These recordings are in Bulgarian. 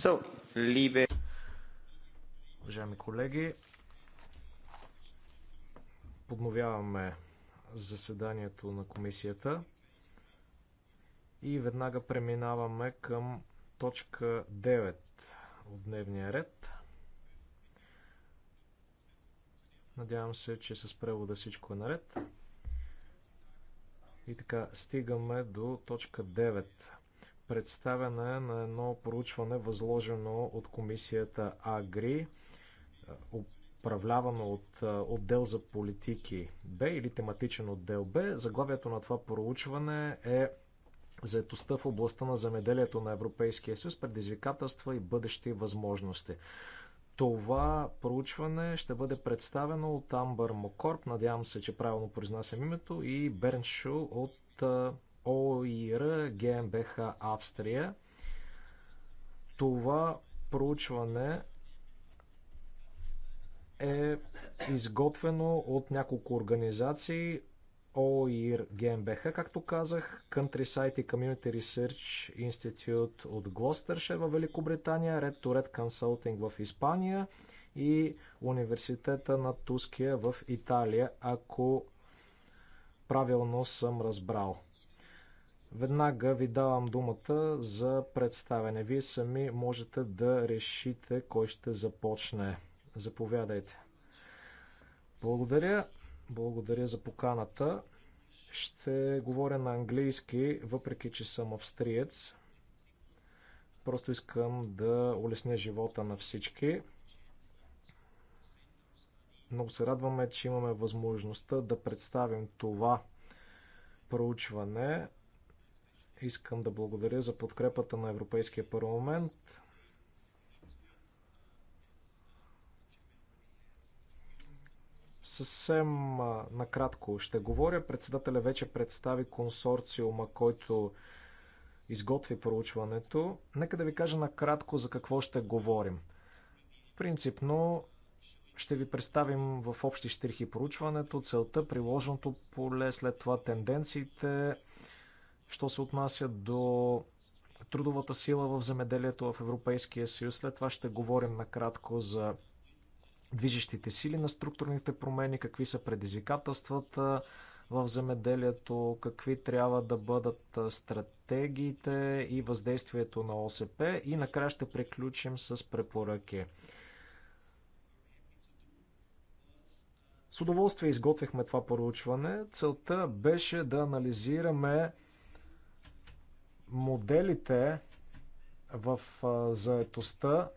So, liebe... Уважаеми колеги, подновяваме заседанието на комисията и веднага преминаваме към точка 9 от дневния ред. Надявам се, че с превода всичко е наред. И така, стигаме до точка 9 представяне на едно проучване, възложено от комисията АГРИ, е, управлявано от е, отдел за политики Б или тематичен отдел Б. Заглавието на това проучване е заетостта в областта на замеделието на Европейския съюз, предизвикателства и бъдещи възможности. Това проучване ще бъде представено от Амбър Мокорп, надявам се, че правилно произнасям името, и Берншу от е, ОИР ГМБХ Австрия. Това проучване е изготвено от няколко организации ОИР ГМБХ, както казах, Countryside и Community Research Institute от Глостърше в Великобритания, Red to Red Consulting в Испания и Университета на Туския в Италия, ако правилно съм разбрал. Веднага ви давам думата за представяне. Вие сами можете да решите кой ще започне. Заповядайте. Благодаря. Благодаря за поканата. Ще говоря на английски, въпреки че съм австриец. Просто искам да улесня живота на всички. Много се радваме, че имаме възможността да представим това проучване Искам да благодаря за подкрепата на Европейския парламент. Съвсем накратко ще говоря. Председателя вече представи консорциума, който изготви проучването. Нека да ви кажа накратко за какво ще говорим. Принципно ще ви представим в общи штрихи проучването, целта, приложеното поле, след това тенденциите, що се отнася до трудовата сила в земеделието в Европейския съюз. След това ще говорим накратко за движещите сили на структурните промени, какви са предизвикателствата в земеделието, какви трябва да бъдат стратегиите и въздействието на ОСП и накрая ще приключим с препоръки. С удоволствие изготвихме това поручване. Целта беше да анализираме моделите в заетостта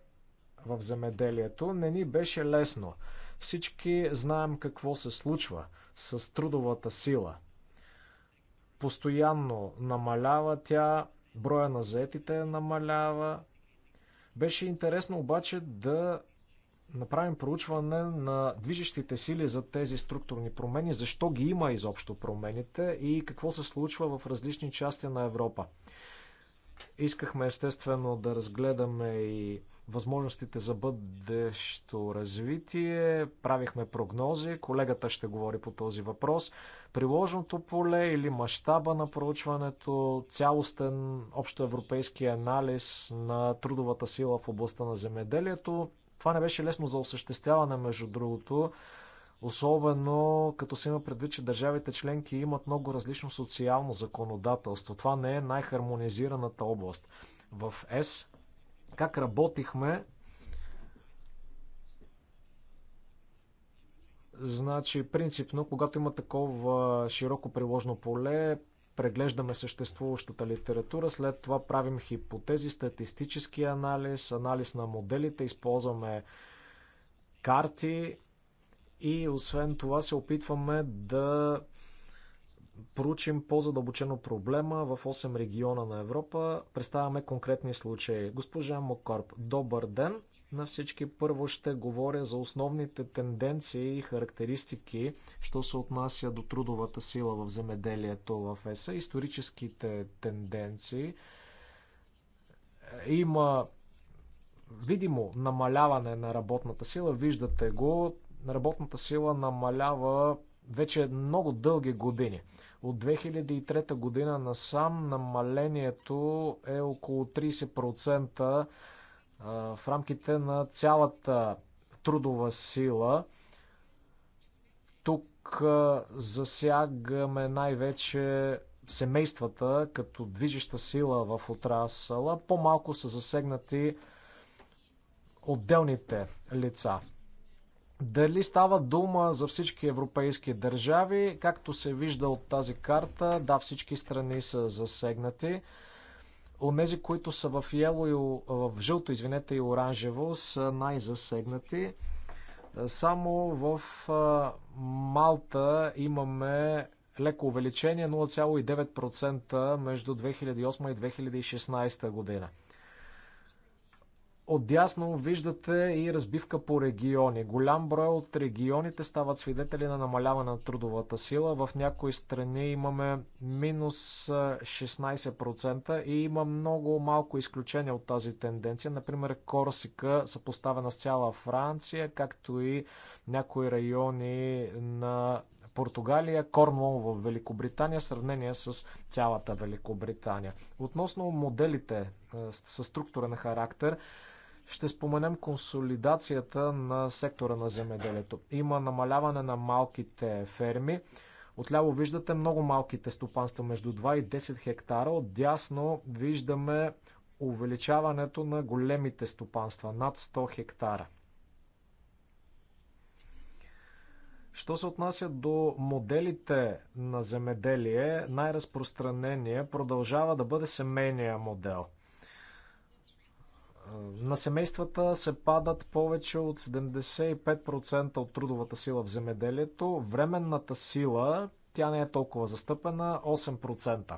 в земеделието не ни беше лесно. Всички знаем какво се случва с трудовата сила. Постоянно намалява тя, броя на заетите намалява. Беше интересно обаче да направим проучване на движещите сили за тези структурни промени, защо ги има изобщо промените и какво се случва в различни части на Европа. Искахме естествено да разгледаме и възможностите за бъдещо развитие, правихме прогнози, колегата ще говори по този въпрос. Приложното поле или мащаба на проучването, цялостен общоевропейски анализ на трудовата сила в областта на земеделието. Това не беше лесно за осъществяване, между другото. Особено като се има предвид, че държавите членки имат много различно социално законодателство. Това не е най-хармонизираната област. В ЕС как работихме? Значи, принципно, когато има такова широко приложно поле, преглеждаме съществуващата литература, след това правим хипотези, статистически анализ, анализ на моделите, използваме карти, и освен това се опитваме да проучим по-задълбочено проблема в 8 региона на Европа. Представяме конкретни случаи. Госпожа Мокорп, добър ден на всички. Първо ще говоря за основните тенденции и характеристики, що се отнася до трудовата сила в земеделието в ЕСА, историческите тенденции. Има видимо намаляване на работната сила, виждате го, работната сила намалява вече много дълги години. От 2003 година насам намалението е около 30% в рамките на цялата трудова сила. Тук засягаме най-вече семействата като движеща сила в отрасъла. По-малко са засегнати отделните лица. Дали става дума за всички европейски държави? Както се вижда от тази карта, да, всички страни са засегнати. Онези, които са в ело и в жълто, извинете, и оранжево, са най-засегнати. Само в Малта имаме леко увеличение 0,9% между 2008 и 2016 година. Отдясно виждате и разбивка по региони. Голям брой от регионите стават свидетели на намаляване на трудовата сила. В някои страни имаме минус 16% и има много малко изключения от тази тенденция. Например, Корсика съпоставена с цяла Франция, както и някои райони на Португалия, Корнуол в Великобритания в сравнение с цялата Великобритания. Относно моделите с структурен характер, ще споменем консолидацията на сектора на земеделието. Има намаляване на малките ферми. Отляво виждате много малките стопанства, между 2 и 10 хектара. Отдясно виждаме увеличаването на големите стопанства, над 100 хектара. Що се отнася до моделите на земеделие, най-разпространение продължава да бъде семейния модел – е, на семействата се падат повече от 75% от трудовата сила в земеделието. Временната сила, тя не е толкова застъпена, 8%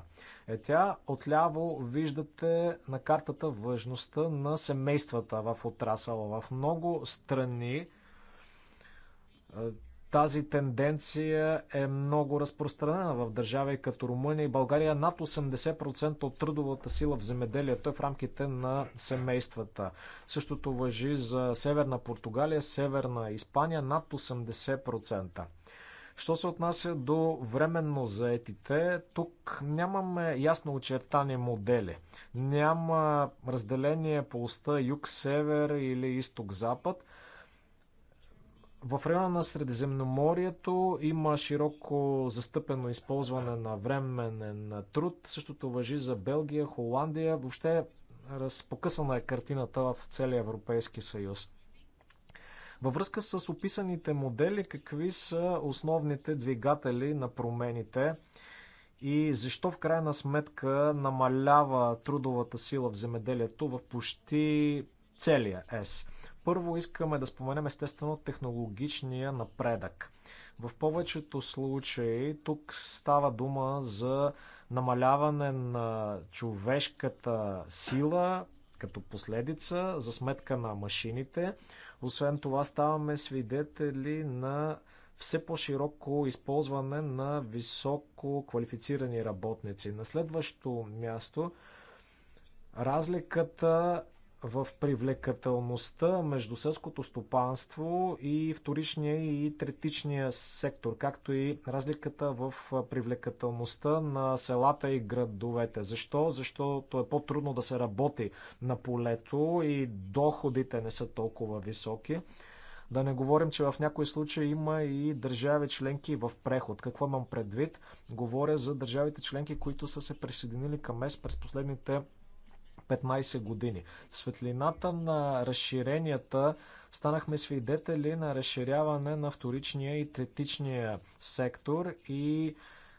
е тя. Отляво виждате на картата важността на семействата в отрасъла. В много страни е, тази тенденция е много разпространена в държави като Румъния и България. Над 80% от трудовата сила в земеделието е в рамките на семействата. Същото въжи за Северна Португалия, Северна Испания над 80%. Що се отнася до временно заетите, тук нямаме ясно очертани модели. Няма разделение по уста юг-север или изток-запад. В района на Средиземноморието има широко застъпено използване на временен труд. Същото въжи за Белгия, Холандия. Въобще разпокъсана е картината в целия Европейски съюз. Във връзка с описаните модели, какви са основните двигатели на промените и защо в крайна сметка намалява трудовата сила в земеделието в почти целия ЕС? Първо искаме да споменем естествено технологичния напредък. В повечето случаи тук става дума за намаляване на човешката сила като последица за сметка на машините. Освен това ставаме свидетели на все по-широко използване на високо квалифицирани работници. На следващо място разликата в привлекателността между селското стопанство и вторичния и третичния сектор, както и разликата в привлекателността на селата и градовете. Защо? Защото е по-трудно да се работи на полето и доходите не са толкова високи. Да не говорим, че в някои случаи има и държави членки в преход. Какво имам предвид? Говоря за държавите членки, които са се присъединили към МЕС през последните 15 години. В светлината на разширенията станахме свидетели на разширяване на вторичния и третичния сектор и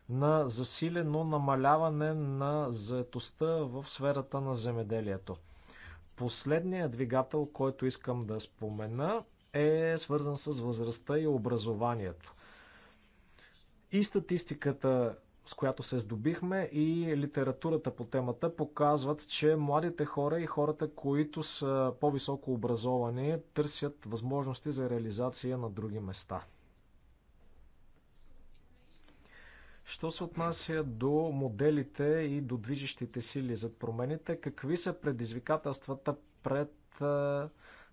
на засилено намаляване на заетостта в сферата на земеделието. Последният двигател, който искам да спомена, е свързан с възрастта и образованието. И статистиката с която се здобихме и литературата по темата показват, че младите хора и хората, които са по-високо образовани, търсят възможности за реализация на други места. Що се отнася до моделите и до движещите сили зад промените, какви са предизвикателствата пред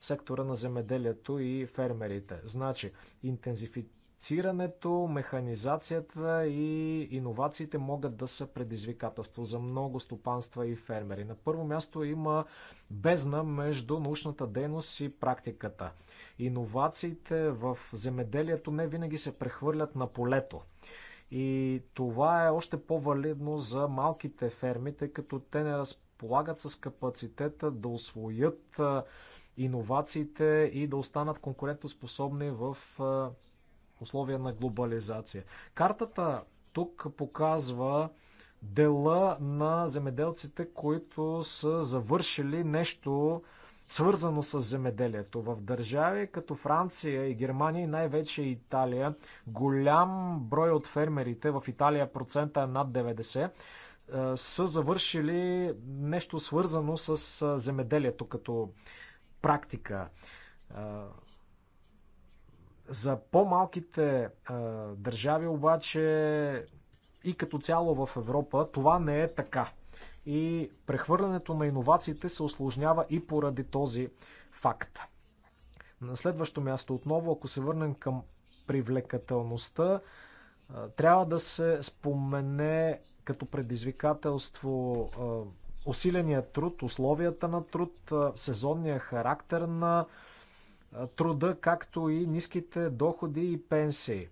сектора на земеделието и фермерите? Значи, интензифицирането Роботизирането, механизацията и иновациите могат да са предизвикателство за много стопанства и фермери. На първо място има бездна между научната дейност и практиката. Иновациите в земеделието не винаги се прехвърлят на полето. И това е още по-валидно за малките ферми, тъй като те не разполагат с капацитета да освоят иновациите и да останат конкурентоспособни в условия на глобализация. Картата тук показва дела на земеделците, които са завършили нещо свързано с земеделието. В държави като Франция и Германия и най-вече Италия, голям брой от фермерите, в Италия процента е над 90, е, са завършили нещо свързано с е, земеделието като практика. Е, за по-малките държави обаче и като цяло в Европа това не е така. И прехвърлянето на иновациите се осложнява и поради този факт. На следващо място отново, ако се върнем към привлекателността, трябва да се спомене като предизвикателство усиления труд, условията на труд, сезонния характер на труда, както и ниските доходи и пенсии.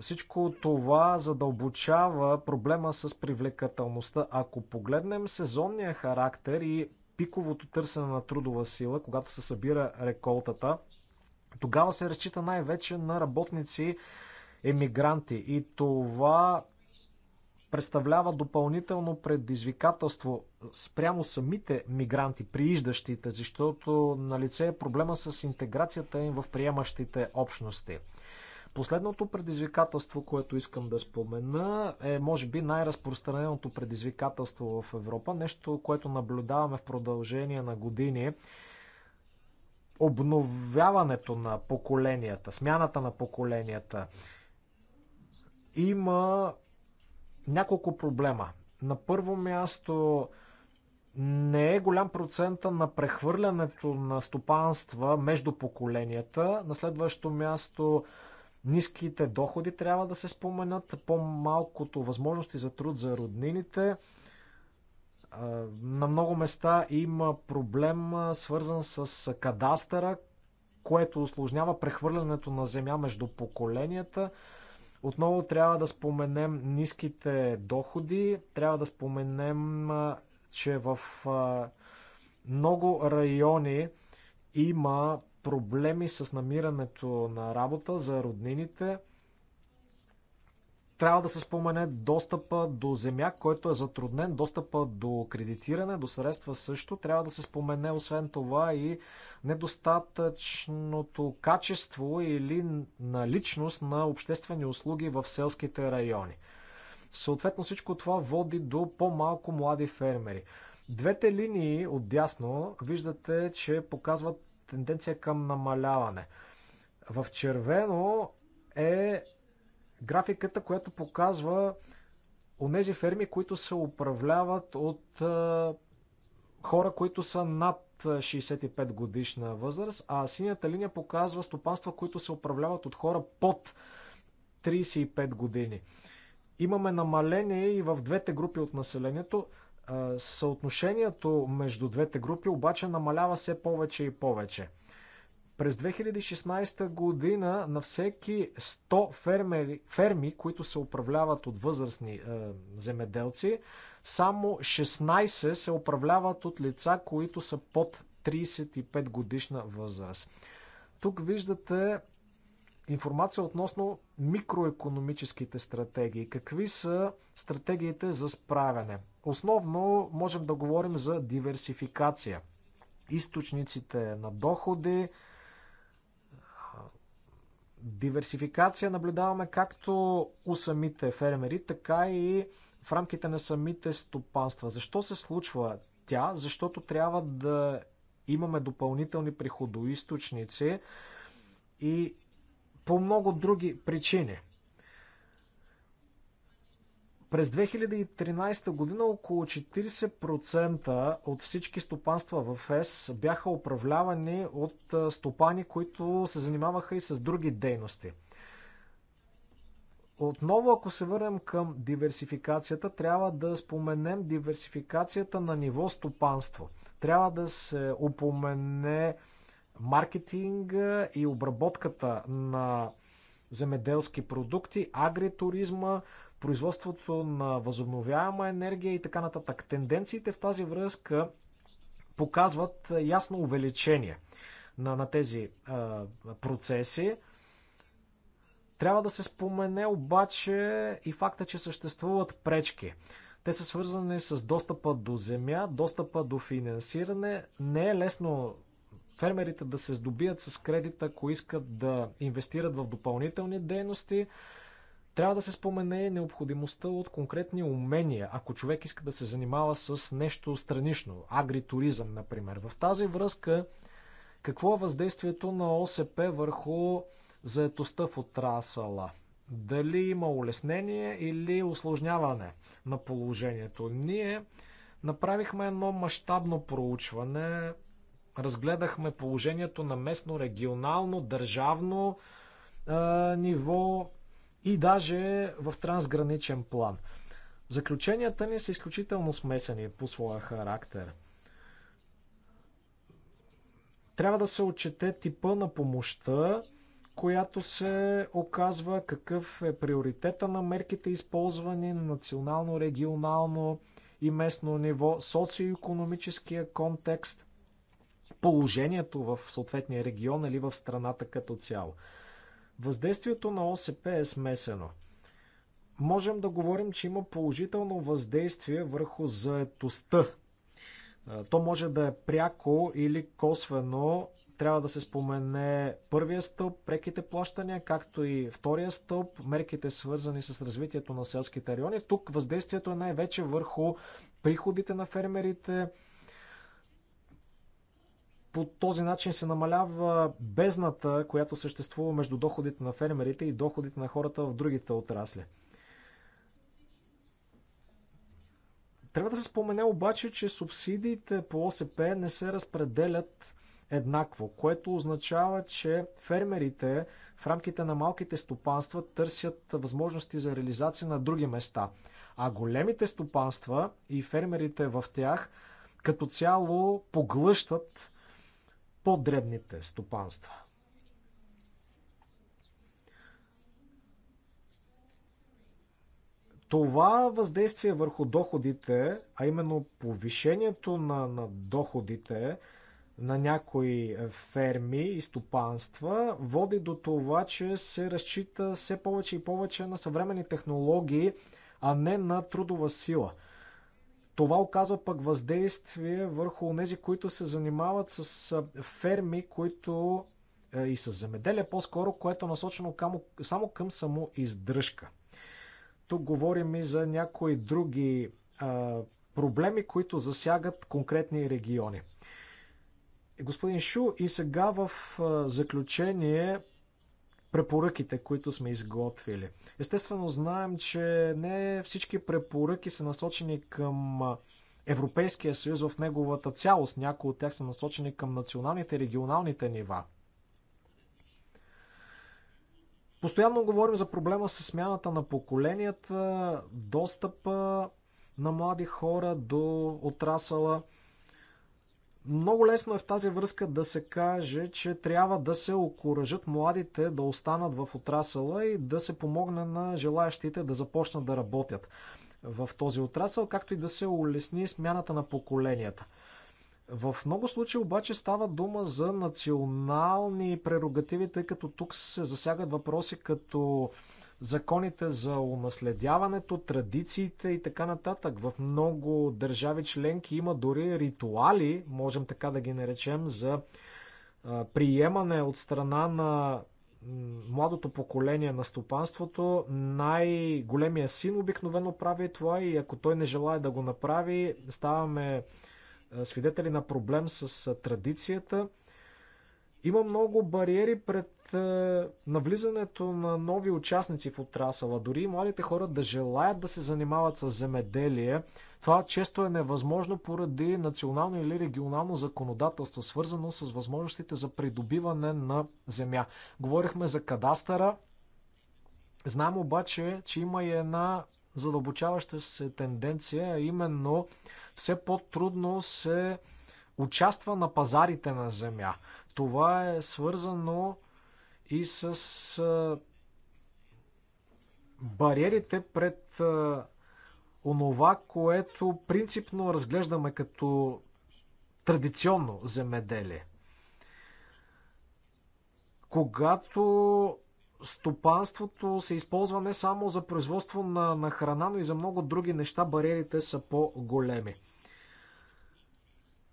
Всичко това задълбочава проблема с привлекателността. Ако погледнем сезонния характер и пиковото търсене на трудова сила, когато се събира реколтата, тогава се разчита най-вече на работници емигранти. И това представлява допълнително предизвикателство спрямо самите мигранти, прииждащите, защото на лице е проблема с интеграцията им в приемащите общности. Последното предизвикателство, което искам да спомена, е може би най-разпространеното предизвикателство в Европа, нещо, което наблюдаваме в продължение на години. Обновяването на поколенията, смяната на поколенията. Има няколко проблема. На първо място не е голям процента на прехвърлянето на стопанства между поколенията. На следващо място ниските доходи трябва да се споменат, по-малкото възможности за труд за роднините. На много места има проблем свързан с кадастъра, което осложнява прехвърлянето на земя между поколенията. Отново трябва да споменем ниските доходи, трябва да споменем, че в много райони има проблеми с намирането на работа за роднините – трябва да се спомене достъпа до земя, който е затруднен, достъпа до кредитиране, до средства също. Трябва да се спомене освен това и недостатъчното качество или наличност на обществени услуги в селските райони. Съответно всичко това води до по-малко млади фермери. Двете линии дясно виждате, че показват тенденция към намаляване. В червено е графиката, която показва онези ферми, които се управляват от хора, които са над 65 годишна възраст, а синята линия показва стопанства, които се управляват от хора под 35 години. Имаме намаление и в двете групи от населението. Съотношението между двете групи обаче намалява все повече и повече. През 2016 година на всеки 100 фермери, ферми, които се управляват от възрастни е, земеделци, само 16 се управляват от лица, които са под 35 годишна възраст. Тук виждате информация относно микроекономическите стратегии. Какви са стратегиите за справяне? Основно можем да говорим за диверсификация. Източниците на доходи, диверсификация наблюдаваме както у самите фермери, така и в рамките на самите стопанства. Защо се случва тя? Защото трябва да имаме допълнителни приходоисточници и по много други причини. През 2013 година около 40% от всички стопанства в ЕС бяха управлявани от стопани, които се занимаваха и с други дейности. Отново, ако се върнем към диверсификацията, трябва да споменем диверсификацията на ниво стопанство. Трябва да се упомене маркетинга и обработката на земеделски продукти, агритуризма, производството на възобновяема енергия и така нататък. Тенденциите в тази връзка показват ясно увеличение на, на тези а, процеси. Трябва да се спомене обаче и факта, че съществуват пречки. Те са свързани с достъпа до земя, достъпа до финансиране. Не е лесно фермерите да се здобият с кредита, ако искат да инвестират в допълнителни дейности. Трябва да се спомене необходимостта от конкретни умения, ако човек иска да се занимава с нещо странично, агритуризъм, например. В тази връзка, какво е въздействието на ОСП върху заетостта в отрасала? Дали има улеснение или осложняване на положението? Ние направихме едно мащабно проучване, разгледахме положението на местно, регионално, държавно е, ниво, и даже в трансграничен план. Заключенията ни са изключително смесени по своя характер. Трябва да се отчете типа на помощта, която се оказва, какъв е приоритета на мерките използвани на национално, регионално и местно ниво, социо-економическия контекст, положението в съответния регион или в страната като цяло. Въздействието на ОСП е смесено. Можем да говорим, че има положително въздействие върху заетостта. То може да е пряко или косвено. Трябва да се спомене първия стълб, преките плащания, както и втория стълб, мерките свързани с развитието на селските райони. Тук въздействието е най-вече върху приходите на фермерите, по този начин се намалява бездната, която съществува между доходите на фермерите и доходите на хората в другите отрасли. Трябва да се спомене обаче, че субсидиите по ОСП не се разпределят еднакво, което означава, че фермерите в рамките на малките стопанства търсят възможности за реализация на други места. А големите стопанства и фермерите в тях като цяло поглъщат по-дребните стопанства. Това въздействие върху доходите, а именно повишението на, на доходите на някои е, ферми и стопанства, води до това, че се разчита все повече и повече на съвременни технологии, а не на трудова сила – това оказва пък въздействие върху тези, които се занимават с ферми, които и с земеделие по-скоро, което е насочено само към само издръжка. Тук говорим и за някои други а, проблеми, които засягат конкретни региони. Господин Шу, и сега в заключение препоръките, които сме изготвили. Естествено, знаем, че не всички препоръки са насочени към Европейския съюз в неговата цялост. Някои от тях са насочени към националните и регионалните нива. Постоянно говорим за проблема с смяната на поколенията, достъпа на млади хора до отрасала. Много лесно е в тази връзка да се каже, че трябва да се окоръжат младите да останат в отрасъла и да се помогне на желаящите да започнат да работят в този отрасъл, както и да се улесни смяната на поколенията. В много случаи обаче става дума за национални прерогативи, тъй като тук се засягат въпроси като законите за унаследяването, традициите и така нататък. В много държави членки има дори ритуали, можем така да ги наречем, за приемане от страна на младото поколение на стопанството, най-големия син обикновено прави това и ако той не желая да го направи, ставаме свидетели на проблем с традицията. Има много бариери пред е, навлизането на нови участници в отрасъла. Дори и младите хора да желаят да се занимават с земеделие, това често е невъзможно поради национално или регионално законодателство, свързано с възможностите за придобиване на земя. Говорихме за кадастъра. Знам обаче, че има и една задълбочаваща се тенденция, именно все по-трудно се участва на пазарите на земя. Това е свързано и с бариерите пред онова, което принципно разглеждаме като традиционно земеделие. Когато стопанството се използва не само за производство на, на храна, но и за много други неща, бариерите са по-големи.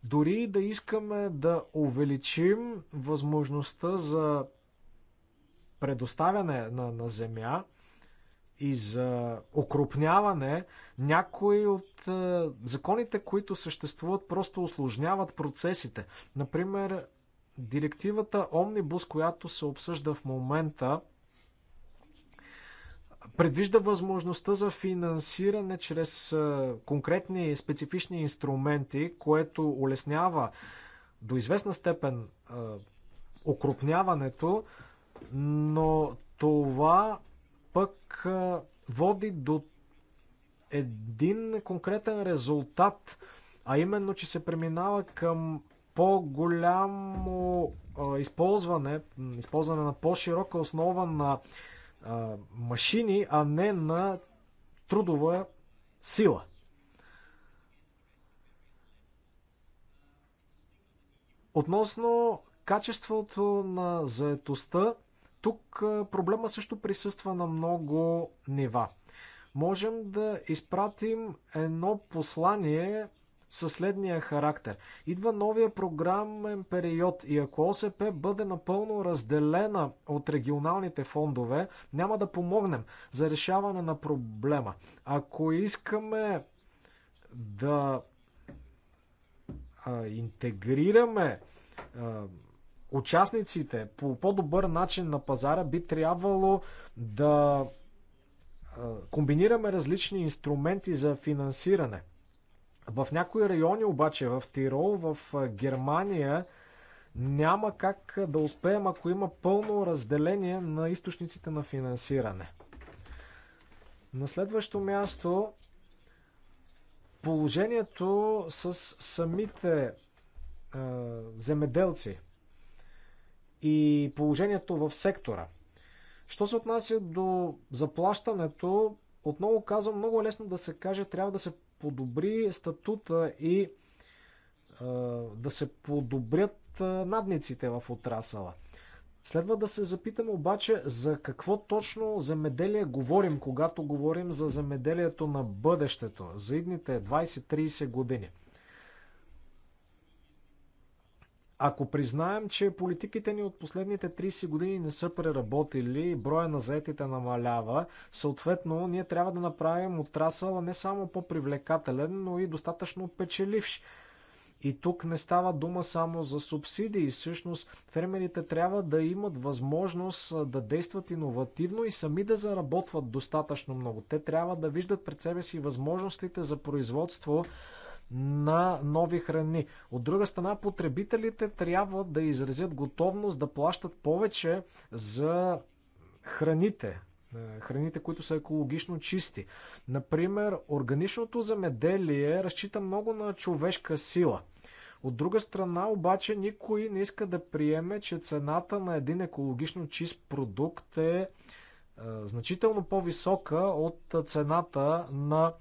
Дори да искаме да увеличим възможността за предоставяне на, на земя и за окрупняване, някои от е, законите, които съществуват, просто осложняват процесите. Например, директивата Омнибус, която се обсъжда в момента, предвижда възможността за финансиране чрез конкретни специфични инструменти, което улеснява до известна степен окрупняването, но това пък води до един конкретен резултат, а именно, че се преминава към по-голямо използване, използване на по-широка основа на а, машини, а не на трудова сила. Относно качеството на заетостта, тук проблема също присъства на много нива. Можем да изпратим едно послание със следния характер. Идва новия програмен период и ако ОСП бъде напълно разделена от регионалните фондове, няма да помогнем за решаване на проблема. Ако искаме да а, интегрираме а, участниците по по-добър начин на пазара, би трябвало да комбинираме различни инструменти за финансиране. В някои райони обаче, в Тирол, в Германия, няма как да успеем, ако има пълно разделение на източниците на финансиране. На следващо място, положението с самите е, земеделци и положението в сектора. Що се отнася до заплащането, отново казвам, много е лесно да се каже, трябва да се подобри статута и да се подобрят надниците в отрасала. Следва да се запитам обаче за какво точно земеделие говорим, когато говорим за земеделието на бъдещето, за идните 20-30 години. Ако признаем, че политиките ни от последните 30 години не са преработили, броя на заетите намалява, съответно ние трябва да направим отрасъл не само по-привлекателен, но и достатъчно печеливш. И тук не става дума само за субсидии. Всъщност, фермерите трябва да имат възможност да действат иновативно и сами да заработват достатъчно много. Те трябва да виждат пред себе си възможностите за производство, на нови храни. От друга страна, потребителите трябва да изразят готовност да плащат повече за храните, е, храните, които са екологично чисти. Например, органичното земеделие разчита много на човешка сила. От друга страна, обаче, никой не иска да приеме, че цената на един екологично чист продукт е, е значително по-висока от цената на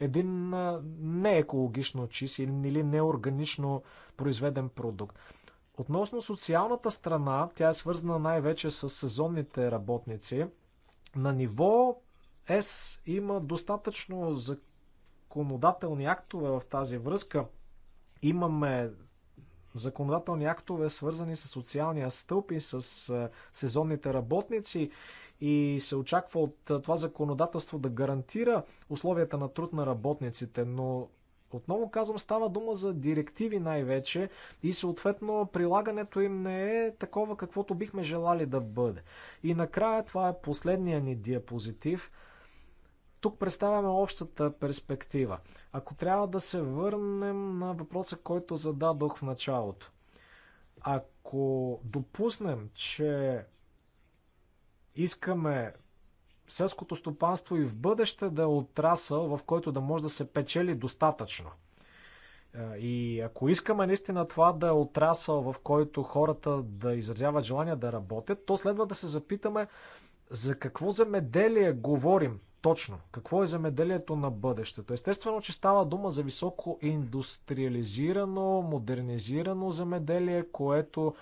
един неекологично чист или неорганично произведен продукт. Относно социалната страна, тя е свързана най-вече с сезонните работници. На ниво ЕС има достатъчно законодателни актове в тази връзка. Имаме законодателни актове, свързани с социалния стълб и с сезонните работници и се очаква от това законодателство да гарантира условията на труд на работниците, но отново казвам, става дума за директиви най-вече и съответно прилагането им не е такова, каквото бихме желали да бъде. И накрая това е последния ни диапозитив. Тук представяме общата перспектива. Ако трябва да се върнем на въпроса, който зададох в началото. Ако допуснем, че Искаме селското стопанство и в бъдеще да е отрасъл, в който да може да се печели достатъчно. Е, и ако искаме наистина това да е отрасъл, в който хората да изразяват желание да работят, то следва да се запитаме за какво земеделие говорим точно. Какво е земеделието на бъдещето? Естествено, че става дума за високо индустриализирано, модернизирано земеделие, което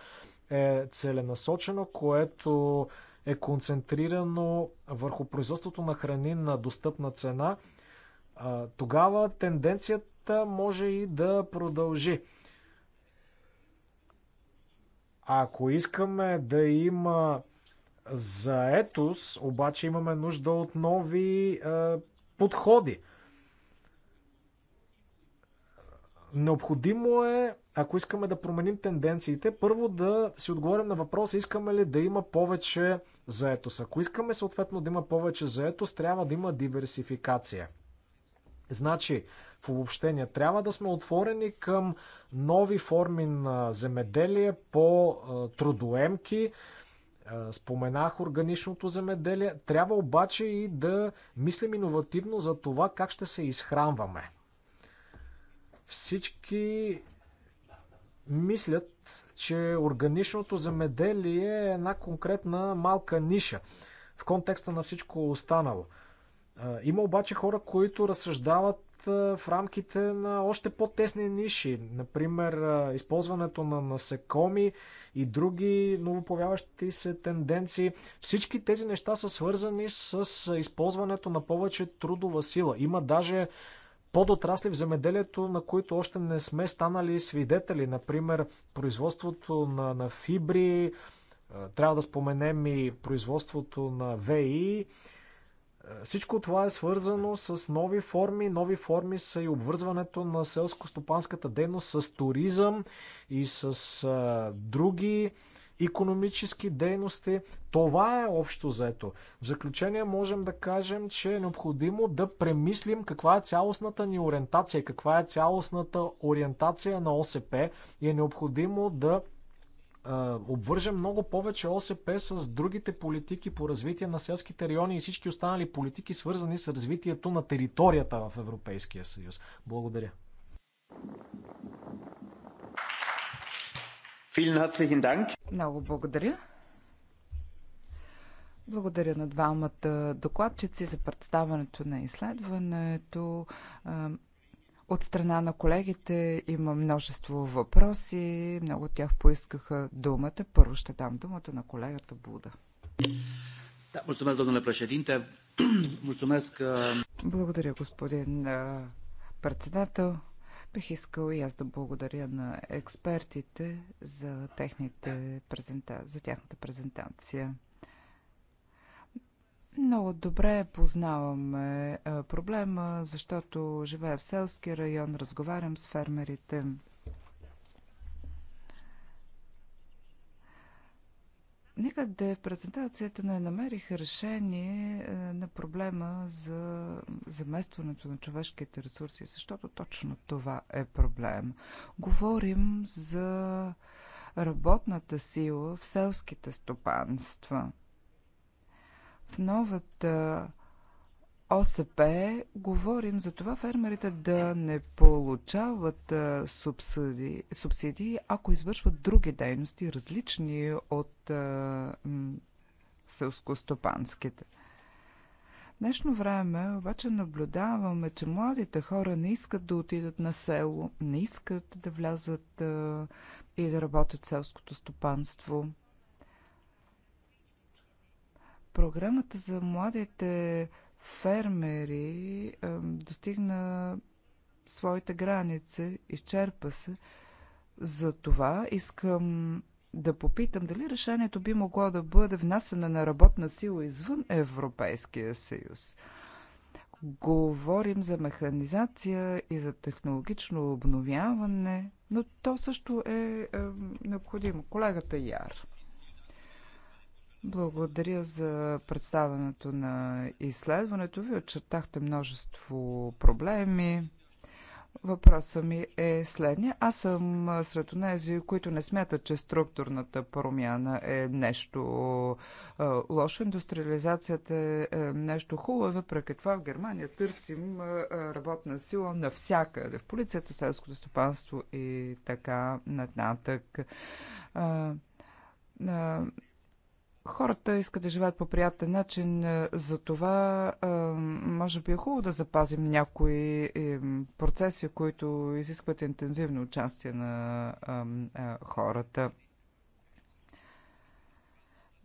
е целенасочено, което е концентрирано върху производството на храни на достъпна цена, тогава тенденцията може и да продължи. А ако искаме да има заетост, обаче имаме нужда от нови подходи. Необходимо е, ако искаме да променим тенденциите, първо да си отговорим на въпроса, искаме ли да има повече заетост. Ако искаме съответно да има повече заетост, трябва да има диверсификация. Значи, в обобщение, трябва да сме отворени към нови форми на земеделие, по-трудоемки, е, споменах органичното земеделие. Трябва обаче и да мислим иновативно за това как ще се изхранваме. Всички мислят, че органичното земеделие е една конкретна малка ниша в контекста на всичко останало. Има обаче хора, които разсъждават в рамките на още по-тесни ниши. Например, използването на насекоми и други новоповяващи се тенденции. Всички тези неща са свързани с използването на повече трудова сила. Има даже подотрасли в земеделието, на които още не сме станали свидетели. Например, производството на, на фибри, е, трябва да споменем и производството на ВИ. Е, всичко това е свързано с нови форми. Нови форми са и обвързването на селско-стопанската дейност с туризъм и с а, е, други економически дейности. Това е общо заето. В заключение можем да кажем, че е необходимо да премислим каква е цялостната ни ориентация, каква е цялостната ориентация на ОСП и е необходимо да обвържем много повече ОСП с другите политики по развитие на селските райони и всички останали политики, свързани с развитието на територията в Европейския съюз. Благодаря. Много благодаря. Благодаря на двамата докладчици за представането на изследването. От страна на колегите има множество въпроси. Много от тях поискаха думата. Първо ще дам думата на колегата Буда. Да, Благодаря, господин председател. Бих искал и аз да благодаря на експертите за, техните презента... за тяхната презентация. Много добре познаваме проблема, защото живея в селски район, разговарям с фермерите. е в презентацията не намерих решение е, на проблема за заместването на човешките ресурси, защото точно това е проблем. Говорим за работната сила в селските стопанства. В новата ОСП говорим за това фермерите да не получават субсидии, субсидии ако извършват други дейности, различни от селскостопанските. Днешно време обаче наблюдаваме, че младите хора не искат да отидат на село, не искат да влязат а, и да работят в селското стопанство. Програмата за младите фермери достигна своите граници, изчерпа се. За това искам да попитам дали решението би могло да бъде внасяне на работна сила извън Европейския съюз. Говорим за механизация и за технологично обновяване, но то също е, е необходимо. Колегата Яр. Благодаря за представенето на изследването. Ви очертахте множество проблеми. Въпросът ми е следния. Аз съм сред тези, които не смятат, че структурната промяна е нещо е, лошо. Индустриализацията е, е нещо хубаво, въпреки това в Германия търсим работна сила навсякъде. В полицията, селското стопанство и така нататък. Е, е, Хората искат да живеят по приятен начин, е, за това е, може би е хубаво да запазим някои е, процеси, които изискват интензивно участие на хората.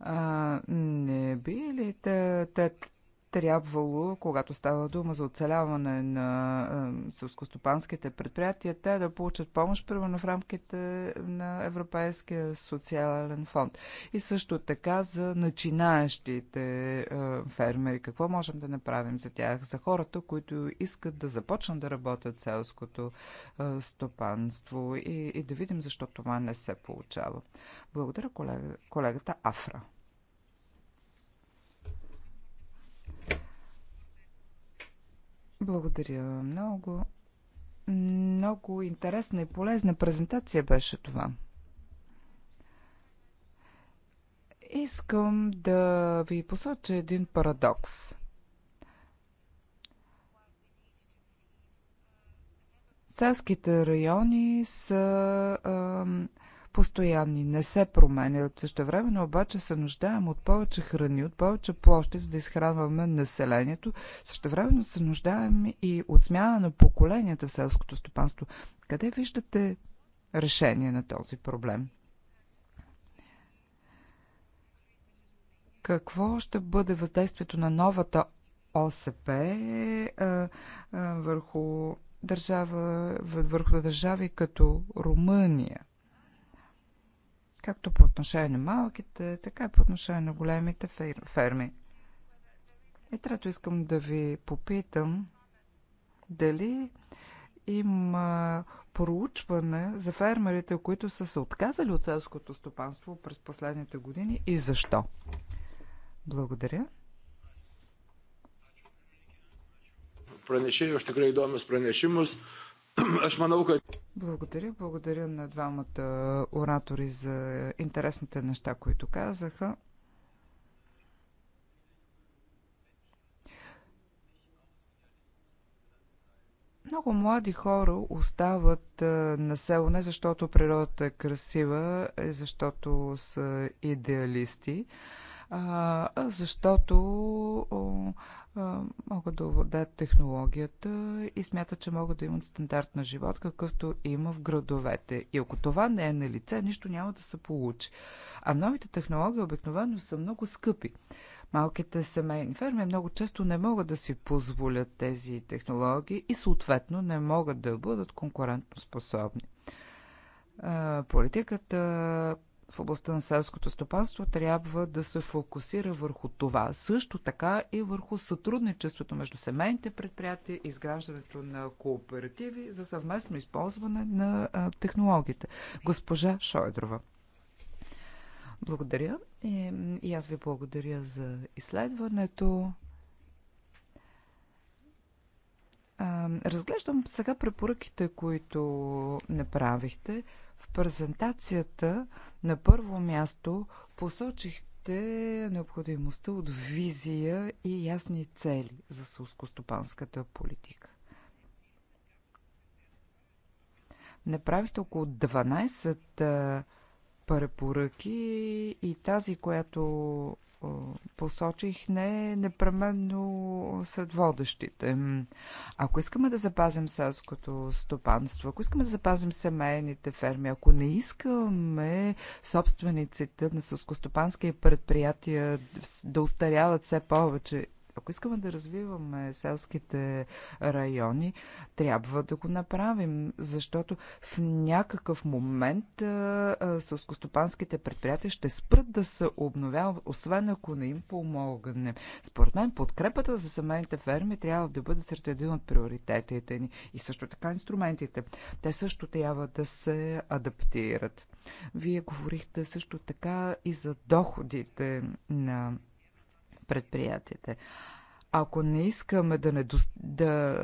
А, не би ли те, те, трябвало, когато става дума за оцеляване на селскостопанските предприятия, те да получат помощ, примерно в рамките на Европейския социален фонд. И също така за начинаещите фермери. Какво можем да направим за тях? За хората, които искат да започнат да работят селското стопанство и, и да видим защо това не се получава. Благодаря колега, колегата Афра. Благодаря много. Много интересна и полезна презентация беше това. Искам да ви посоча един парадокс. Селските райони са. а, постоянни, не се променят. Също време, обаче се нуждаем от повече храни, от повече площи, за да изхранваме населението. Също време се нуждаем и от смяна на поколенията в селското стопанство. Къде виждате решение на този проблем? Какво ще бъде въздействието на новата ОСП а, е, а, е, върху държава, върху държави като Румъния както по отношение на малките, така и по отношение на големите ферми. И трето искам да ви попитам дали има проучване за фермерите, които са се отказали от селското стопанство през последните години и защо. Благодаря. Pranešėjai още tikrai пренешимост. Благодаря, благодаря на двамата оратори за интересните неща, които казаха. Много млади хора остават на село не защото природата е красива, а защото са идеалисти защото могат да овладеят технологията и смятат, че могат да имат стандарт на живот, какъвто има в градовете. И ако това не е на лице, нищо няма да се получи. А новите технологии обикновено са много скъпи. Малките семейни ферми много често не могат да си позволят тези технологии и съответно не могат да бъдат конкурентно способни. Политиката в областта на селското стопанство трябва да се фокусира върху това. Също така и върху сътрудничеството между семейните предприятия, изграждането на кооперативи за съвместно използване на технологиите. Госпожа Шойдрова. Благодаря. И, и аз ви благодаря за изследването. А, разглеждам сега препоръките, които направихте. В презентацията на първо място посочихте необходимостта от визия и ясни цели за сълскостопанската политика. Направихте около 12 препоръки и тази, която посочих, не е непременно сред водещите. Ако искаме да запазим селското стопанство, ако искаме да запазим семейните ферми, ако не искаме собствениците на селскостопански предприятия да устаряват все повече ако искаме да развиваме селските райони, трябва да го направим, защото в някакъв момент селскостопанските предприятия ще спрат да се обновяват, освен ако не им помогне. Според мен подкрепата за семейните ферми трябва да бъде сред един от приоритетите ни и също така инструментите. Те също трябва да се адаптират. Вие говорихте също така и за доходите на предприятията. Ако не искаме да, до... да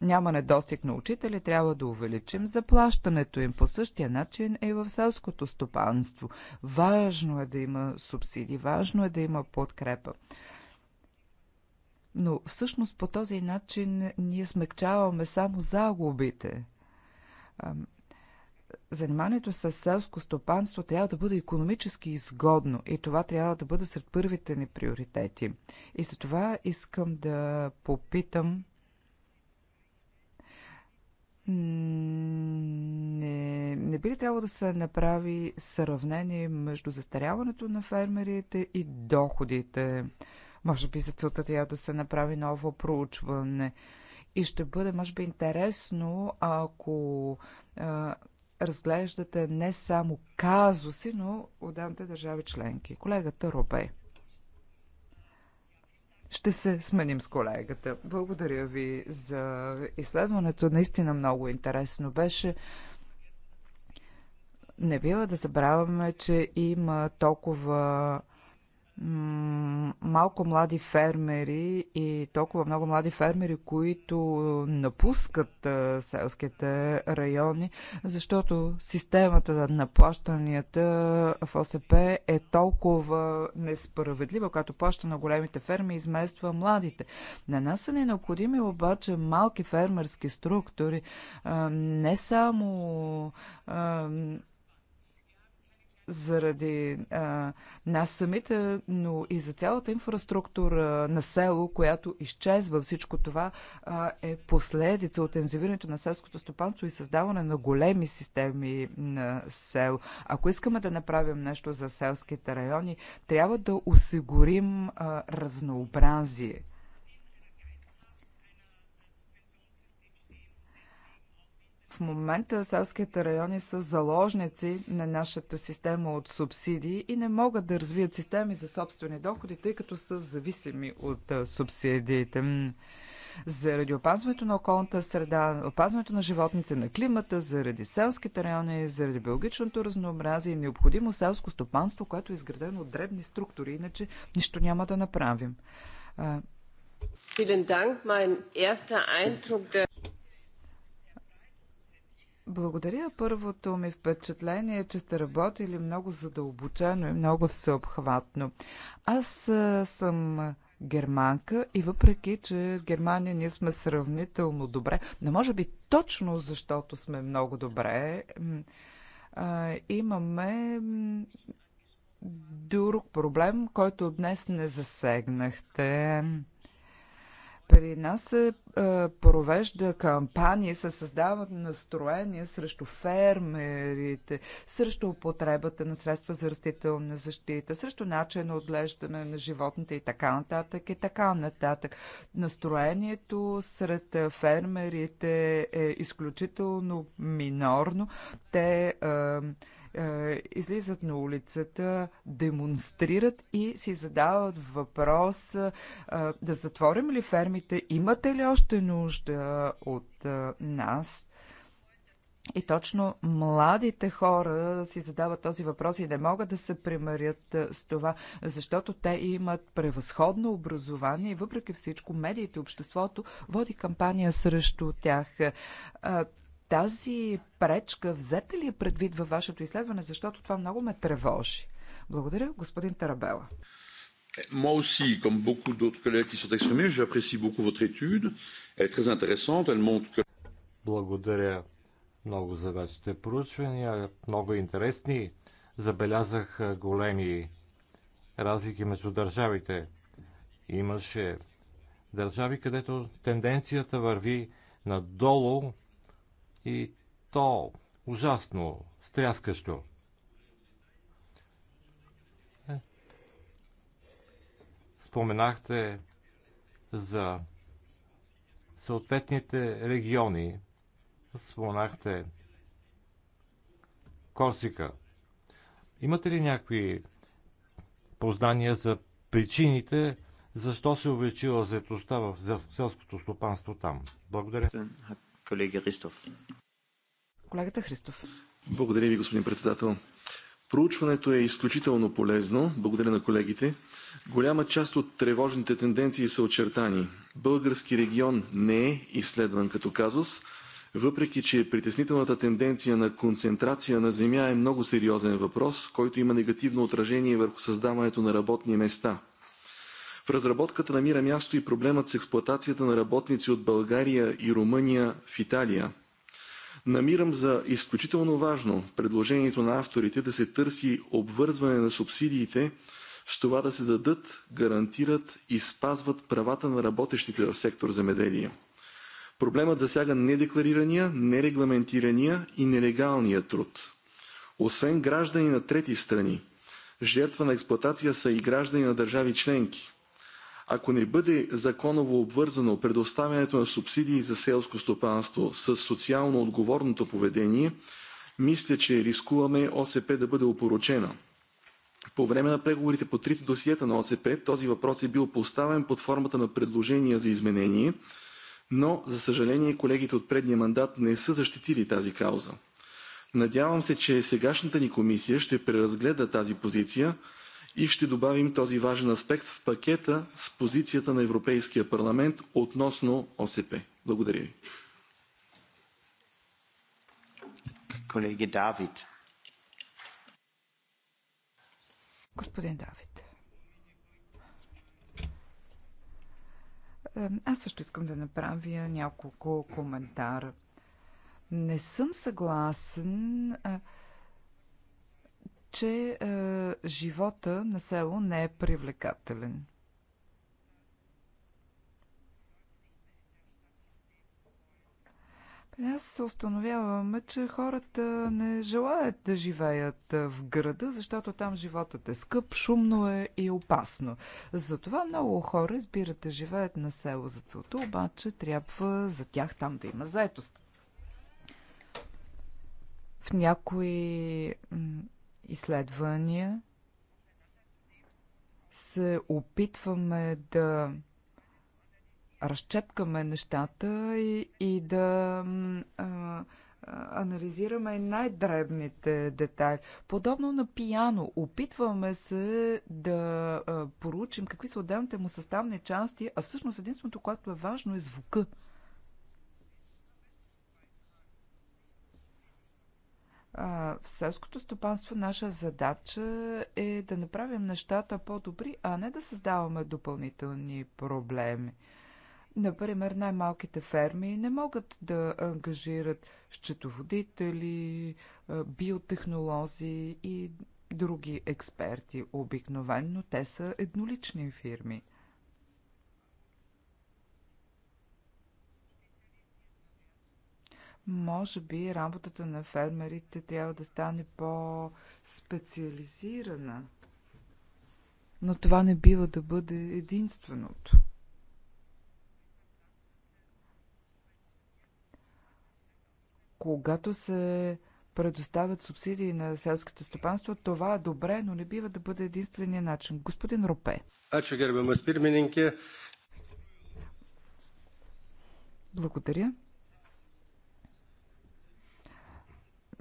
няма недостиг на учители, трябва да увеличим заплащането им. По същия начин е и в селското стопанство. Важно е да има субсидии, важно е да има подкрепа. Но всъщност по този начин ние смекчаваме само загубите заниманието с селско стопанство трябва да бъде економически изгодно и това трябва да бъде сред първите ни приоритети. И за това искам да попитам не, не би ли трябвало да се направи сравнение между застаряването на фермерите и доходите? Може би за целта трябва да се направи ново проучване. И ще бъде, може би, интересно, ако а, разглеждате не само казуси, но отделните държави членки. Колегата Робей. Ще се сменим с колегата. Благодаря ви за изследването. Наистина много интересно беше. Не бива да забравяме, че има толкова малко млади фермери и толкова много млади фермери, които напускат селските райони, защото системата на плащанията в ОСП е толкова несправедлива, като плаща на големите ферми и измества младите. На нас са ни необходими обаче малки фермерски структури, не само заради а, нас самите, но и за цялата инфраструктура на село, която изчезва всичко това, а, е последица от ензивирането на селското стопанство и създаване на големи системи на село. Ако искаме да направим нещо за селските райони, трябва да осигурим а, разнообразие. В момента селските райони са заложници на нашата система от субсидии и не могат да развият системи за собствени доходи, тъй като са зависими от субсидиите заради опазването на околната среда, опазването на животните, на климата, заради селските райони, заради биологичното разнообразие, необходимо селско стопанство, което е изградено от дребни структури, иначе нищо няма да направим. Благодаря. Първото ми впечатление е, че сте работили много задълбочено и много всеобхватно. Аз съм германка и въпреки, че в Германия ние сме сравнително добре, но може би точно защото сме много добре, имаме друг проблем, който днес не засегнахте. При нас се е, провежда кампании се създават настроения срещу фермерите, срещу употребата на средства за растителна защита, срещу начин на отглеждане на животните и така нататък и така нататък. Настроението сред е, фермерите е изключително минорно. Те а, е, е, излизат на улицата, демонстрират и си задават въпрос е, да затворим ли фермите, имате ли още нужда от е, нас? И точно младите хора си задават този въпрос и не могат да се примарят с това, защото те имат превъзходно образование и въпреки всичко медиите, обществото води кампания срещу тях. Тази пречка взете ли е предвид във вашето изследване, защото това много ме тревожи? Благодаря, господин Тарабела. Moi aussi, comme beaucoup d'autres collègues qui sont exprimés, j'apprécie beaucoup votre étude. Elle est très intéressante. Elle montre que... Благодаря много за вашите проучвания. Много интересни. Забелязах големи разлики между държавите. Имаше държави, където тенденцията върви надолу и то ужасно, стряскащо. Е. Споменахте за съответните региони. Споменахте Корсика. Имате ли някакви познания за причините, защо се увеличила заетостта в селското стопанство там? Благодаря. Колега Христов. Колегата Христов. Благодаря ви, господин председател. Проучването е изключително полезно. Благодаря на колегите. Голяма част от тревожните тенденции са очертани. Български регион не е изследван като казус, въпреки че притеснителната тенденция на концентрация на земя е много сериозен въпрос, който има негативно отражение върху създаването на работни места – в разработката намира място и проблемът с експлоатацията на работници от България и Румъния в Италия. Намирам за изключително важно предложението на авторите да се търси обвързване на субсидиите с това да се дадат, гарантират и спазват правата на работещите в сектор земеделие. Проблемът засяга недекларирания, нерегламентирания и нелегалния труд. Освен граждани на трети страни, жертва на експлоатация са и граждани на държави членки – ако не бъде законово обвързано предоставянето на субсидии за селско стопанство с социално отговорното поведение, мисля, че рискуваме ОСП да бъде опорочена. По време на преговорите по трите досиета на ОСП този въпрос е бил поставен под формата на предложения за изменение, но, за съжаление, колегите от предния мандат не са защитили тази кауза. Надявам се, че сегашната ни комисия ще преразгледа тази позиция, и ще добавим този важен аспект в пакета с позицията на Европейския парламент относно ОСП. Благодаря ви. Колеги Давид. Господин Давид. Аз също искам да направя няколко коментара. Не съм съгласен. А, че е, живота на село не е привлекателен. Аз се установяваме, че хората не желаят да живеят е, в града, защото там животът е скъп, шумно е и опасно. Затова много хора избират да живеят на село за целта, обаче трябва за тях там да има заетост. В някои изследвания се опитваме да разчепкаме нещата и, и да а, анализираме най-дребните детайли. Подобно на пияно, опитваме се да а, поручим какви са отделните му съставни части, а всъщност единственото, което е важно е звука. В селското стопанство наша задача е да направим нещата по-добри, а не да създаваме допълнителни проблеми. Например, най-малките ферми не могат да ангажират счетоводители, биотехнолози и други експерти. Обикновенно те са еднолични фирми – Може би работата на фермерите трябва да стане по-специализирана, но това не бива да бъде единственото. Когато се предоставят субсидии на селските стопанства, това е добре, но не бива да бъде единствения начин. Господин Ропе. Благодаря.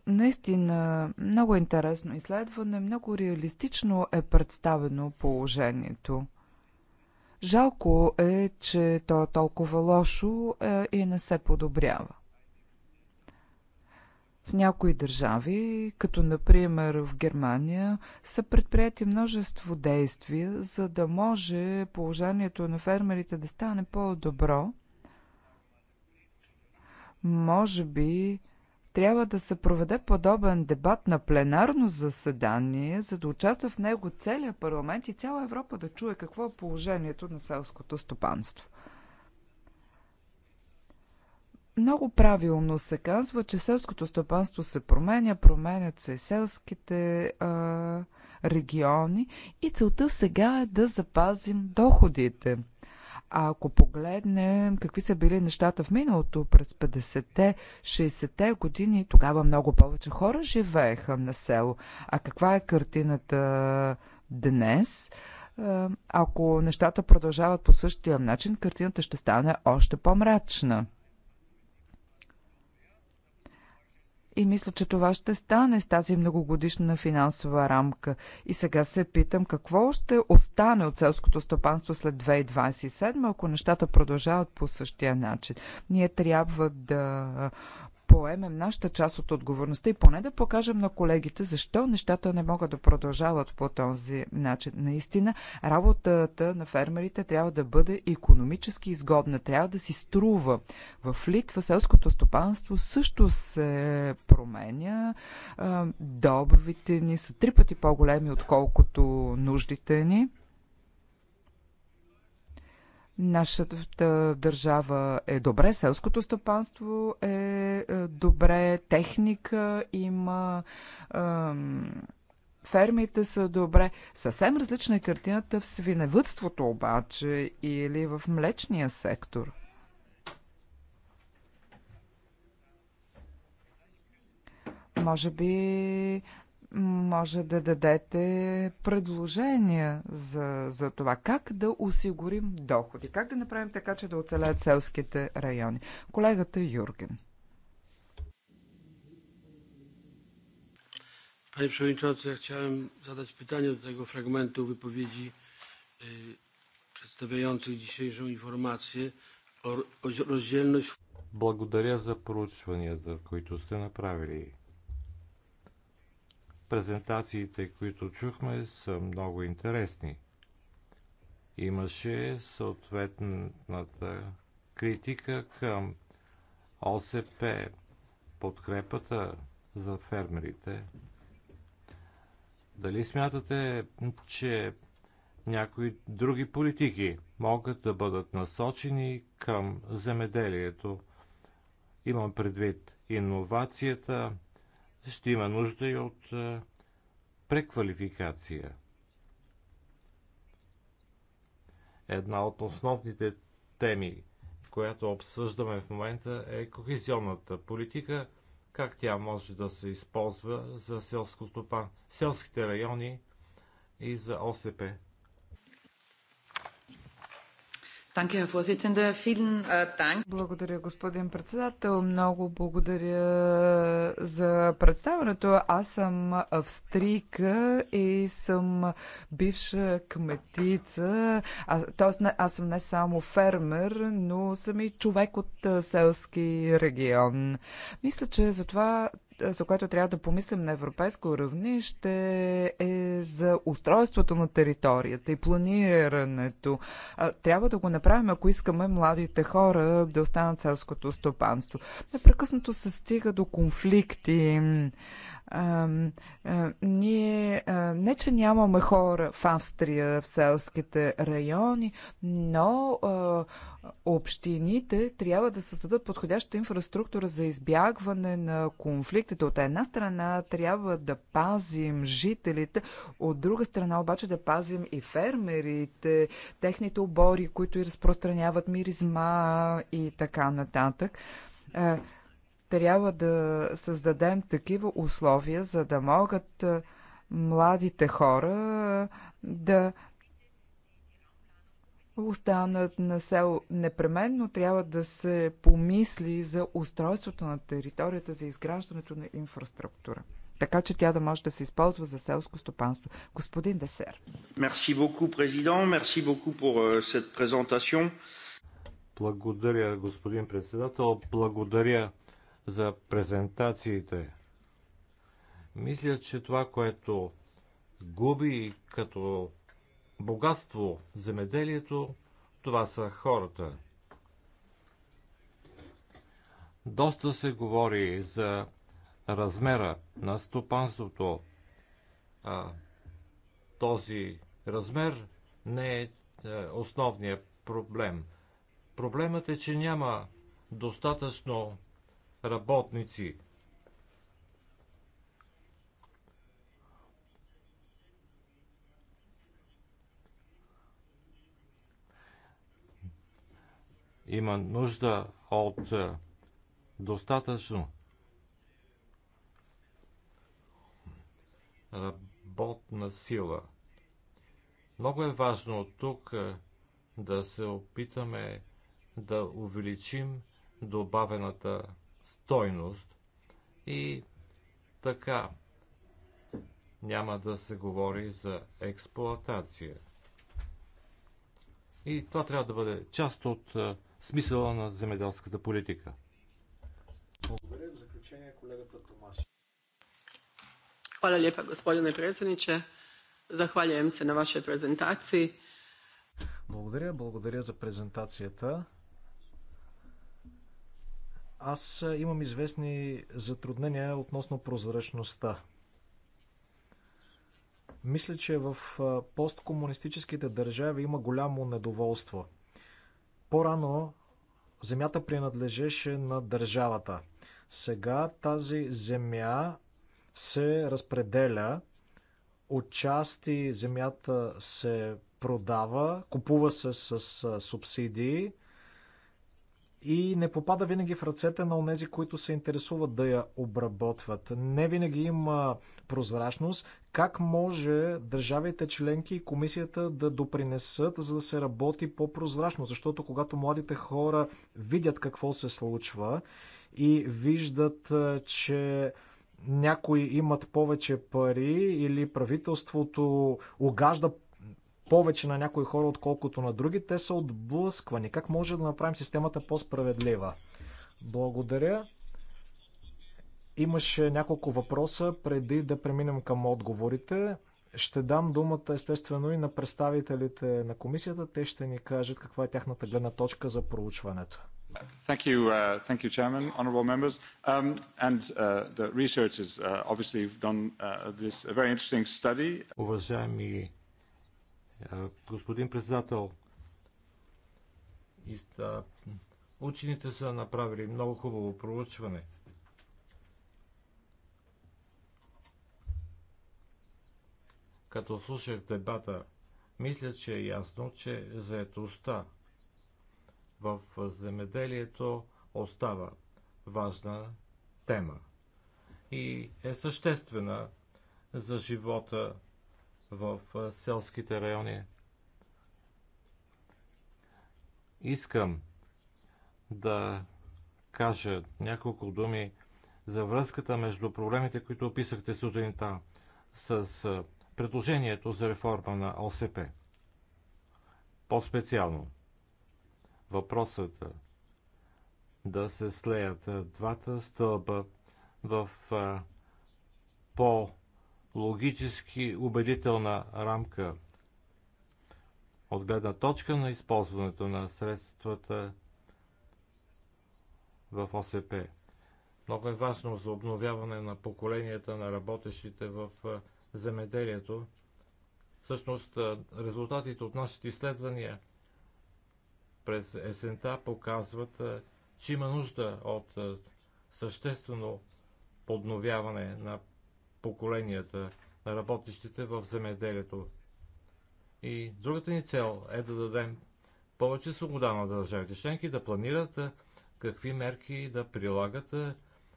Наистина, много интересно изследване, много реалистично е представено положението. Жалко е, че то е толкова лошо е, и не се подобрява. В някои държави, като например в Германия, са предприяти множество действия, за да може положението на фермерите да стане по-добро. Може би трябва да се проведе подобен дебат на пленарно заседание, за да участва в него целият парламент и цяла Европа да чуе какво е положението на селското стопанство. Много правилно се казва, че селското стопанство се променя, променят се селските а, региони и целта сега е да запазим доходите – а ако погледнем какви са били нещата в миналото през 50-те, 60-те години, тогава много повече хора живееха на село. А каква е картината днес? Е, ако нещата продължават по същия начин, картината ще стане още по-мрачна. И мисля, че това ще стане с тази многогодишна финансова рамка. И сега се питам какво ще остане от селското стопанство след 2027, ако нещата продължават по същия начин. Ние трябва да поемем нашата част от отговорността и поне да покажем на колегите защо нещата не могат да продължават по този начин. Наистина, работата на фермерите трябва да бъде економически изгодна, трябва да си струва. В Литва селското стопанство също се променя. Добавите ни са три пъти по-големи, отколкото нуждите ни. Нашата държава е добре, селското стопанство е, е добре, техника има, фермите са добре. Съвсем различна е картината в свиневътството обаче или в млечния сектор. Може би може да дадете предложения за, за това. Как да осигурим доходи? Как да направим така, че да оцелят селските райони? Колегата Юрген. Panie Przewodniczący, ja chciałem zadać pytanie do tego fragmentu wypowiedzi e, przedstawiających dzisiejszą informację o rozdzielność. Благодаря за проучванията, които сте направили. Презентациите, които чухме, са много интересни. Имаше съответната критика към ОСП, подкрепата за фермерите. Дали смятате, че някои други политики могат да бъдат насочени към земеделието? Имам предвид иновацията, ще има нужда и от е, преквалификация. Една от основните теми, която обсъждаме в момента е кохезионната политика, как тя може да се използва за селско стопан, селските райони и за ОСП. Äh, благодаря, господин председател. Много благодаря за представането. Аз съм австрийка и съм бивша кметица. Тоест, аз съм не само фермер, но съм и човек от селски регион. Мисля, че затова за което трябва да помислим на европейско равнище, е за устройството на територията и планирането. Трябва да го направим, ако искаме младите хора да останат селското стопанство. Непрекъснато се стига до конфликти а, а, ние а, не, че нямаме хора в Австрия, в селските райони, но а, общините трябва да създадат подходяща инфраструктура за избягване на конфликтите. От една страна трябва да пазим жителите, от друга страна обаче да пазим и фермерите, техните обори, които и разпространяват миризма и така нататък. Трябва да създадем такива условия, за да могат младите хора да останат на село. Непременно трябва да се помисли за устройството на територията, за изграждането на инфраструктура. Така че тя да може да се използва за селско стопанство. Господин Десер. Мерси beaucoup, президент. Мерси beaucoup pour euh, cette présentation. Благодаря, господин председател. Благодаря за презентациите. Мисля, че това, което губи като богатство земеделието, това са хората. Доста се говори за размера на стопанството. А, този размер не е, е основният проблем. Проблемът е, че няма достатъчно работници. Има нужда от е, достатъчно работна сила. Много е важно от тук е, да се опитаме да увеличим добавената стойност и така няма да се говори за експлоатация. И това трябва да бъде част от е, смисъла на земеделската политика. Благодаря. В заключение колегата Томаш. Hvala lijepa gospodine predsjedniče. Zahvaljujem se na vašoj prezentaciji. Благодаря, благодаря за презентацията. Аз имам известни затруднения относно прозрачността. Мисля, че в посткомунистическите държави има голямо недоволство. По-рано земята принадлежеше на държавата. Сега тази земя се разпределя, отчасти земята се продава, купува се с субсидии – и не попада винаги в ръцете на онези, които се интересуват да я обработват. Не винаги има прозрачност. Как може държавите членки и комисията да допринесат, за да се работи по-прозрачно? Защото когато младите хора видят какво се случва и виждат, е, че някои имат повече пари или правителството огажда повече на някои хора, отколкото на други. Те са отблъсквани. Как може да направим системата по-справедлива? Благодаря. Имаше няколко въпроса преди да преминем към отговорите. Ще дам думата естествено и на представителите на комисията. Те ще ни кажат каква е тяхната гледна точка за проучването. Thank you, uh, thank you, Chairman, members. Um, and uh, the researchers uh, obviously have done uh, this very interesting study. Уважаеми господин председател. Учените са направили много хубаво проучване. Като слушах дебата, мисля, че е ясно, че заетостта в земеделието остава важна тема и е съществена за живота в селските райони. Искам да кажа няколко думи за връзката между проблемите, които описахте сутринта с предложението за реформа на ОСП. По-специално, въпросът да се слеят двата стълба в по- логически убедителна рамка от гледна точка на използването на средствата в ОСП. Много е важно за обновяване на поколенията на работещите в земеделието. Всъщност, резултатите от нашите изследвания през есента показват, че има нужда от съществено подновяване на поколенията на работещите в земеделието. И другата ни цел е да дадем повече свобода на държавите членки да планират какви мерки да прилагат,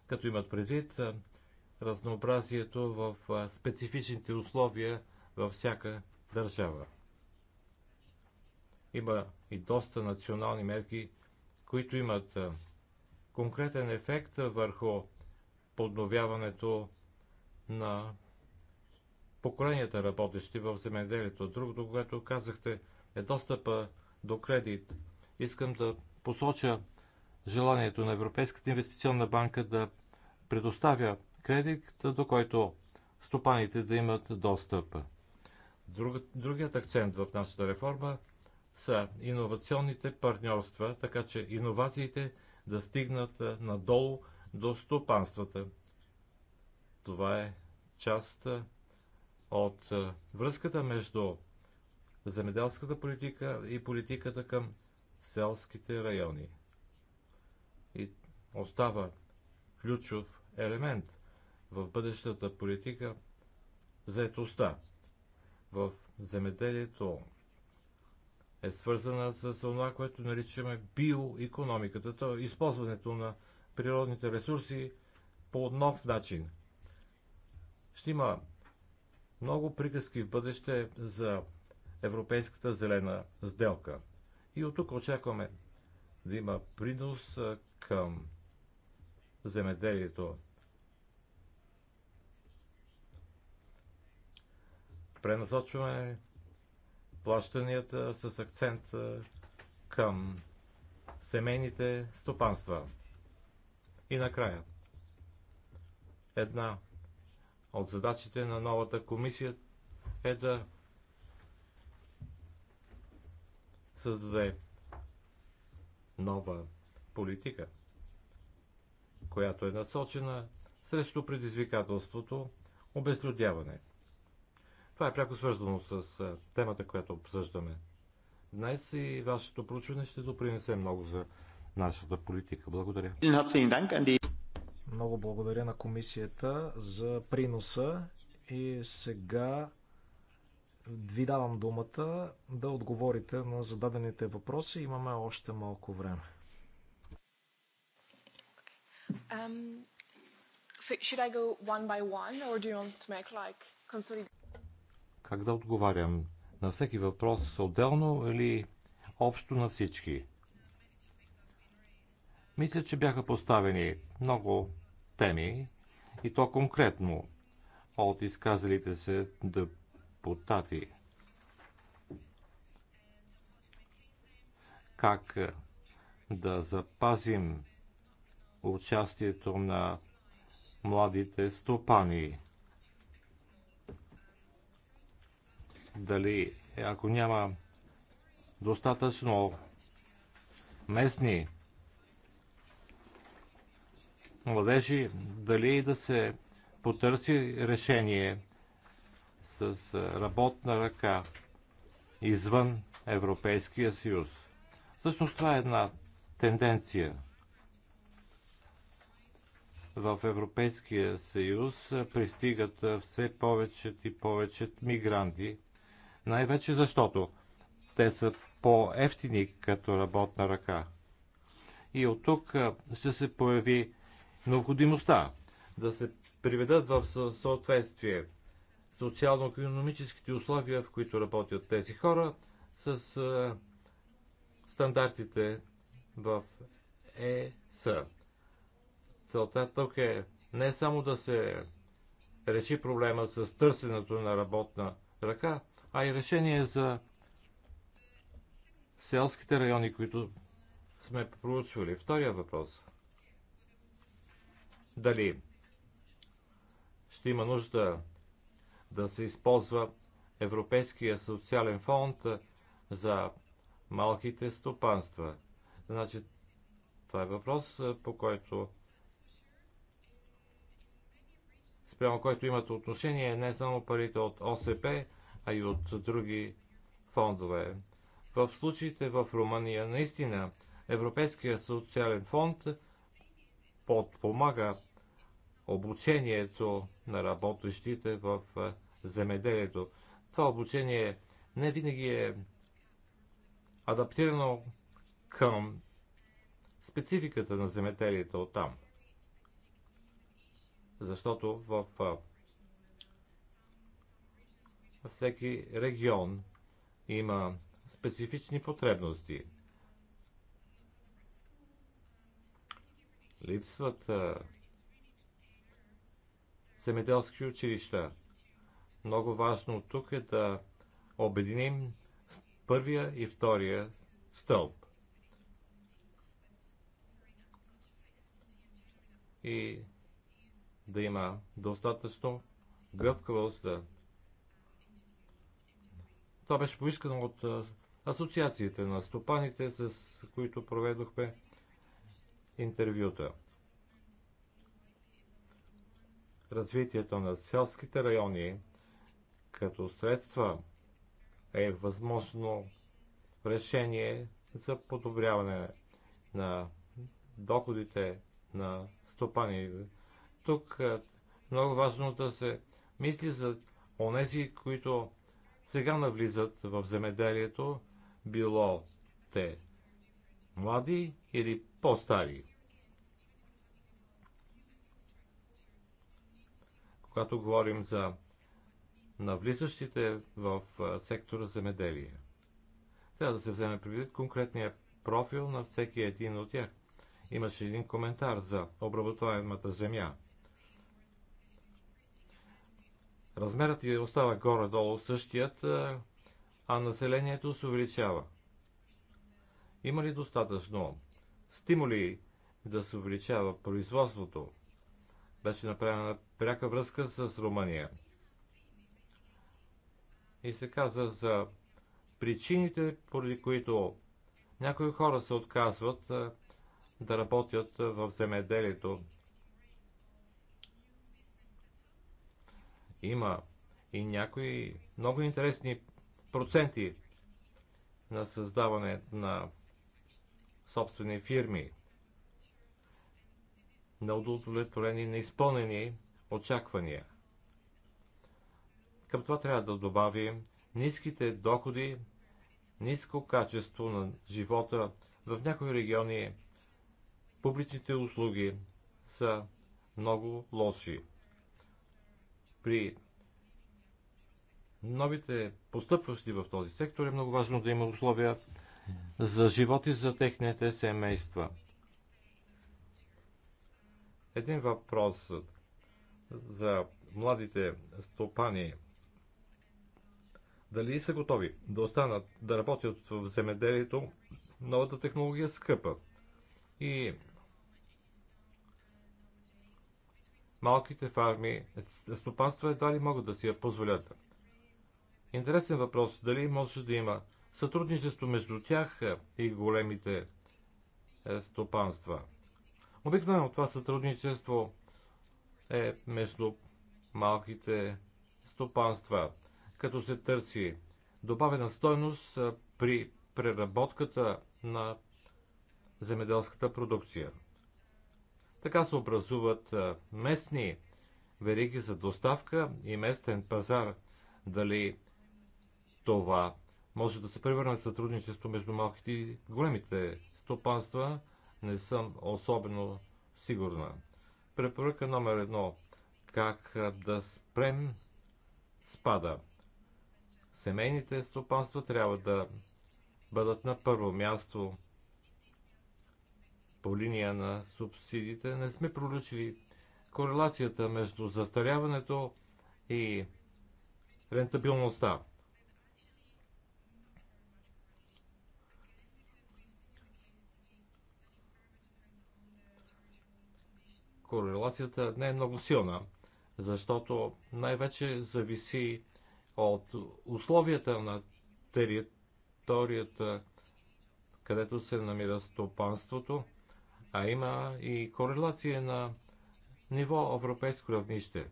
като имат предвид разнообразието в специфичните условия във всяка държава. Има и доста национални мерки, които имат конкретен ефект върху подновяването на поколенията работещи в земеделието. Другото, което казахте, е достъпа до кредит. Искам да посоча желанието на Европейската инвестиционна банка да предоставя кредит, до който стопаните да имат достъп. Друг, другият акцент в нашата реформа са иновационните партньорства, така че иновациите да стигнат надолу до стопанствата. Това е част от е, връзката между земеделската политика и политиката към селските райони. И остава ключов елемент в бъдещата политика заетостта. В земеделието е свързана с това, което наричаме биоекономиката, т.е. използването на природните ресурси по нов начин. Ще има много приказки в бъдеще за Европейската зелена сделка. И от тук очакваме да има принос към земеделието. Пренасочваме плащанията с акцент към семейните стопанства. И накрая една от задачите на новата комисия е да създаде нова политика, която е насочена срещу предизвикателството обезлюдяване. Това е пряко свързано с темата, която обсъждаме днес и вашето проучване ще допринесе много за нашата политика. Благодаря. Много благодаря на комисията за приноса и сега ви давам думата да отговорите на зададените въпроси. Имаме още малко време. Um, so one one, make, like, как да отговарям? На всеки въпрос отделно или общо на всички? Мисля, че бяха поставени много теми и то конкретно от изказалите се депутати. Как да запазим участието на младите стопани? Дали ако няма достатъчно местни младежи, дали да се потърси решение с работна ръка извън Европейския съюз. Всъщност това е една тенденция. В Европейския съюз пристигат все повече и повече мигранти, най-вече защото те са по-ефтини като работна ръка. И от тук ще се появи необходимостта да се приведат в съответствие социално-економическите условия, в които работят тези хора, с стандартите в ЕС. Целта тук е не само да се реши проблема с търсенето на работна ръка, а и решение за селските райони, които сме проучвали. Втория въпрос дали ще има нужда да се използва Европейския социален фонд за малките стопанства. Значи, това е въпрос, по който спрямо който имат отношение не само парите от ОСП, а и от други фондове. В случаите в Румъния наистина Европейския социален фонд подпомага обучението на работещите в земеделието. Това обучение не винаги е адаптирано към спецификата на земеделието от там. Защото в всеки регион има специфични потребности. Липсват земеделски училища. Много важно тук е да обединим първия и втория стълб. И да има достатъчно гъвкавост да. Това беше поискано от асоциациите на стопаните, с които проведохме интервюта. развитието на селските райони като средства е възможно решение за подобряване на доходите на стопани. Тук е много важно да се мисли за онези, които сега навлизат в земеделието, било те млади или по-стари. когато говорим за навлизащите в сектора земеделие. Трябва да се вземе предвид конкретния профил на всеки един от тях. Имаше един коментар за обработваемата земя. Размерът и остава горе-долу същият, а населението се увеличава. Има ли достатъчно стимули да се увеличава производството? беше направена пряка връзка с Румъния. И се каза за причините, поради които някои хора се отказват да работят в земеделието. Има и някои много интересни проценти на създаване на собствени фирми на неизпълнени очаквания. Към това трябва да добавим ниските доходи, ниско качество на живота. В някои региони публичните услуги са много лоши. При новите постъпващи в този сектор е много важно да има условия за живот и за техните семейства. Един въпрос за младите стопани. Дали са готови да останат да работят в земеделието? Новата технология е скъпа. И малките фарми, стопанства едва ли могат да си я позволят. Интересен въпрос, дали може да има сътрудничество между тях и големите е, стопанства. Обикновено това сътрудничество е между малките стопанства, като се търси добавена стойност при преработката на земеделската продукция. Така се образуват местни вериги за доставка и местен пазар. Дали това може да се превърне в сътрудничество между малките и големите стопанства, не съм особено сигурна. Препоръка номер едно. Как да спрем спада. Семейните стопанства трябва да бъдат на първо място по линия на субсидиите. Не сме проличили корелацията между застаряването и рентабилността. корелацията не е много силна, защото най-вече зависи от условията на територията, където се намира стопанството, а има и корелация на ниво европейско равнище.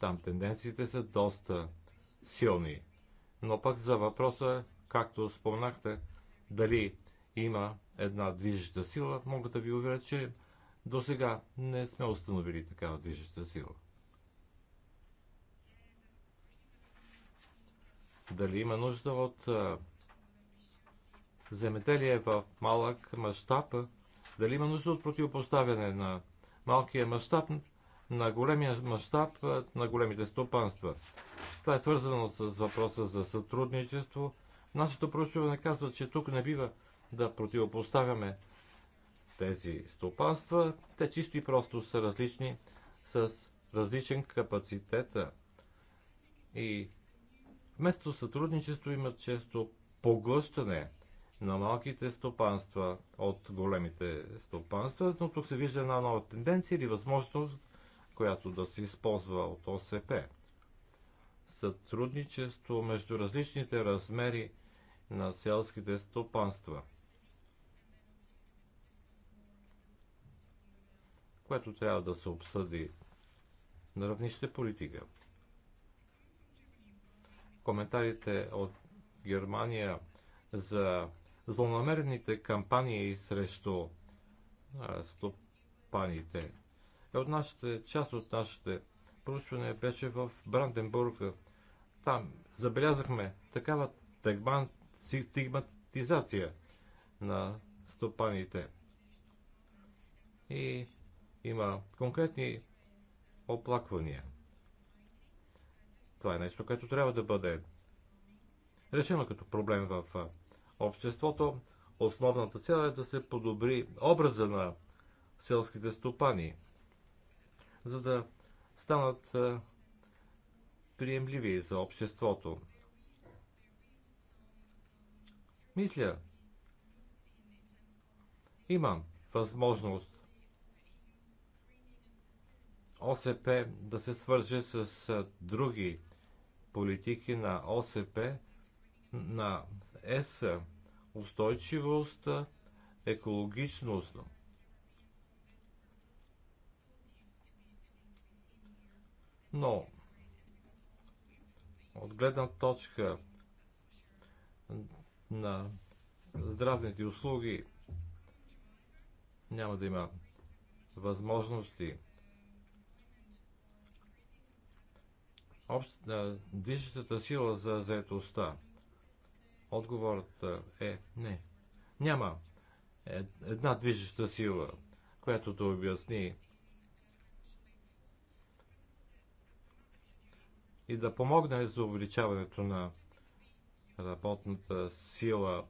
Там тенденциите са доста силни. Но пък за въпроса, както спомнахте, дали има една движеща сила, мога да ви уверя, че до сега не сме установили такава движеща сила. Дали има нужда от земеделие в малък мащаб? Дали има нужда от противопоставяне на малкия мащаб на големия мащаб на големите стопанства? Това е свързано с въпроса за сътрудничество. Нашето проучване казва, че тук не бива да противопоставяме тези стопанства. Те чисто и просто са различни с различен капацитет. И вместо сътрудничество имат често поглъщане на малките стопанства от големите стопанства, но тук се вижда една нова тенденция или възможност, която да се използва от ОСП. Сътрудничество между различните размери на селските стопанства – което трябва да се обсъди на равнище политика. Коментарите от Германия за злонамерените кампании срещу стопаните е от нашите, част от нашите проучване беше в Бранденбург. Там забелязахме такава тъгман стигматизация на стопаните. И има конкретни оплаквания. Това е нещо, което трябва да бъде решено като проблем в обществото. Основната цел е да се подобри образа на селските стопани, за да станат приемливи за обществото. Мисля, има възможност ОСП да се свърже с други политики на ОСП, на ЕС, устойчивост, екологичност. Но от гледна точка на здравните услуги няма да има възможности движещата сила за заетостта? Отговорът е не. Няма е, една движеща сила, която да обясни и да помогне за увеличаването на работната сила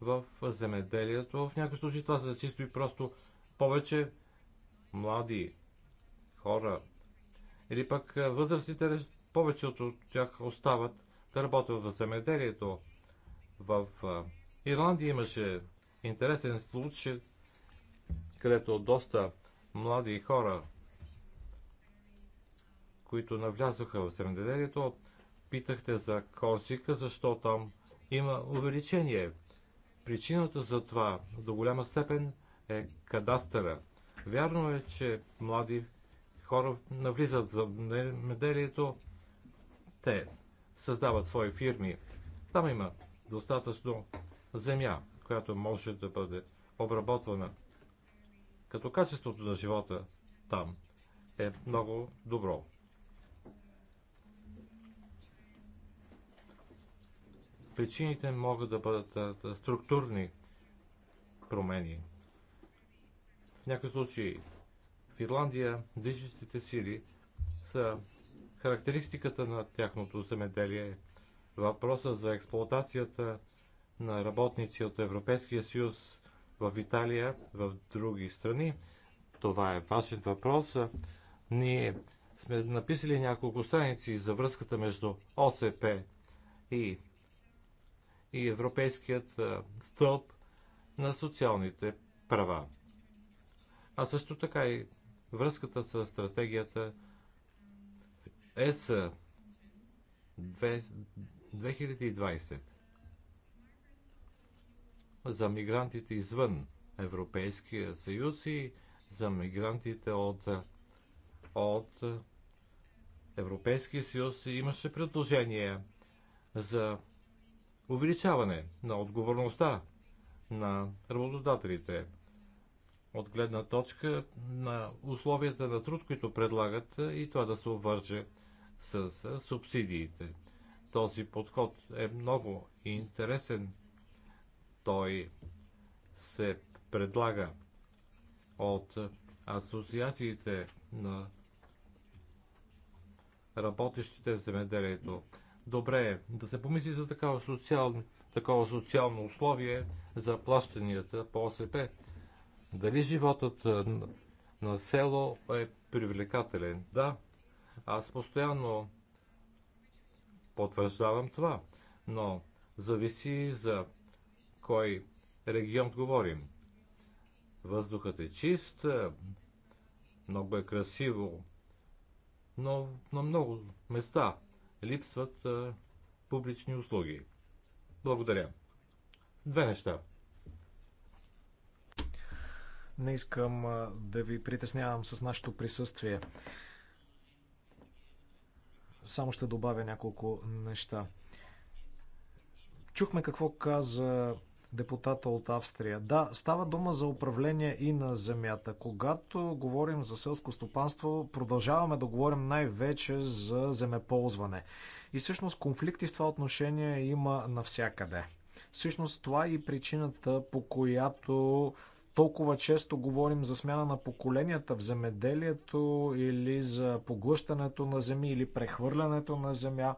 в земеделието. В някои случаи това са чисто и просто повече млади хора или пък възрастните повечето от тях остават да работят в земеделието. В Ирландия имаше интересен случай, където доста млади хора, които навлязоха в земеделието, питахте за Корсика, защо там има увеличение. Причината за това до голяма степен е кадастъра. Вярно е, че млади хора навлизат в земеделието те създават свои фирми. Там има достатъчно земя, която може да бъде обработвана. Като качеството на живота там е много добро. Причините могат да бъдат структурни промени. В някои случаи в Ирландия движещите сили са характеристиката на тяхното земеделие, е въпроса за експлоатацията на работници от Европейския съюз в Италия, в други страни. Това е важен въпрос. Ние сме написали няколко страници за връзката между ОСП и, и Европейският стълб на социалните права. А също така и връзката с стратегията ЕС 2020 за мигрантите извън Европейския съюз и за мигрантите от, от Европейския съюз имаше предложение за увеличаване на отговорността на работодателите от гледна точка на условията на труд, които предлагат и това да се обвърже с субсидиите. Този подход е много интересен. Той се предлага от асоциациите на работещите в земеделието. Добре е да се помисли за такава социална такова социално условие за плащанията по ОСП. Дали животът на село е привлекателен? Да, аз постоянно потвърждавам това, но зависи за кой регион говорим. Въздухът е чист, много е красиво, но на много места липсват публични услуги. Благодаря. Две неща. Не искам да ви притеснявам с нашето присъствие. Само ще добавя няколко неща. Чухме какво каза депутата от Австрия. Да, става дума за управление и на земята. Когато говорим за селско стопанство, продължаваме да говорим най-вече за земеползване. И всъщност конфликти в това отношение има навсякъде. Всъщност това е и причината, по която толкова често говорим за смяна на поколенията в земеделието или за поглъщането на земи или прехвърлянето на земя.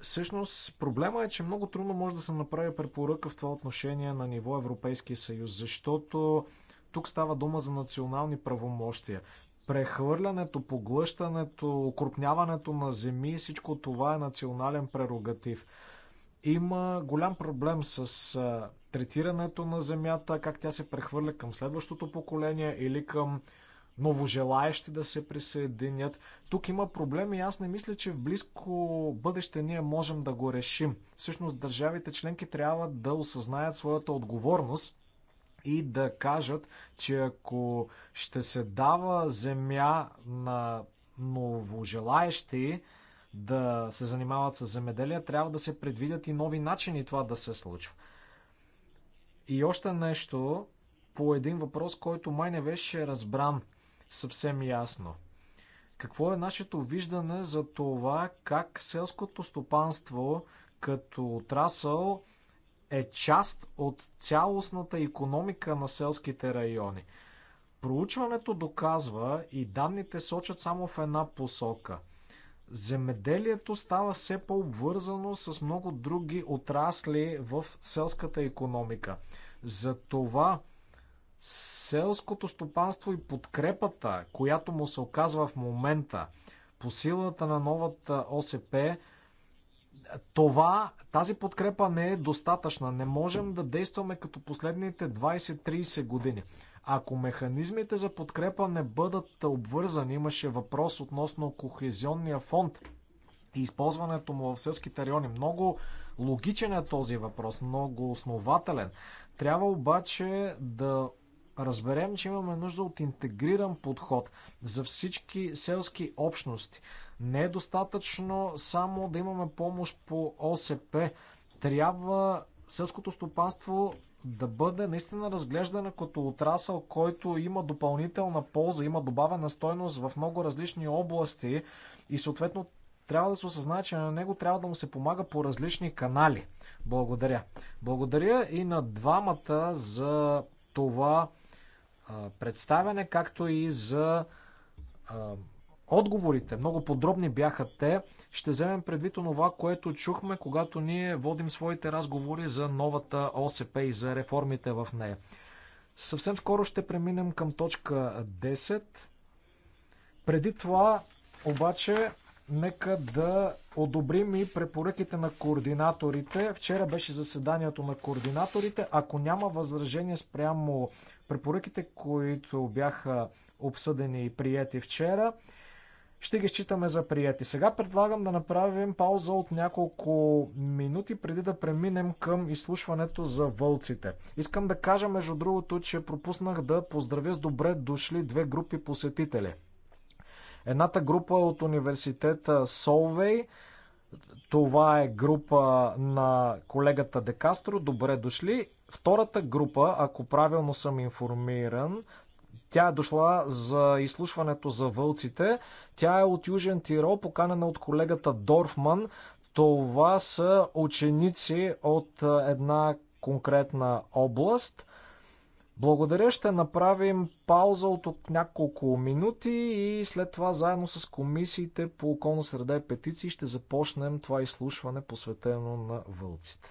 Всъщност проблема е, че много трудно може да се направи препоръка в това отношение на ниво Европейския съюз, защото тук става дума за национални правомощия. Прехвърлянето, поглъщането, укрупняването на земи, всичко това е национален прерогатив. Има голям проблем с третирането на земята, как тя се прехвърля към следващото поколение или към новожелаещи да се присъединят. Тук има проблем и аз не мисля, че в близко бъдеще ние можем да го решим. Всъщност държавите членки трябва да осъзнаят своята отговорност и да кажат, че ако ще се дава земя на новожелаещи да се занимават с земеделие, трябва да се предвидят и нови начини това да се случва. И още нещо по един въпрос, който май не беше разбран съвсем ясно. Какво е нашето виждане за това как селското стопанство като отрасъл е част от цялостната економика на селските райони? Проучването доказва и данните сочат само в една посока – земеделието става все по-обвързано с много други отрасли в селската економика. Затова селското стопанство и подкрепата, която му се оказва в момента по силата на новата ОСП, това, тази подкрепа не е достатъчна. Не можем да действаме като последните 20-30 години. Ако механизмите за подкрепа не бъдат обвързани, имаше въпрос относно кохезионния фонд и използването му в селските райони. Много логичен е този въпрос, много основателен. Трябва обаче да разберем, че имаме нужда от интегриран подход за всички селски общности. Не е достатъчно само да имаме помощ по ОСП. Трябва селското стопанство да бъде наистина разглеждана като отрасъл, който има допълнителна полза, има добавена стойност в много различни области и съответно трябва да се осъзнае, че на него трябва да му се помага по различни канали. Благодаря. Благодаря и на двамата за това а, представяне, както и за а, Отговорите, много подробни бяха те. Ще вземем предвид онова, което чухме, когато ние водим своите разговори за новата ОСП и за реформите в нея. Съвсем скоро ще преминем към точка 10. Преди това, обаче, нека да одобрим и препоръките на координаторите. Вчера беше заседанието на координаторите. Ако няма възражение спрямо препоръките, които бяха обсъдени и прияти вчера, ще ги считаме за прияти. Сега предлагам да направим пауза от няколко минути преди да преминем към изслушването за вълците. Искам да кажа, между другото, че пропуснах да поздравя с добре дошли две групи посетители. Едната група е от университета Солвей, това е група на колегата Декастро, добре дошли. Втората група, ако правилно съм информиран, тя е дошла за изслушването за вълците. Тя е от Южен Тирол, поканена от колегата Дорфман. Това са ученици от една конкретна област. Благодаря, ще направим пауза от няколко минути и след това заедно с комисиите по околна среда и петиции ще започнем това изслушване посветено на вълците.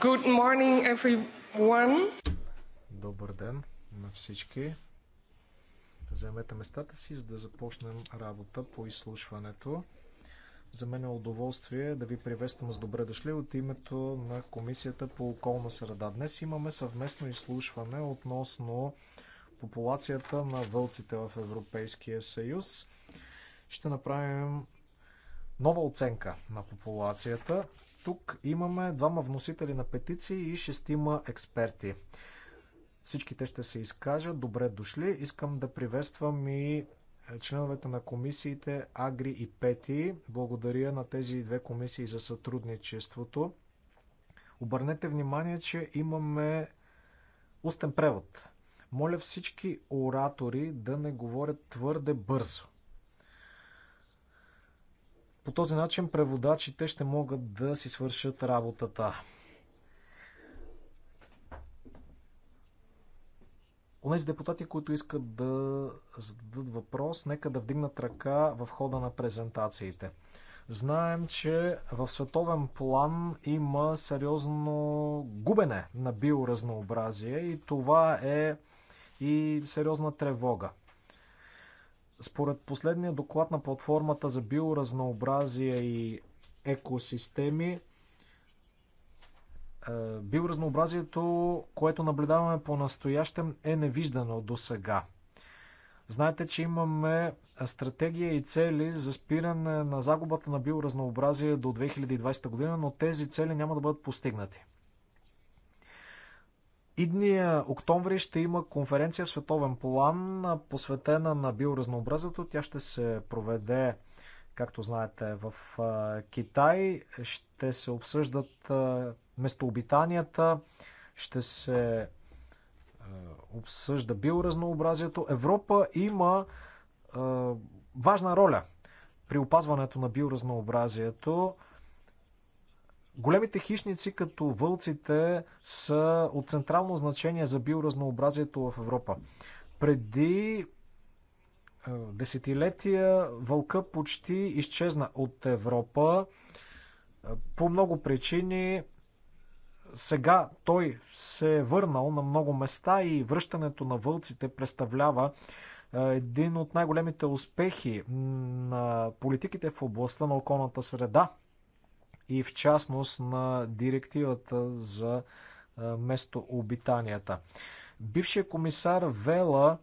Good morning, everyone. Добър ден на всички. Заемете местата си, за да започнем работа по изслушването. За мен е удоволствие да ви приветствам с добре дошли от името на Комисията по околна среда. Днес имаме съвместно изслушване относно популацията на вълците в Европейския съюз. Ще направим нова оценка на популацията. Тук имаме двама вносители на петиции и шестима експерти. Всички те ще се изкажат. Добре дошли. Искам да приветствам и е, членовете на комисиите Агри и Пети. Благодаря на тези две комисии за сътрудничеството. Обърнете внимание, че имаме устен превод. Моля всички оратори да не говорят твърде бързо. По този начин преводачите ще могат да си свършат работата. Онези депутати, които искат да зададат въпрос, нека да вдигнат ръка в хода на презентациите. Знаем, че в световен план има сериозно губене на биоразнообразие и това е и сериозна тревога. Според последния доклад на платформата за биоразнообразие и екосистеми, е, биоразнообразието, което наблюдаваме по-настоящем, е невиждано до сега. Знаете, че имаме стратегия и цели за спиране на загубата на биоразнообразие до 2020 година, но тези цели няма да бъдат постигнати. Идния октомври ще има конференция в световен план, посветена на биоразнообразието. Тя ще се проведе, както знаете, в Китай. Ще се обсъждат местообитанията, ще се обсъжда биоразнообразието. Европа има важна роля при опазването на биоразнообразието. Големите хищници, като вълците, са от централно значение за биоразнообразието в Европа. Преди е, десетилетия вълка почти изчезна от Европа е, по много причини. Сега той се е върнал на много места и връщането на вълците представлява е, един от най-големите успехи на политиките в областта на околната среда и в частност на директивата за местообитанията. Бившия комисар Вела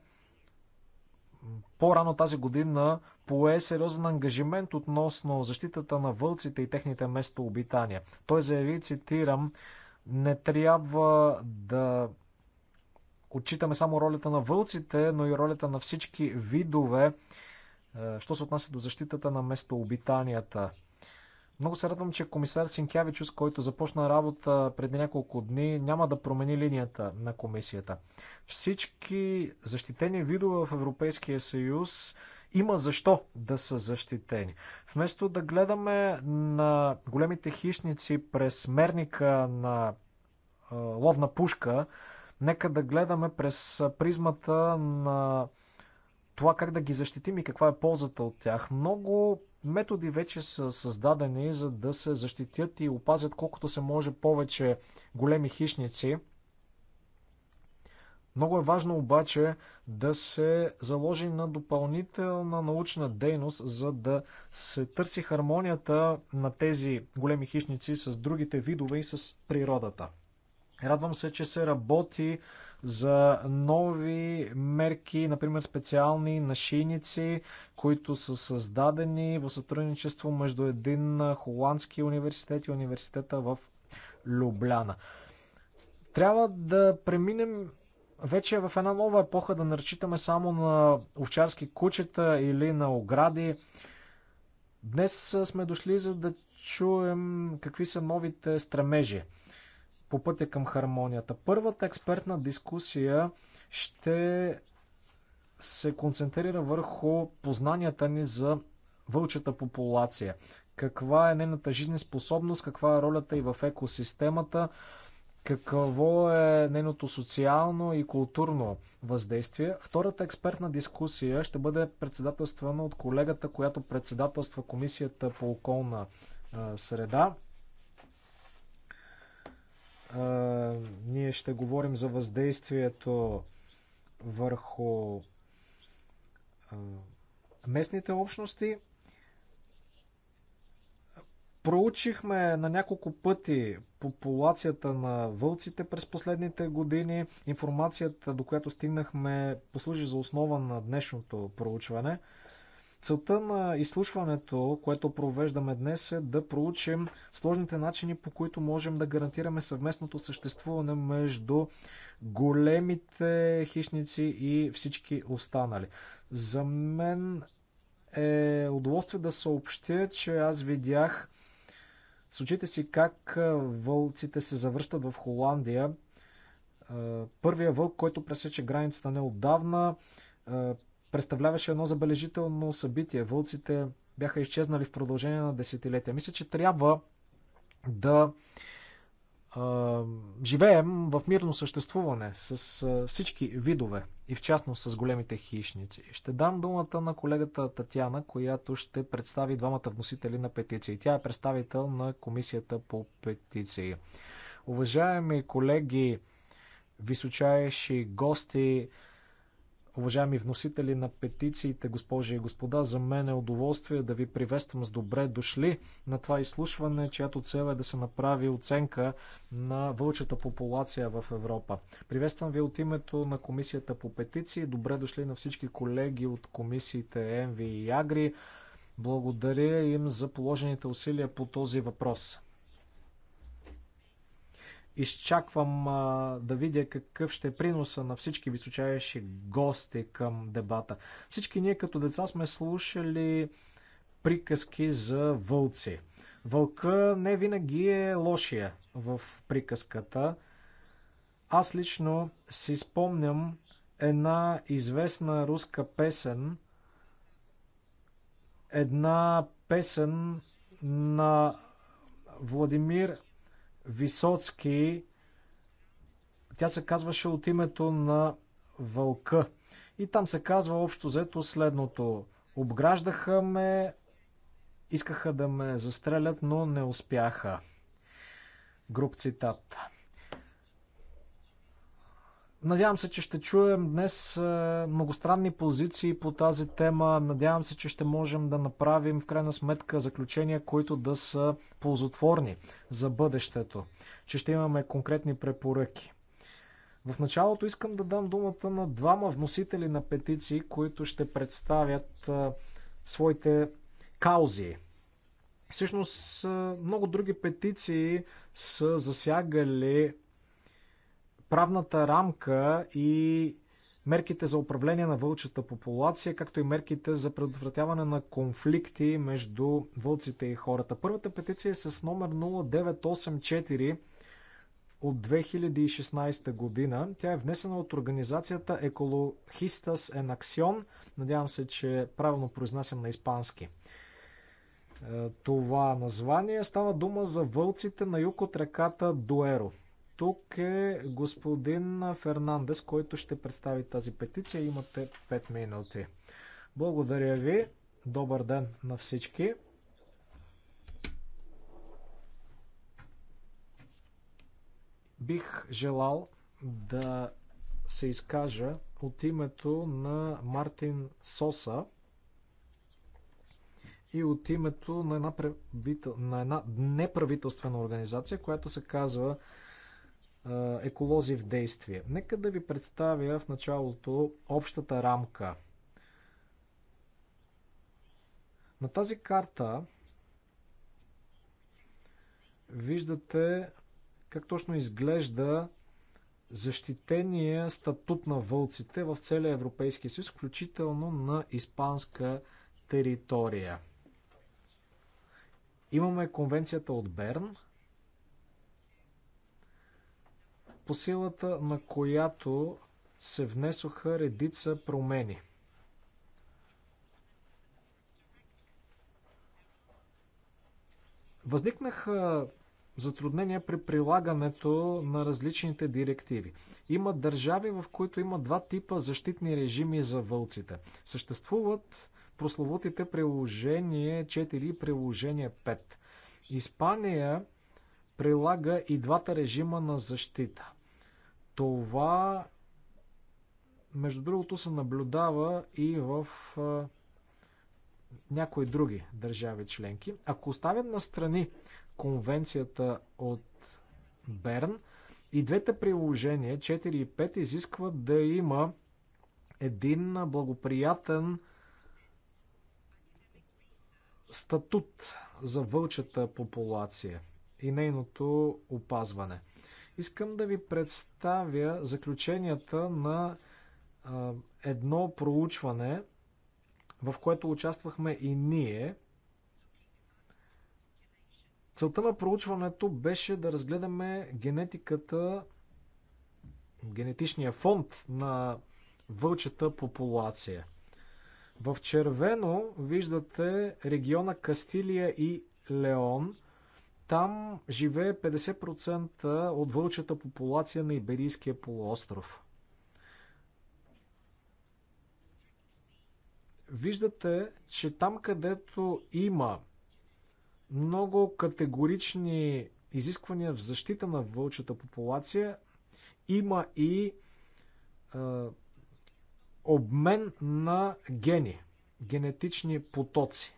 по-рано тази година пое сериозен ангажимент относно защитата на вълците и техните местообитания. Той заяви, цитирам, не трябва да отчитаме само ролята на вълците, но и ролята на всички видове, що се отнася до защитата на местообитанията. Много се радвам, че комисар Синкявичус, който започна работа преди няколко дни, няма да промени линията на комисията. Всички защитени видове в Европейския съюз има защо да са защитени. Вместо да гледаме на големите хищници през мерника на ловна пушка, нека да гледаме през призмата на това как да ги защитим и каква е ползата от тях. Много методи вече са създадени, за да се защитят и опазят колкото се може повече големи хищници. Много е важно обаче да се заложи на допълнителна научна дейност, за да се търси хармонията на тези големи хищници с другите видове и с природата. Радвам се, че се работи за нови мерки, например специални нашийници, които са създадени в сътрудничество между един холандски университет и университета в Любляна. Трябва да преминем вече в една нова епоха да наречитаме само на овчарски кучета или на огради. Днес сме дошли за да чуем какви са новите стремежи по пътя към хармонията. Първата експертна дискусия ще се концентрира върху познанията ни за вълчата популация. Каква е нейната жизнеспособност, каква е ролята и в екосистемата, какво е нейното социално и културно въздействие. Втората експертна дискусия ще бъде председателствана от колегата, която председателства Комисията по околна среда ние ще говорим за въздействието върху местните общности. Проучихме на няколко пъти популацията на вълците през последните години. Информацията, до която стигнахме, послужи за основа на днешното проучване – Целта на изслушването, което провеждаме днес е да проучим сложните начини, по които можем да гарантираме съвместното съществуване между големите хищници и всички останали. За мен е удоволствие да съобщя, че аз видях с очите си как вълците се завръщат в Холандия. Първия вълк, който пресече границата неотдавна, представляваше едно забележително събитие. Вълците бяха изчезнали в продължение на десетилетия. Мисля, че трябва да а, живеем в мирно съществуване с а, всички видове и в частност с големите хищници. Ще дам думата на колегата Татяна, която ще представи двамата вносители на петиции. Тя е представител на Комисията по петиции. Уважаеми колеги, височайши гости, Уважаеми вносители на петициите, госпожи и господа, за мен е удоволствие да ви приветствам с добре дошли на това изслушване, чиято цел е да се направи оценка на вълчата популация в Европа. Приветствам ви от името на Комисията по петиции. Добре дошли на всички колеги от комисиите ЕМВИ и АГРИ. Благодаря им за положените усилия по този въпрос изчаквам а, да видя какъв ще е приноса на всички височайши гости към дебата. Всички ние като деца сме слушали приказки за вълци. Вълка не винаги е лошия в приказката. Аз лично си спомням една известна руска песен, една песен на Владимир Висоцки. Тя се казваше от името на вълка. И там се казва общо взето следното. Обграждаха ме, искаха да ме застрелят, но не успяха. Груп цитат. Надявам се, че ще чуем днес е, многостранни позиции по тази тема. Надявам се, че ще можем да направим в крайна сметка заключения, които да са ползотворни за бъдещето, че ще имаме конкретни препоръки. В началото искам да дам думата на двама вносители на петиции, които ще представят е, своите каузи. Всъщност е, много други петиции са засягали правната рамка и мерките за управление на вълчата популация, както и мерките за предотвратяване на конфликти между вълците и хората. Първата петиция е с номер 0984 от 2016 година. Тя е внесена от организацията Екологистас en Acción. Надявам се, че правилно произнасям на испански. Е, това название става дума за вълците на юг от реката Дуеро. Тук е господин Фернандес, който ще представи тази петиция. Имате 5 минути. Благодаря ви. Добър ден на всички. Бих желал да се изкажа от името на Мартин Соса и от името на една, правител... на една неправителствена организация, която се казва еколози в действие. Нека да ви представя в началото общата рамка. На тази карта виждате как точно изглежда защитения статут на вълците в целия Европейски съюз, включително на испанска територия. Имаме конвенцията от Берн, по силата на която се внесоха редица промени. Възникнаха затруднения при прилагането на различните директиви. Има държави, в които има два типа защитни режими за вълците. Съществуват прословутите приложение 4 и приложение 5. Испания прилага и двата режима на защита. Това, между другото, се наблюдава и в някои други държави членки. Ако оставим на страни конвенцията от Берн, и двете приложения 4 и 5 изискват да има един благоприятен статут за вълчата популация и нейното опазване – Искам да ви представя заключенията на едно проучване, в което участвахме и ние. Целта на проучването беше да разгледаме генетиката, генетичния фонд на вълчата популация. В червено виждате региона Кастилия и Леон – там живее 50% от вълчата популация на Иберийския полуостров. Виждате, че там където има много категорични изисквания в защита на вълчата популация, има и е, обмен на гени, генетични потоци.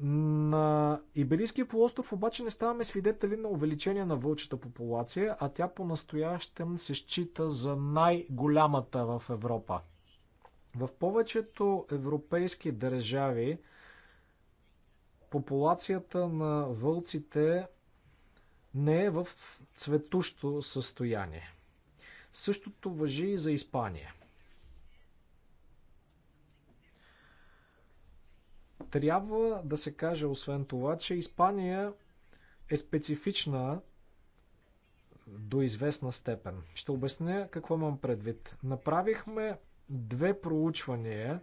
На Иберийския полуостров обаче не ставаме свидетели на увеличение на вълчата популация, а тя по-настоящем се счита за най-голямата в Европа. В повечето европейски държави популацията на вълците не е в цветущо състояние. Същото въжи и за Испания. Трябва да се каже освен това, че Испания е специфична до известна степен. Ще обясня какво имам предвид. Направихме две проучвания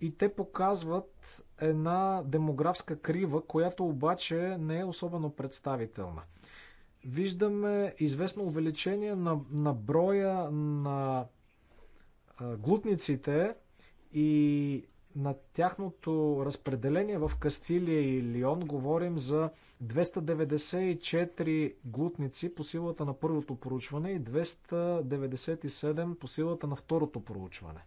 и те показват една демографска крива, която обаче не е особено представителна. Виждаме известно увеличение на, на броя на а, глутниците и на тяхното разпределение в Кастилия и Лион говорим за 294 глутници по силата на първото проучване и 297 по силата на второто проучване.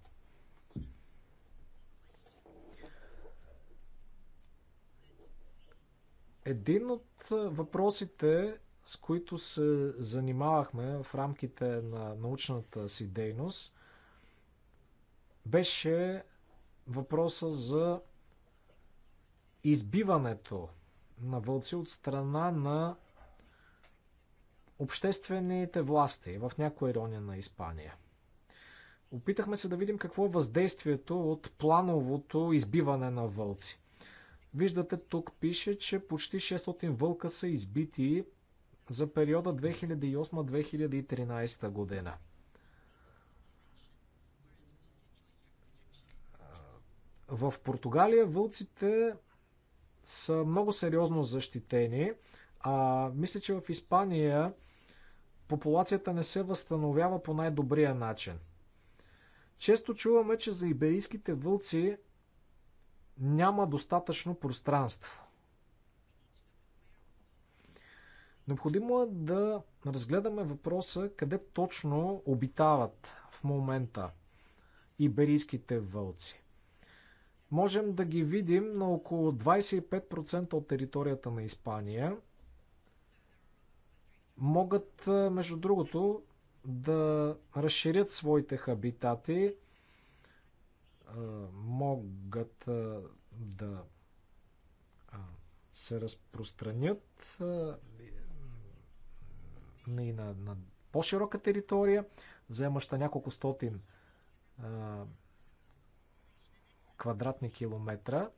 Един от въпросите, с които се занимавахме в рамките на научната си дейност, беше въпроса за избиването на вълци от страна на обществените власти в някои райони на Испания. Опитахме се да видим какво е въздействието от плановото избиване на вълци. Виждате, тук пише, че почти 600 вълка са избити за периода 2008-2013 година. В Португалия вълците са много сериозно защитени, а мисля, че в Испания популацията не се възстановява по най-добрия начин. Често чуваме, че за иберийските вълци няма достатъчно пространство. Необходимо е да разгледаме въпроса къде точно обитават в момента иберийските вълци можем да ги видим на около 25% от територията на Испания. Могат, между другото, да разширят своите хабитати, могат да се разпространят и на, на по-широка територия, вземаща няколко стотин квадратни километра.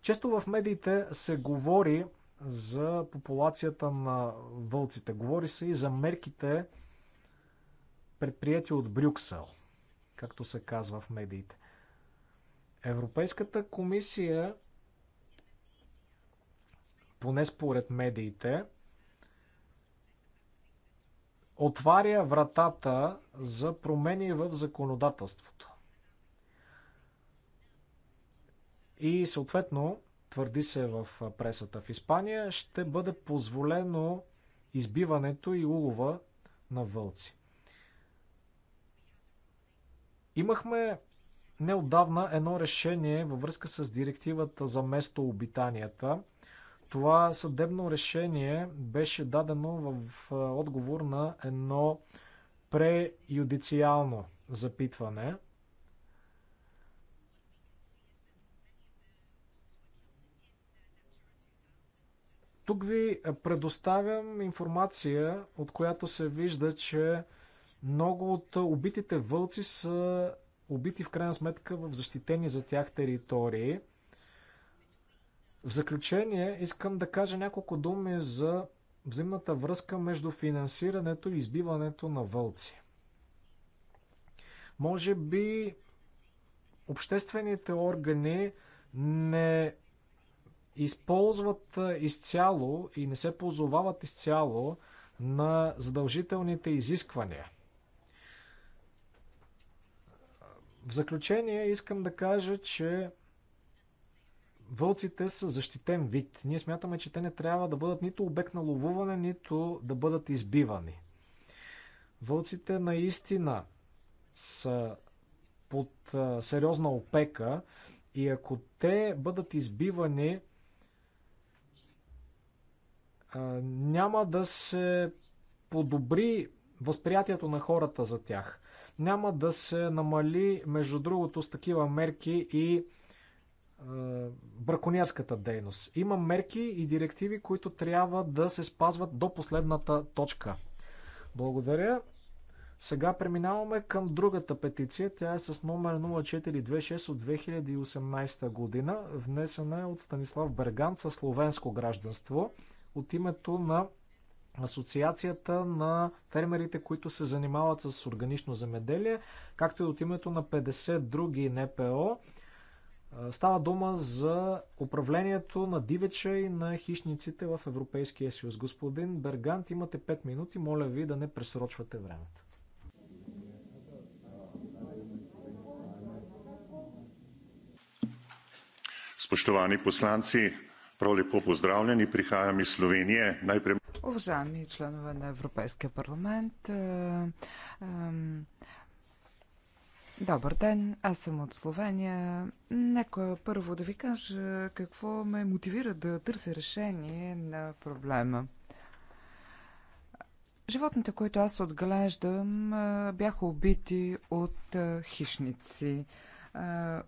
Често в медиите се говори за популацията на вълците. Говори се и за мерките предприятия от Брюксел, както се казва в медиите. Европейската комисия, поне според медиите, отваря вратата за промени в законодателство. И съответно, твърди се в пресата в Испания, ще бъде позволено избиването и улова на вълци. Имахме неодавна едно решение във връзка с директивата за местообитанията. Това съдебно решение беше дадено в отговор на едно преюдициално запитване – Тук ви предоставям информация, от която се вижда, че много от убитите вълци са убити в крайна сметка в защитени за тях територии. В заключение искам да кажа няколко думи за взаимната връзка между финансирането и избиването на вълци. Може би обществените органи не използват изцяло и не се позовават изцяло на задължителните изисквания. В заключение искам да кажа, че вълците са защитен вид. Ние смятаме, че те не трябва да бъдат нито обект на ловуване, нито да бъдат избивани. Вълците наистина са под сериозна опека и ако те бъдат избивани, няма да се подобри възприятието на хората за тях. Няма да се намали, между другото, с такива мерки и е, браконьерската дейност. Има мерки и директиви, които трябва да се спазват до последната точка. Благодаря. Сега преминаваме към другата петиция. Тя е с номер 0426 от 2018 година. Внесена е от Станислав Берган със словенско гражданство от името на Асоциацията на фермерите, които се занимават с органично земеделие, както и от името на 50 други НПО. Става дума за управлението на дивеча и на хищниците в Европейския съюз. Господин Бергант, имате 5 минути. Моля ви да не пресрочвате времето. Spoštovani посланци, Prav lepo pozdravljeni, prihajam iz Slovenije. Najprej... Уважаеми членове на Европейския парламент, е, е, Добър ден, аз съм от Словения. Нека първо да ви кажа какво ме мотивира да търся решение на проблема. Животните, които аз отглеждам, е, бяха убити от хищници.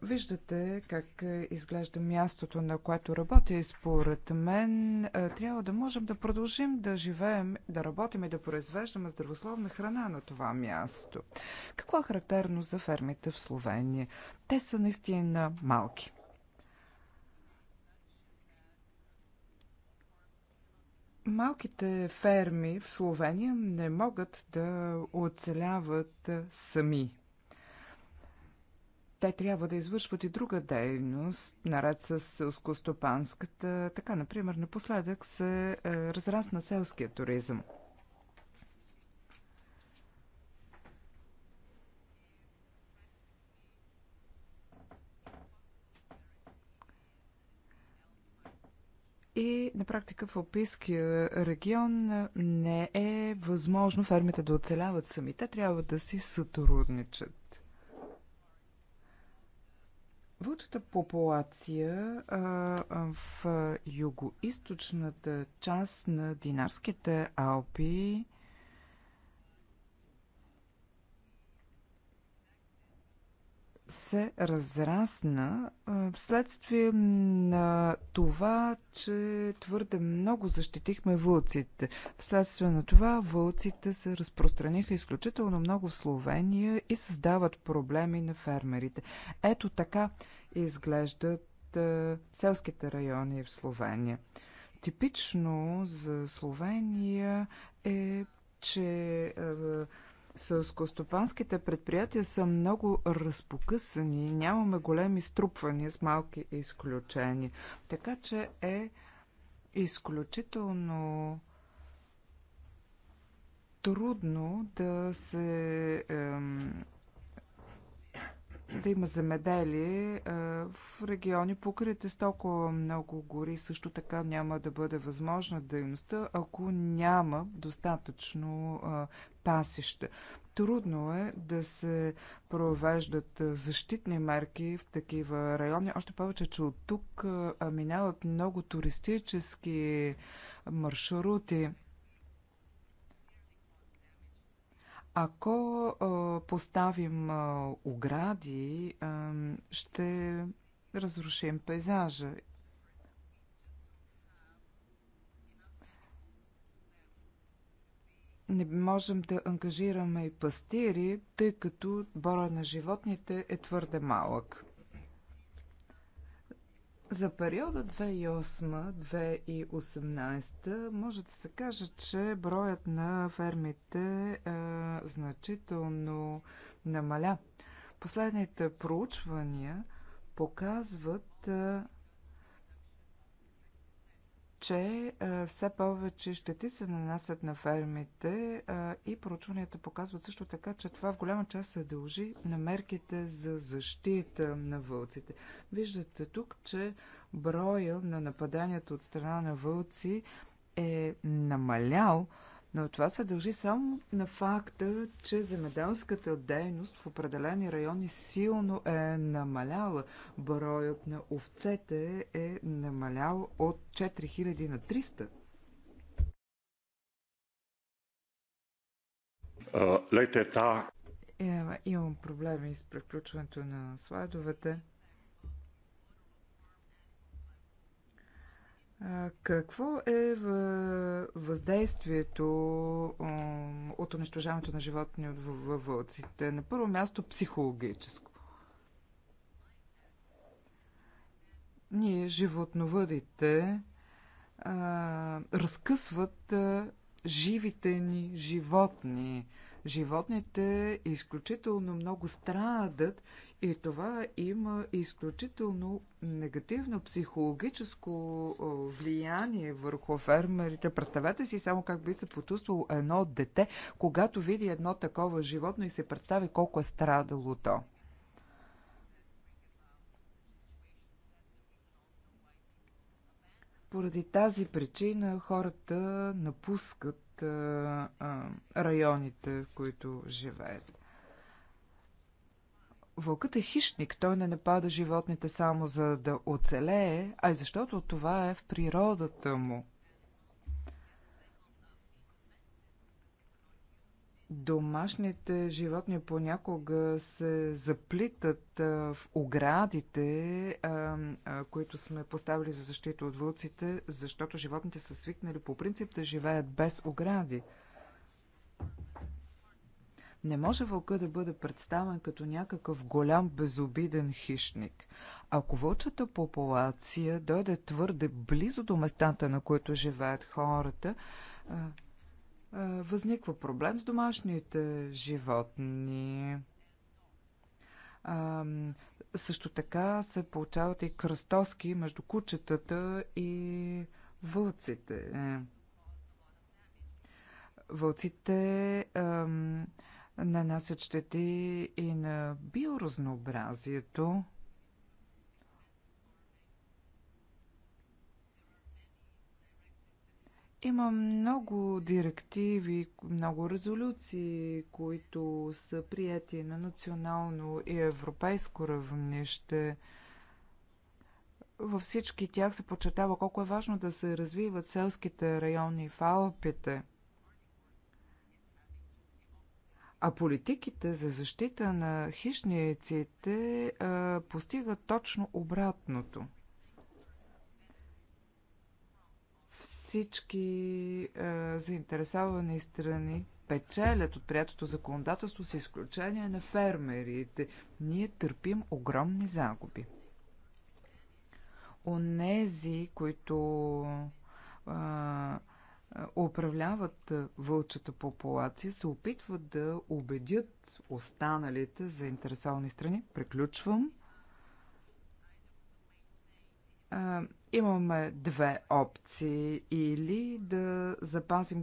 Виждате как изглежда мястото, на което работя и според мен трябва да можем да продължим да живеем, да работим и да произвеждаме здравословна храна на това място. Какво е характерно за фермите в Словения? Те са наистина малки. Малките ферми в Словения не могат да оцеляват сами те трябва да извършват и друга дейност, наред с селскостопанската. Така, например, напоследък се е, разрасна селския туризъм. И на практика в Алпийския регион не е възможно фермите да оцеляват сами. Те трябва да си сътрудничат. Вълчата популация а, в юго-источната част на Динарските Алпи се разрасна вследствие на това, че твърде много защитихме вълците. Вследствие на това вълците се разпространиха изключително много в Словения и създават проблеми на фермерите. Ето така изглеждат селските райони в Словения. Типично за Словения е, че Селскостопанските предприятия са много разпокъсани, нямаме големи струпвания с малки изключения. Така че е изключително трудно да се ем, да има земеделие в региони, покрите с толкова много гори, също така няма да бъде възможна дейността, ако няма достатъчно пасища. Трудно е да се провеждат защитни мерки в такива райони, още повече, че от тук минават много туристически маршрути. Ако а, поставим а, огради, а, ще разрушим пейзажа. Не можем да ангажираме и пастири, тъй като броя на животните е твърде малък. За периода 2008-2018 може да се каже, че броят на фермите е, значително намаля. Последните проучвания показват, е, че е, все повече щети се нанасят на фермите е, и проучванията показват също така, че това в голяма част се дължи на мерките за защита на вълците. Виждате тук, че броя на нападанията от страна на вълци е намалял но това се дължи само на факта, че земеделската дейност в определени райони силно е намаляла. Броят на овцете е намалял от 4000 на 300. Uh, е, Имам проблеми с преключването на слайдовете. Какво е въздействието от унищожаването на животни във вълците? На първо място психологическо. Ние, животновъдите, разкъсват живите ни животни. Животните изключително много страдат и това има изключително негативно психологическо влияние върху фермерите. Представете си само как би се почувствало едно дете, когато види едно такова животно и се представи колко е страдало то. Поради тази причина хората напускат районите, в които живеят. Вълкът е хищник. Той не напада животните само за да оцелее, а и защото това е в природата му. Домашните животни понякога се заплитат в оградите, които сме поставили за защита от вълците, защото животните са свикнали по принцип да живеят без огради. Не може вълка да бъде представен като някакъв голям безобиден хищник. Ако вълчата популация дойде твърде близо до местата, на които живеят хората, възниква проблем с домашните животни. А, също така се получават и кръстоски между кучетата и вълците. Вълците а, нанасят щети и на биоразнообразието. Има много директиви, много резолюции, които са прияти на национално и европейско равнище. Във всички тях се подчертава колко е важно да се развиват селските райони в Алпите. А политиките за защита на хищниците а, постигат точно обратното. Всички а, заинтересовани страни печелят от приятото законодателство с изключение на фермерите. Ние търпим огромни загуби. Онези, които а, управляват вълчата популация, се опитват да убедят останалите заинтересовани страни. Преключвам. Имаме две опции. Или да запазим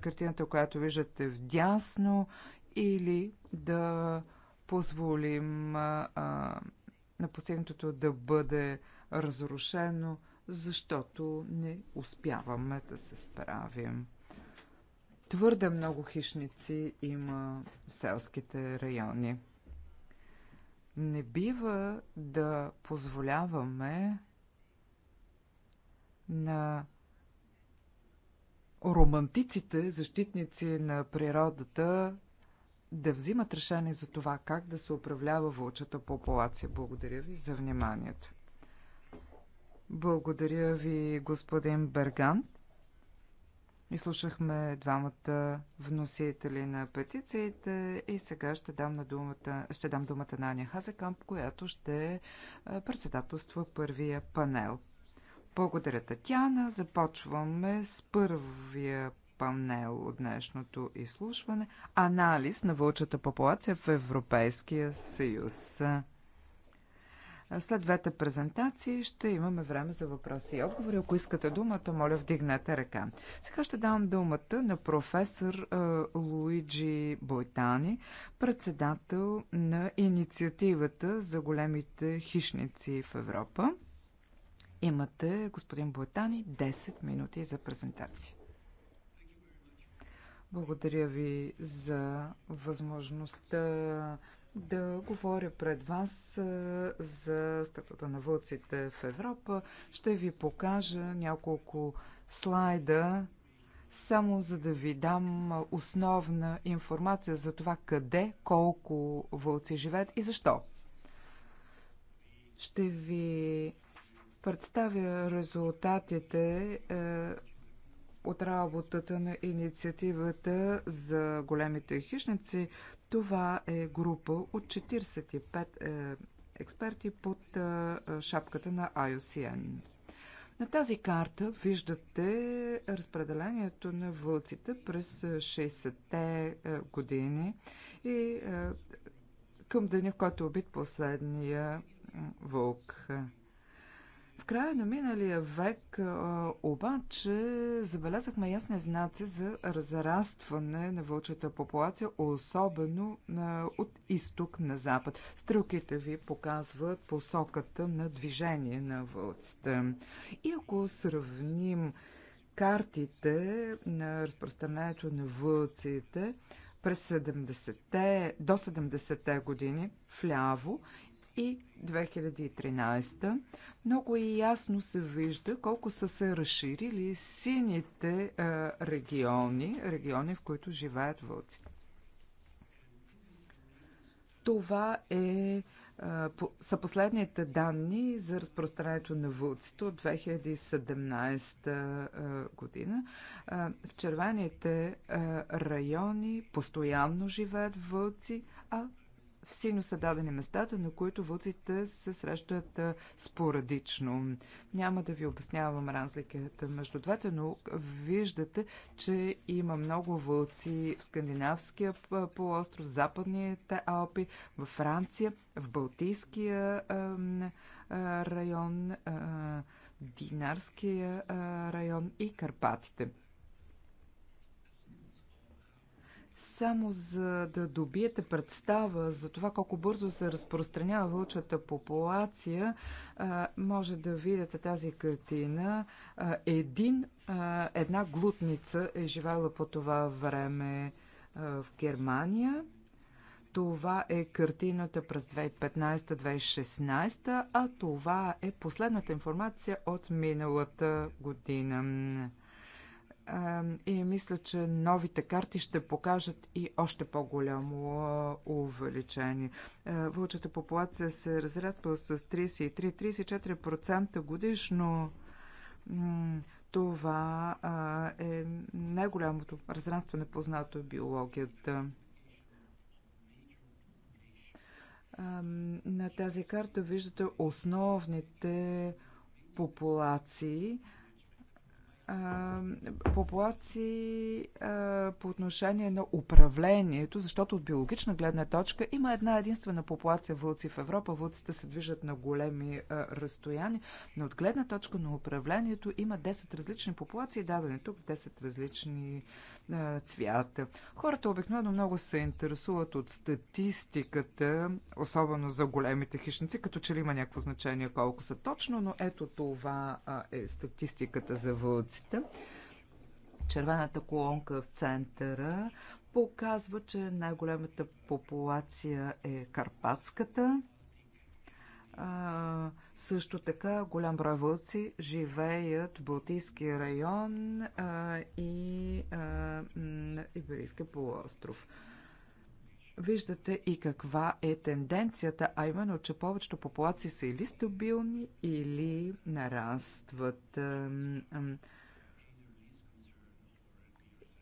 картината, която виждате в дясно, или да позволим на последното да бъде разрушено защото не успяваме да се справим. Твърде много хищници има в селските райони. Не бива да позволяваме на романтиците, защитници на природата, да взимат решение за това как да се управлява вълчата популация. Благодаря ви за вниманието. Благодаря ви, господин Берган. Изслушахме двамата вносители на петициите и сега ще дам, на думата, ще дам думата на Аня Хазекамп, която ще е, председателства първия панел. Благодаря, Татьяна. Започваме с първия панел от днешното изслушване – анализ на вълчата популация в Европейския съюз. След двете презентации ще имаме време за въпроси и отговори. Ако искате думата, моля вдигнете ръка. Сега ще давам думата на професор е, Луиджи Бойтани, председател на инициативата за големите хищници в Европа. Имате, господин Бойтани, 10 минути за презентация. Благодаря ви за възможността да говоря пред вас за статута на вълците в Европа. Ще ви покажа няколко слайда, само за да ви дам основна информация за това къде, колко вълци живеят и защо. Ще ви представя резултатите е, от работата на инициативата за големите хищници. Това е група от 45 е, експерти под е, шапката на IOCN. На тази карта виждате разпределението на вълците през 60-те е, е, години и е, към деня, в който е убит последния вълк. В края на миналия век обаче забелязахме ясни знаци за разрастване на вълчата популация, особено от изток на запад. Стрелките ви показват посоката на движение на вълците. И ако сравним картите на разпространението на вълците през 70-те, до 70-те години вляво и 2013, много и ясно се вижда колко са се разширили сините е, региони, региони в които живеят вълците. Това е, е са последните данни за разпространението на вълците от 2017 е, година. В червените райони постоянно живеят вълци, а в сино са дадени местата, на които вълците се срещат спорадично. Няма да ви обяснявам разликата между двете, но виждате, че има много вълци в Скандинавския полуостров, в Западните Алпи, в Франция, в Балтийския район, Динарския район и Карпатите. Само за да добиете представа за това колко бързо се разпространява вълчата популация, може да видите тази картина. Един, една глутница е живела по това време в Германия. Това е картината през 2015-2016, а това е последната информация от миналата година и мисля, че новите карти ще покажат и още по-голямо увеличение. Вълчата популация се разраства с 33-34% годишно. Това е най-голямото разрастване познато в биологията. На тази карта виждате основните популации – популации по отношение на управлението, защото от биологична гледна точка има една единствена популация вълци в Европа. Вълците се движат на големи разстояния, но от гледна точка на управлението има 10 различни популации, дадени тук 10 различни цвят. Хората обикновено много се интересуват от статистиката, особено за големите хищници, като че ли има някакво значение колко са точно, но ето това е статистиката за вълците. Червената колонка в центъра показва, че най големата популация е карпатската. А, също така голям брой вълци живеят в Балтийския район а, и а, Иберийския полуостров. Виждате и каква е тенденцията, а именно, че повечето популации са или стабилни, или нарастват. А, а,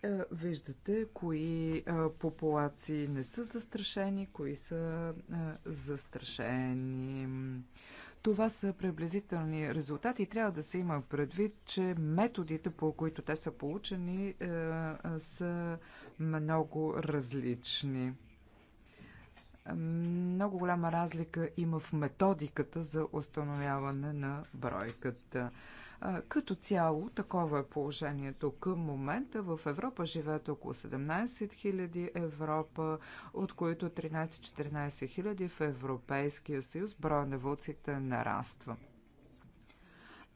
е, виждате кои е, популации не са застрашени, кои са е, застрашени. Това са приблизителни резултати и трябва да се има предвид, че методите, по които те са получени, са много различни. Много голяма разлика има в методиката за установяване на бройката. Като цяло, такова е положението към момента. В Европа живеят около 17 000 Европа, от които 13-14 000 в Европейския съюз. Броя на вълците нараства.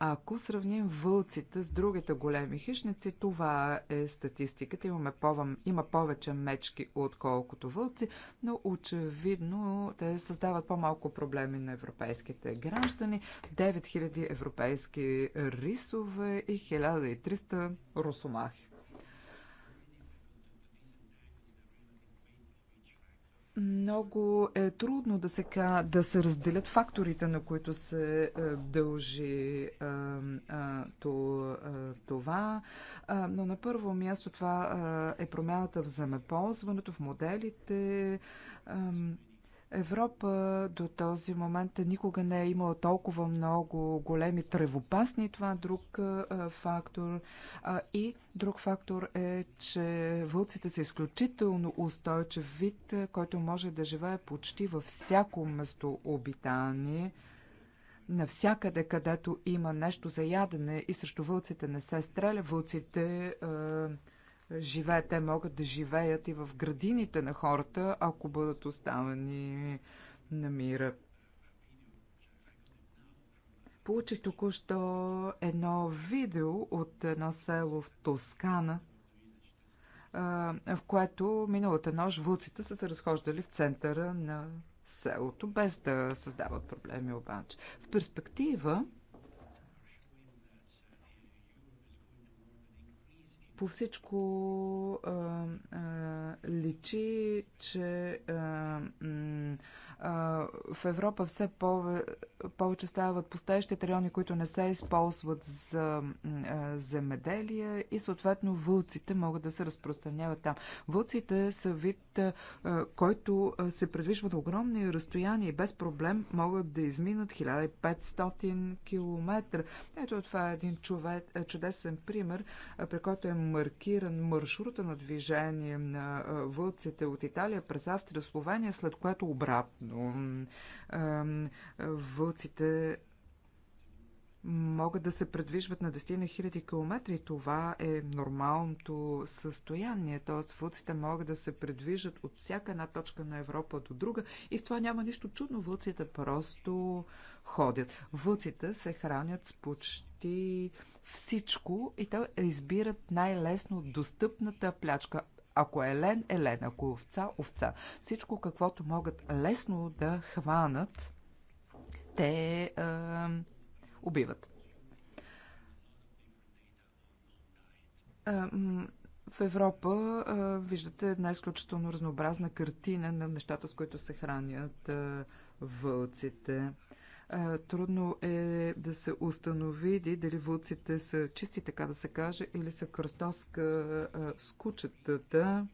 Ако сравним вълците с другите големи хищници, това е статистиката. Имаме пова, има повече мечки, отколкото вълци, но очевидно те създават по-малко проблеми на европейските граждани. 9000 европейски рисове и 1300 русомахи. Много е трудно да се, да се разделят факторите, на които се е, дължи е, е, това. Но на първо място това е промяната в земеползването, в моделите Европа до този момент никога не е имала толкова много големи тревопасни. Това е друг фактор. И друг фактор е, че вълците са изключително устойчив вид, който може да живее почти във всяко местообитание. Навсякъде, където има нещо за ядене и срещу вълците не се стреля, вълците е, живеят. Те могат да живеят и в градините на хората, ако бъдат оставени на мира. Получих току-що едно видео от едно село в Тоскана, в което миналата нощ вълците са се разхождали в центъра на селото, без да създават проблеми обаче. В перспектива по всичко а, а, личи, че а, в Европа все повече стават пустеещите райони, които не се използват за земеделие и съответно вълците могат да се разпространяват там. Вълците са вид, който се предвижва на огромни разстояния и без проблем могат да изминат 1500 км. Ето това е един човек, е, чудесен пример, при който е маркиран маршрута на движение на вълците от Италия през Австрия, Словения, след което обратно трудно. Вълците могат да се предвижват на 10 на хиляди километри. Това е нормалното състояние. Т.е. вълците могат да се предвижат от всяка една точка на Европа до друга. И в това няма нищо чудно. Вълците просто ходят. Вълците се хранят с почти всичко и те избират най-лесно достъпната плячка. Ако е лен, е лен. Ако е овца, овца. Всичко, каквото могат лесно да хванат, те е, убиват. В Европа виждате една изключително разнообразна картина на нещата, с които се хранят вълците. Е, трудно е да се установи дали вълците са чисти, така да се каже, или са кръстоска е, с кучетата,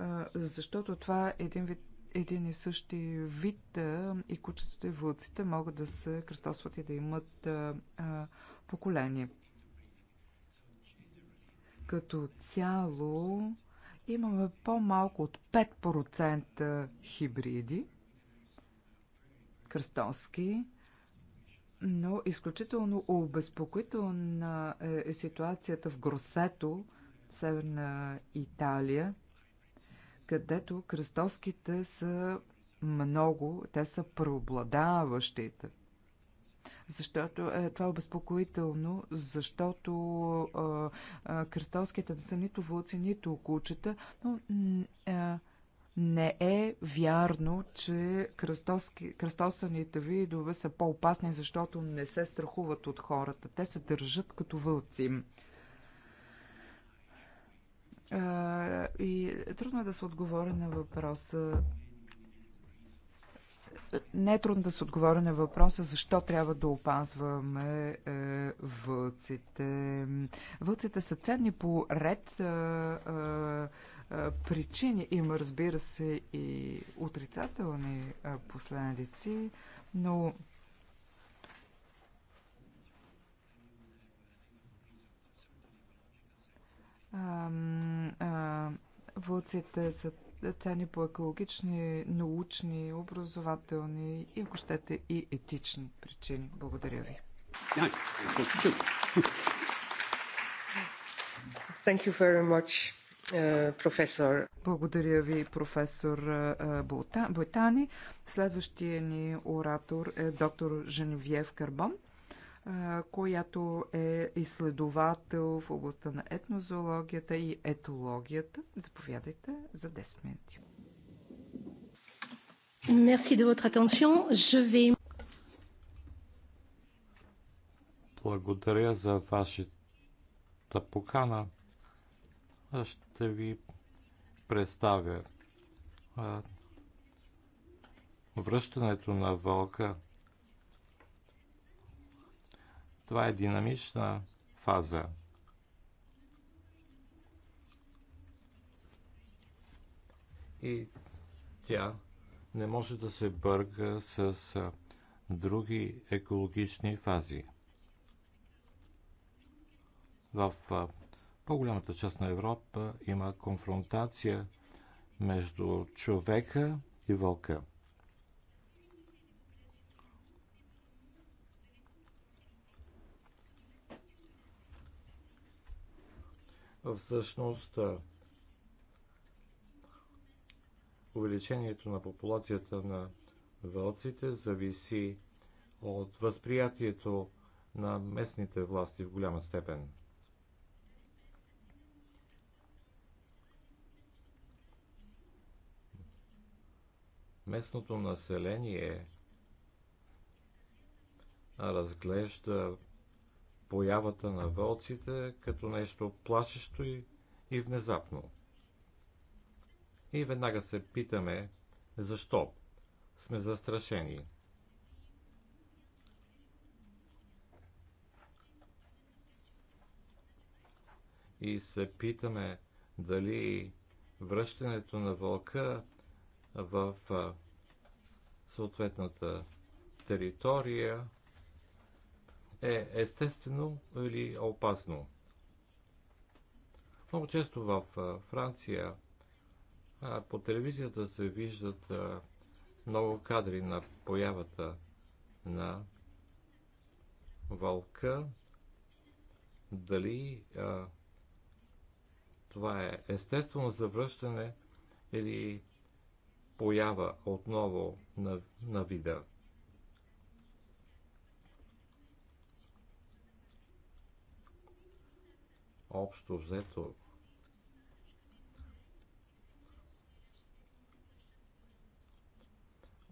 е, защото това е един вид един и същи вид и кучетата и вълците могат да се кръстосват и да имат поколение. Като цяло имаме по-малко от 5% хибриди, Кръстовски. Но изключително обезпокоителна е, е ситуацията в Гросето, Северна Италия, където кръстовските са много, те са преобладаващите. Защото е, това е обезпокоително, защото е, е, кръстовските не са нито вълци, нито кучета, но е, не е вярно, че кръстосаните видове са по-опасни, защото не се страхуват от хората. Те се държат като вълци. И трудно е да се отговори на въпроса не е трудно да се отговори на въпроса защо трябва да опазваме е, вълците. Вълците са ценни по ред е, е, причини. Има, разбира се, и отрицателни последици, но вълците са цени по екологични, научни, образователни и, ако щете, и етични причини. Благодаря ви. Thank you very much. Е, професор. Благодаря ви, професор е, е, Бойтани. Следващия ни оратор е доктор Женевиев Карбон, която е изследовател в областта на етнозоологията и етологията. Заповядайте за 10 минути. Merci de votre attention. Je vais... Благодаря за вашата покана ще ви представя връщането на вълка. Това е динамична фаза. И тя не може да се бърга с други екологични фази. В по-голямата част на Европа има конфронтация между човека и вълка. Всъщност, увеличението на популацията на вълците зависи от възприятието на местните власти в голяма степен. местното население разглежда появата на вълците като нещо плашещо и, и внезапно. И веднага се питаме защо сме застрашени. И се питаме дали връщането на вълка в съответната територия е естествено или опасно. Много често в Франция по телевизията се виждат много кадри на появата на вълка. Дали а, това е естествено завръщане или поява отново на, на вида. Общо взето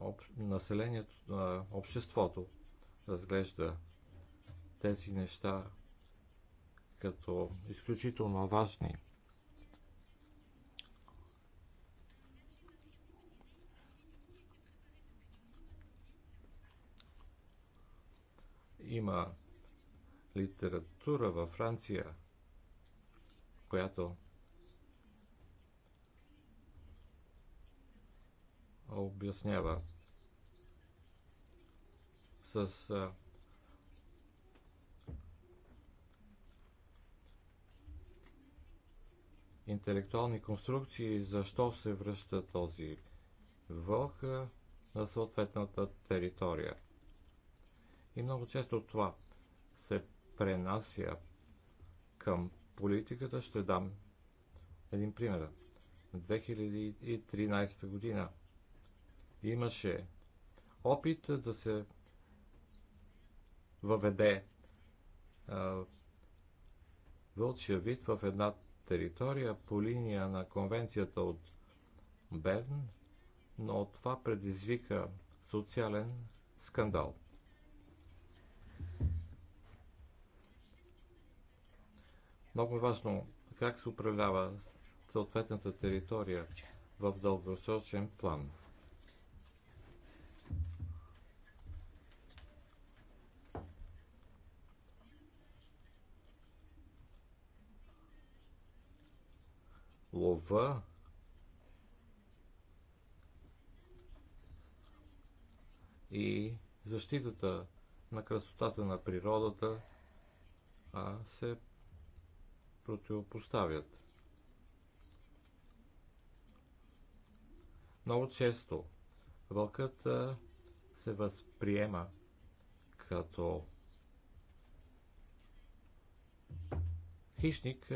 об, населението на обществото разглежда тези неща като изключително важни – Има литература във Франция, която обяснява с интелектуални конструкции, защо се връща този вълк на съответната територия. И много често това се пренася към политиката. Ще дам един пример. В 2013 година имаше опит да се въведе вълчия вид в една територия по линия на конвенцията от Берн, но това предизвика социален скандал. Много е важно как се управлява съответната територия в дългосрочен план. Лова и защитата на красотата на природата а, се противопоставят. Много често вълкът се възприема като хищник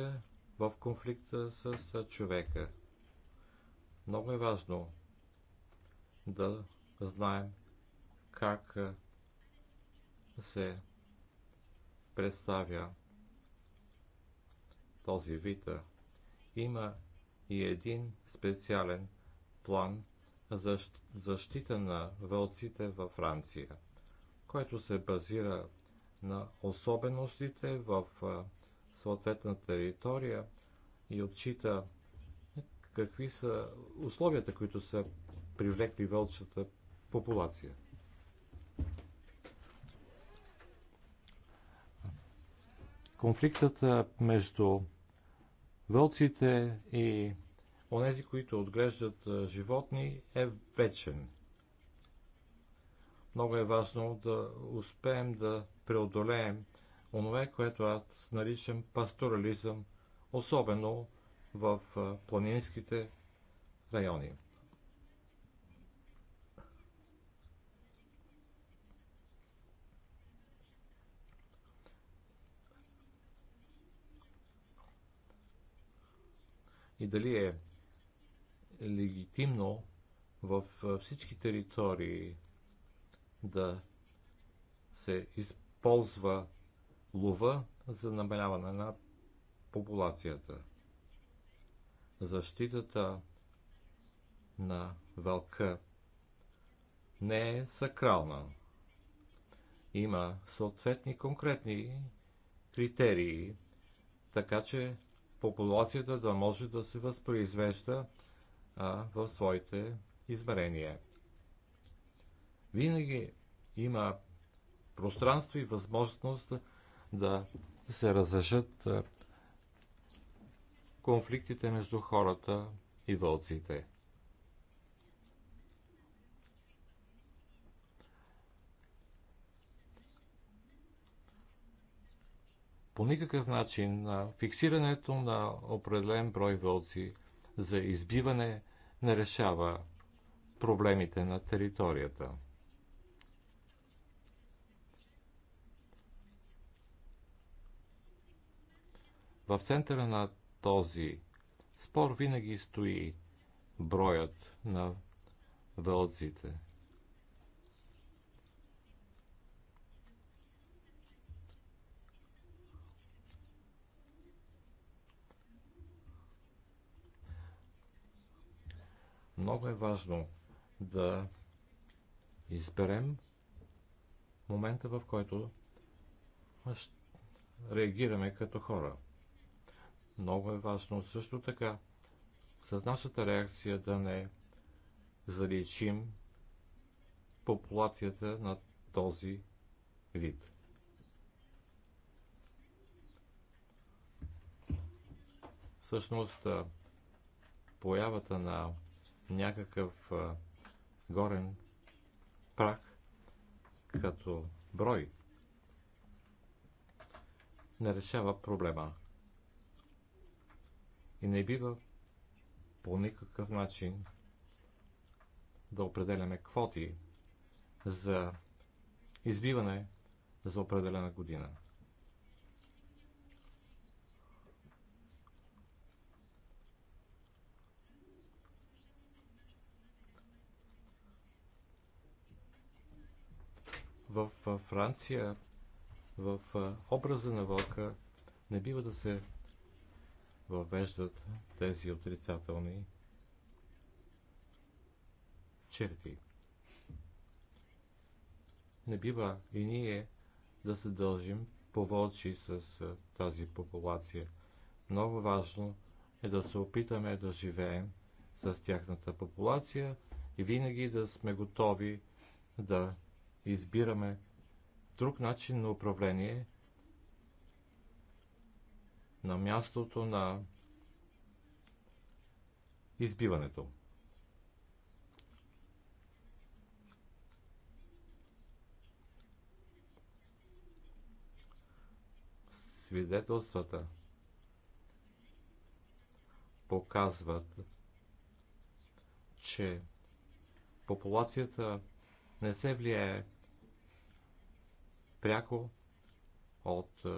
в конфликт с човека. Много е важно да знаем как се представя този вид. Има и един специален план за защита на вълците във Франция, който се базира на особеностите в съответна територия и отчита какви са условията, които са привлекли вълчата популация. Конфликтът между вълците и онези, които отглеждат животни, е вечен. Много е важно да успеем да преодолеем онова, което аз наричам пасторализъм, особено в планинските райони. и дали е легитимно в всички територии да се използва лова за намаляване на популацията. Защитата на вълка не е сакрална. Има съответни конкретни критерии, така че популацията да може да се възпроизвежда а, в своите измерения. Винаги има пространство и възможност да се разрешат конфликтите между хората и вълците. по никакъв начин на фиксирането на определен брой вълци за избиване не решава проблемите на територията. В центъра на този спор винаги стои броят на вълците – Много е важно да изберем момента, в който реагираме като хора. Много е важно също така с нашата реакция да не заличим популацията на този вид. Всъщност, появата на някакъв горен прак като брой не решава проблема. И не бива по никакъв начин да определяме квоти за избиване за определена година. в Франция, в образа на вълка, не бива да се въвеждат тези отрицателни черти. Не бива и ние да се дължим поволчи с тази популация. Много важно е да се опитаме да живеем с тяхната популация и винаги да сме готови да избираме друг начин на управление на мястото на избиването. Свидетелствата показват, че популацията не се влияе пряко от е,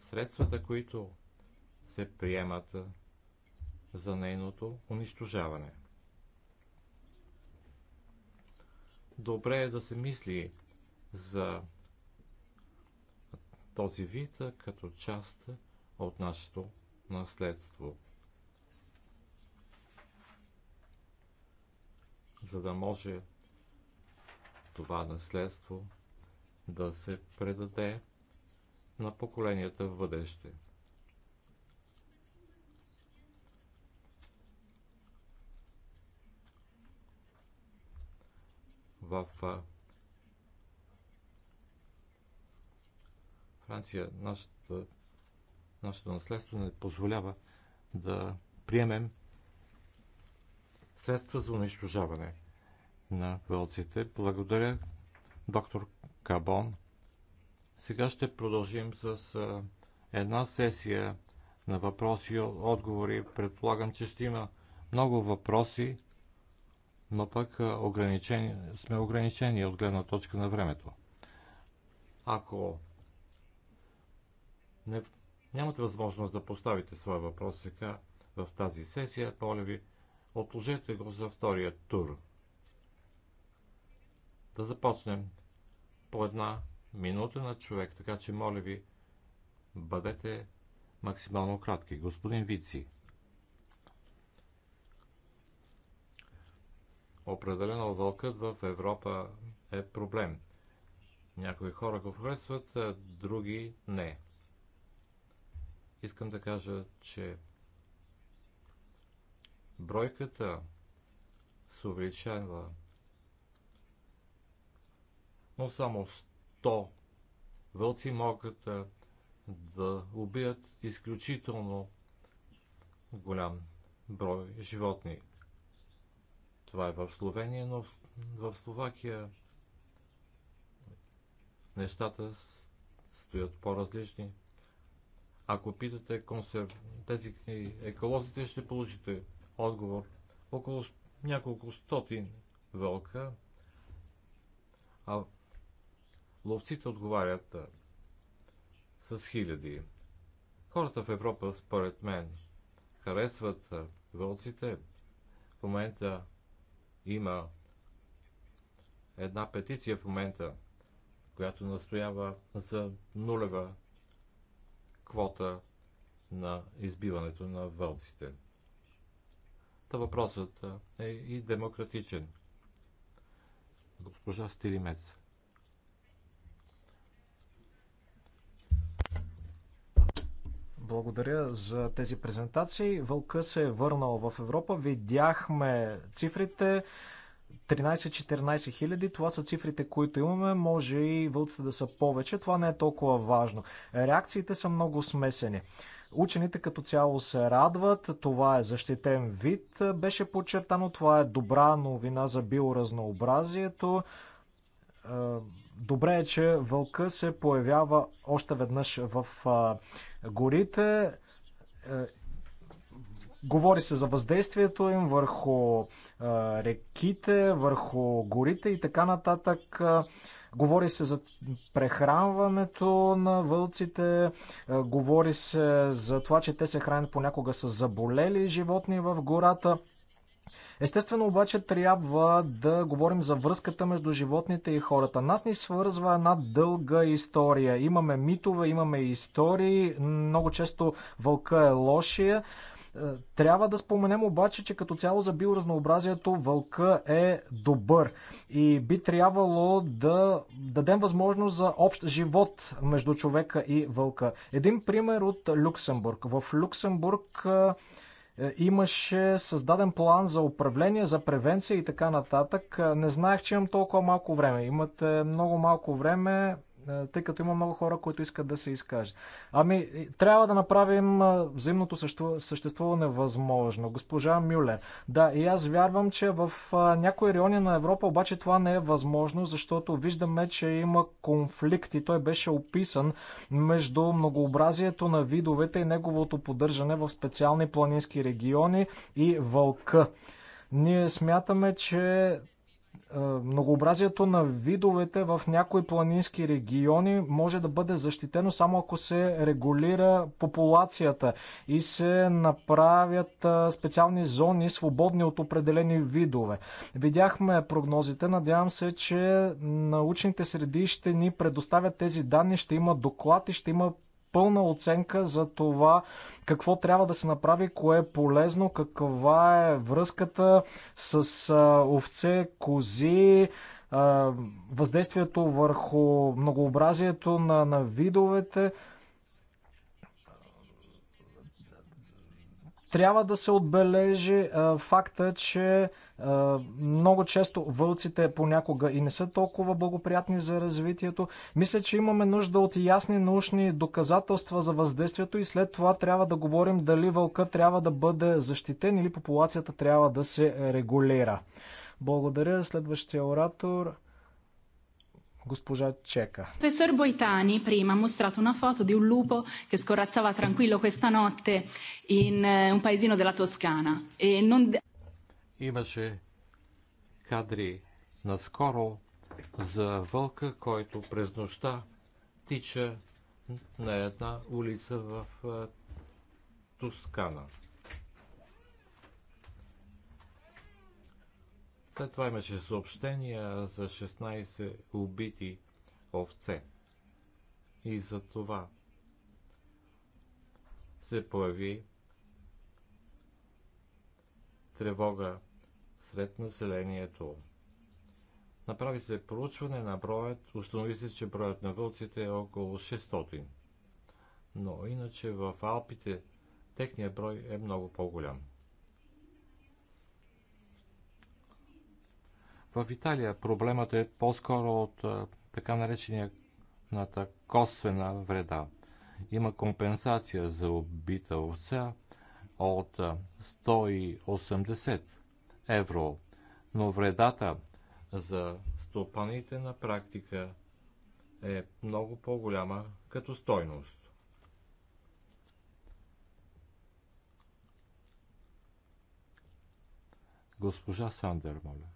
средствата, които се приемат е, за нейното унищожаване. Добре е да се мисли за този вид е, като част от нашето наследство. За да може това наследство да се предаде на поколенията в бъдеще. В Франция нашата, нашето наследство не позволява да приемем средства за унищожаване – на вълците. Благодаря, доктор Кабон. Сега ще продължим с една сесия на въпроси и отговори. Предполагам, че ще има много въпроси, но пък ограничени, сме ограничени от гледна точка на времето. Ако не, нямате възможност да поставите своя въпрос сега в тази сесия, моля ви, отложете го за втория тур да започнем по една минута на човек, така че моля ви, бъдете максимално кратки. Господин Вици. Определено вълкът в Европа е проблем. Някои хора го харесват, а други не. Искам да кажа, че бройката се увеличава но само 100 вълци могат да убият изключително голям брой животни. Това е в Словения, но в Словакия нещата стоят по-различни. Ако питате консерв... тези еколозите, ще получите отговор. Около няколко стотин вълка, а Ловците отговарят с хиляди. Хората в Европа, според мен, харесват вълците. В момента има една петиция в момента, която настоява за нулева квота на избиването на вълците. Та въпросът е и демократичен. Госпожа Стиримец. Благодаря за тези презентации. Вълка се е върнал в Европа. Видяхме цифрите. 13-14 хиляди, това са цифрите, които имаме, може и вълците да са повече, това не е толкова важно. Реакциите са много смесени. Учените като цяло се радват, това е защитен вид, беше подчертано, това е добра новина за биоразнообразието. Е, добре е, че вълка се появява още веднъж в горите. Е, говори се за въздействието им върху е, реките, върху горите и така нататък. Е, говори се за прехранването на вълците, говори се за това, че те се хранят понякога с заболели животни в гората. Естествено обаче трябва да говорим за връзката между животните и хората. Нас ни свързва една дълга история. Имаме митове, имаме истории. Много често вълка е лошия. Е, трябва да споменем обаче, че като цяло за биоразнообразието вълка е добър и би трябвало да дадем възможност за общ живот между човека и вълка. Един пример от Люксембург. В Люксембург е, е, имаше създаден план за управление, за превенция и така нататък. Е, не знаех, че имам толкова малко време. Имате много малко време. Е, тъй като има много хора, които искат да се изкажат. Ами, трябва да направим е, взаимното съществуване възможно. Госпожа Мюлер, да, и аз вярвам, че в е, някои райони на Европа обаче това не е възможно, защото виждаме, че има конфликт и той беше описан между многообразието на видовете и неговото поддържане в специални планински региони и вълка. Ние смятаме, че е, многообразието на видовете в някои планински региони може да бъде защитено само ако се регулира популацията и се направят е, специални зони, свободни от определени видове. Видяхме прогнозите, надявам се, че научните среди ще ни предоставят тези данни, ще има доклад и ще има пълна оценка за това какво трябва да се направи, кое е полезно, каква е връзката с овце, кози, въздействието върху многообразието на, на видовете. Трябва да се отбележи факта, че е, много често вълците понякога и не са толкова благоприятни за развитието. Мисля, че имаме нужда от ясни научни доказателства за въздействието и след това трябва да говорим дали вълка трябва да бъде защитен или популацията трябва да се регулира. Благодаря. Следващия оратор госпожа Чека. Професор Бойтани, prima ha mostrato una foto di un lupo che scorazzava tranquillo questa notte in eh, un paesino della Toscana e non Имаше кадри наскоро за вълка, който през нощта тича на една улица в Тускана. След това имаше съобщения за 16 убити овце. И за това се появи тревога сред населението. Направи се проучване на броят, установи се, че броят на вълците е около 600. Но иначе в Алпите техният брой е много по-голям. В Италия проблемът е по-скоро от така наречената косвена вреда. Има компенсация за убита овца от 180 евро. Но вредата за стопаните на практика е много по-голяма като стойност. Госпожа Сандер, моля.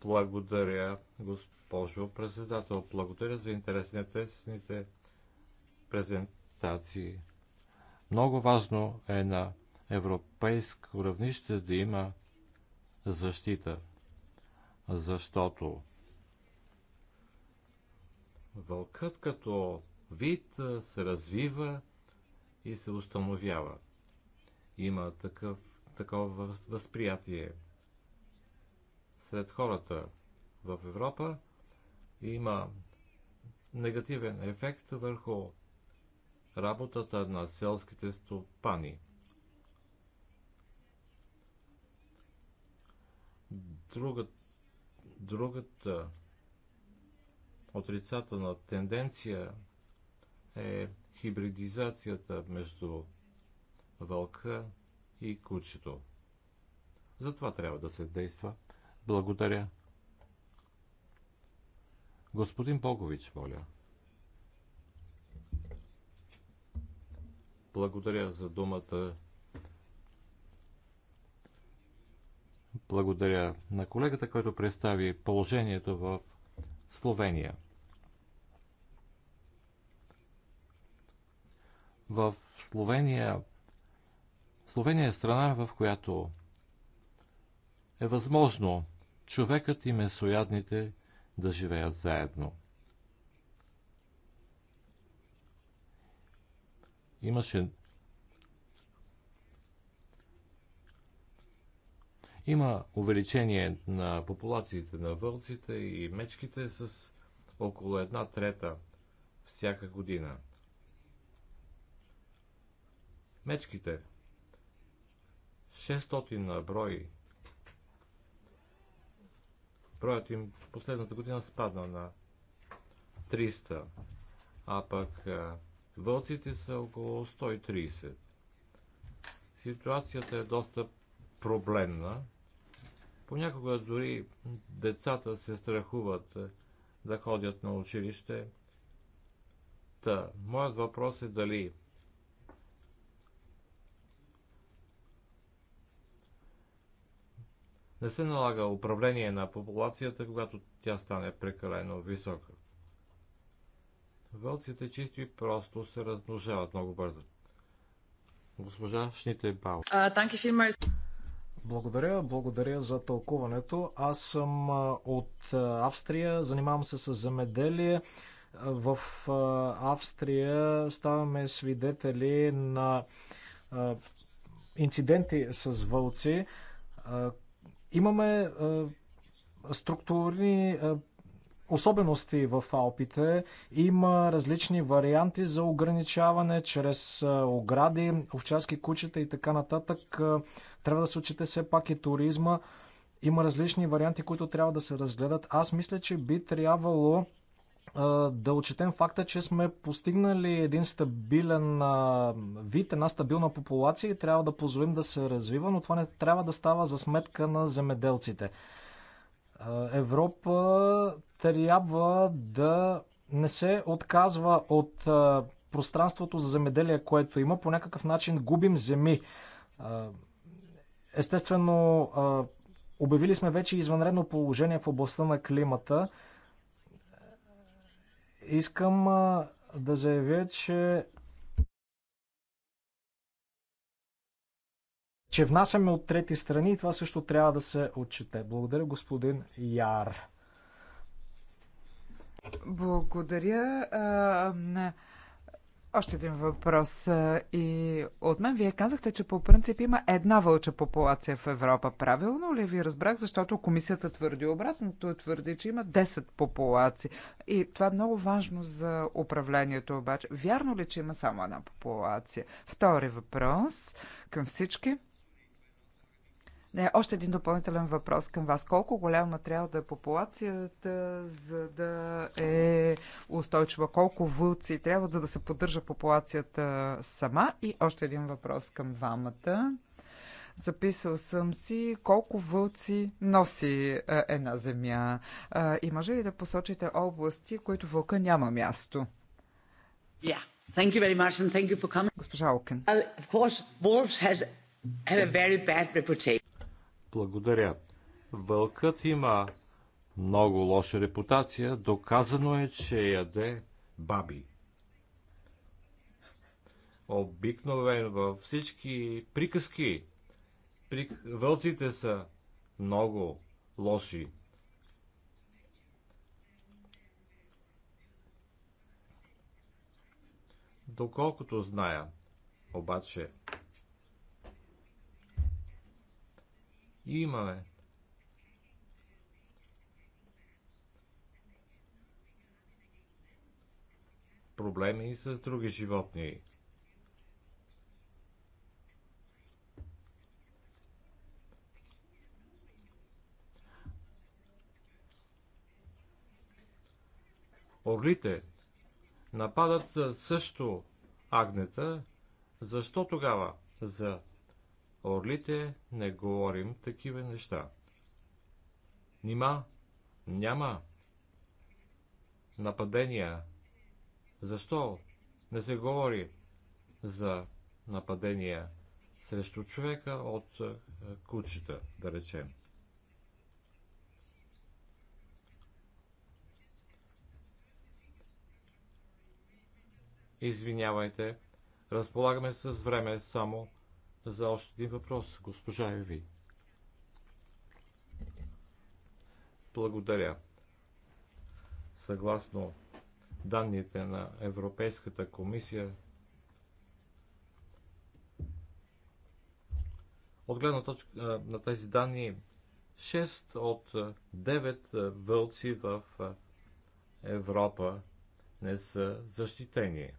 Благодаря, госпожо председател. Благодаря за интересните презентации. Много важно е на европейско равнище да има защита. Защото вълкът като вид се развива и се установява. Има такъв, такова възприятие. Сред хората в Европа има негативен ефект върху работата на селските стопани – Друга, другата отрицателна тенденция е хибридизацията между вълка и кучето. Затова трябва да се действа. Благодаря. Господин Богович, моля. Благодаря за думата. Благодаря на колегата, който представи положението в Словения. В Словения Словения е страна, в която е възможно човекът и месоядните да живеят заедно. Имаше Има увеличение на популациите на вълците и мечките с около една трета всяка година. Мечките 600 на брой. Броят им последната година спадна на 300, а пък вълците са около 130. Ситуацията е доста проблемна. Понякога дори децата се страхуват е, да ходят на училище. Та, моят въпрос е дали не се налага управление на популацията, когато тя стане прекалено висока. Вълците чисто и просто се размножават много бързо. Госпожа Шните Бау. Благодаря, благодаря за тълкуването. Аз съм от Австрия, занимавам се с земеделие. В Австрия ставаме свидетели на инциденти с вълци. Имаме структурни особености в Алпите. Има различни варианти за ограничаване чрез огради, овчарски кучета и така нататък. Трябва да се отчете все пак и туризма. Има различни варианти, които трябва да се разгледат. Аз мисля, че би трябвало да отчетем факта, че сме постигнали един стабилен вид, една стабилна популация и трябва да позволим да се развива, но това не трябва да става за сметка на земеделците. Европа трябва да не се отказва от пространството за земеделие, което има. По някакъв начин губим земи. Естествено, обявили сме вече извънредно положение в областта на климата. Искам да заявя, че че внасяме от трети страни и това също трябва да се отчете. Благодаря, господин Яр. Благодаря. Още един въпрос и от мен. Вие казахте, че по принцип има една вълча популация в Европа. Правилно ли ви разбрах? Защото комисията твърди обратното, твърди, че има 10 популации. И това е много важно за управлението обаче. Вярно ли, че има само една популация? Втори въпрос към всички. Не, още един допълнителен въпрос към вас. Колко голяма трябва да е популацията, за да е устойчива? Колко вълци трябва, за да се поддържа популацията сама? И още един въпрос към двамата. Записал съм си колко вълци носи е, една земя. Е, и може ли да посочите области, които вълка няма място? Yeah. Thank you very much and thank you for coming. Госпожа Окен. Well, of course, wolves has have a very bad reputation. Благодаря. Вълкът има много лоша репутация. Доказано е, че яде баби. Обикновен във всички приказки. Прик... Вълците са много лоши. Доколкото зная, обаче имаме. Проблеми и с други животни. Орлите нападат също агнета. Защо тогава за орлите не говорим такива неща. Нима, няма нападения. Защо не се говори за нападения срещу човека от е, кучета, да речем? Извинявайте, разполагаме с време само за още един въпрос, госпожа Еви. Благодаря. Съгласно данните на Европейската комисия, от гледна точка на тези данни, 6 от 9 вълци в Европа не са защитени.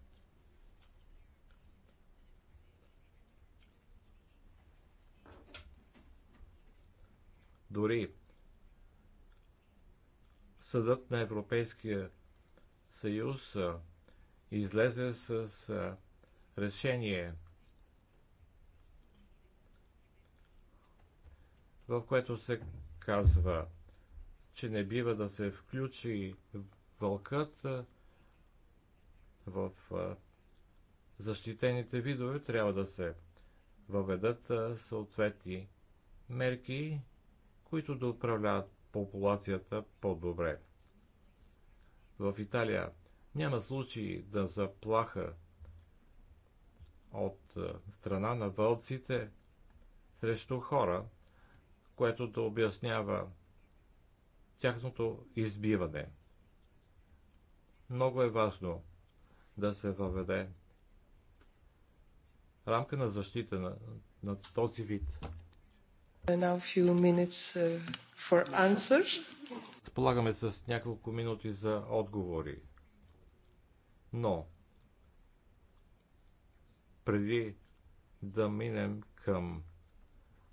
Дори Съдът на Европейския съюз излезе с решение, в което се казва, че не бива да се включи вълкът в защитените видове, трябва да се въведат съответни мерки които да управляват популацията по-добре. В Италия няма случаи да заплаха от е, страна на вълците срещу хора, което да обяснява тяхното избиване. Много е важно да се въведе рамка на защита на, на този вид Uh, Полагаме с няколко минути за отговори. Но, преди да минем към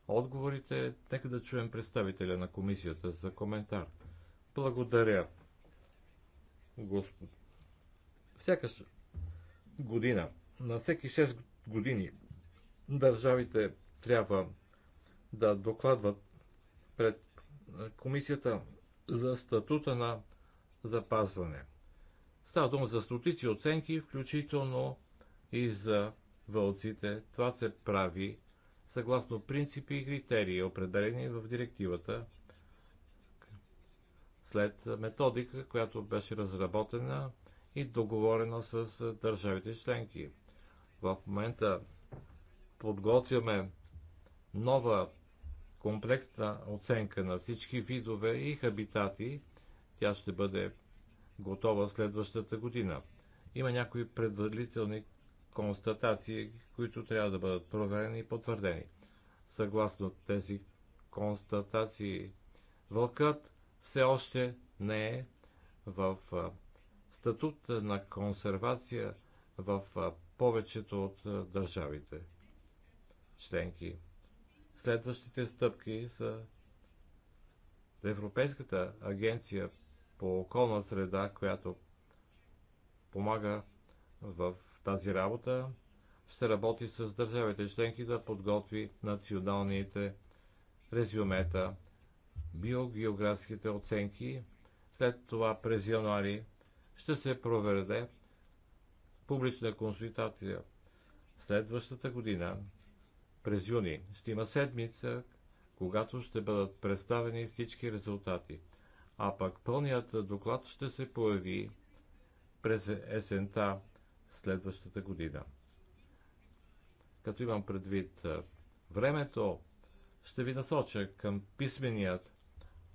отговорите, нека да чуем представителя на комисията за коментар. Благодаря. Господ... Всяка година, на всеки 6 години, държавите трябва да докладват пред Комисията за статута на запазване. Става дума за стотици оценки, включително и за вълците. Това се прави съгласно принципи и критерии, определени в директивата, след методика, която беше разработена и договорена с държавите членки. В момента подготвяме нова комплексна оценка на всички видове и хабитати. Тя ще бъде готова следващата година. Има някои предварителни констатации, които трябва да бъдат проверени и потвърдени. Съгласно тези констатации, вълкът все още не е в статут на консервация в повечето от държавите членки. Следващите стъпки са Европейската агенция по околна среда, която помага в тази работа, ще работи с държавите членки да подготви националните резюмета, биогеографските оценки. След това през януари ще се проведе публична консултация. Следващата година през юни ще има седмица, когато ще бъдат представени всички резултати. А пък пълният доклад ще се появи през есента следващата година. Като имам предвид времето, ще ви насоча към писменият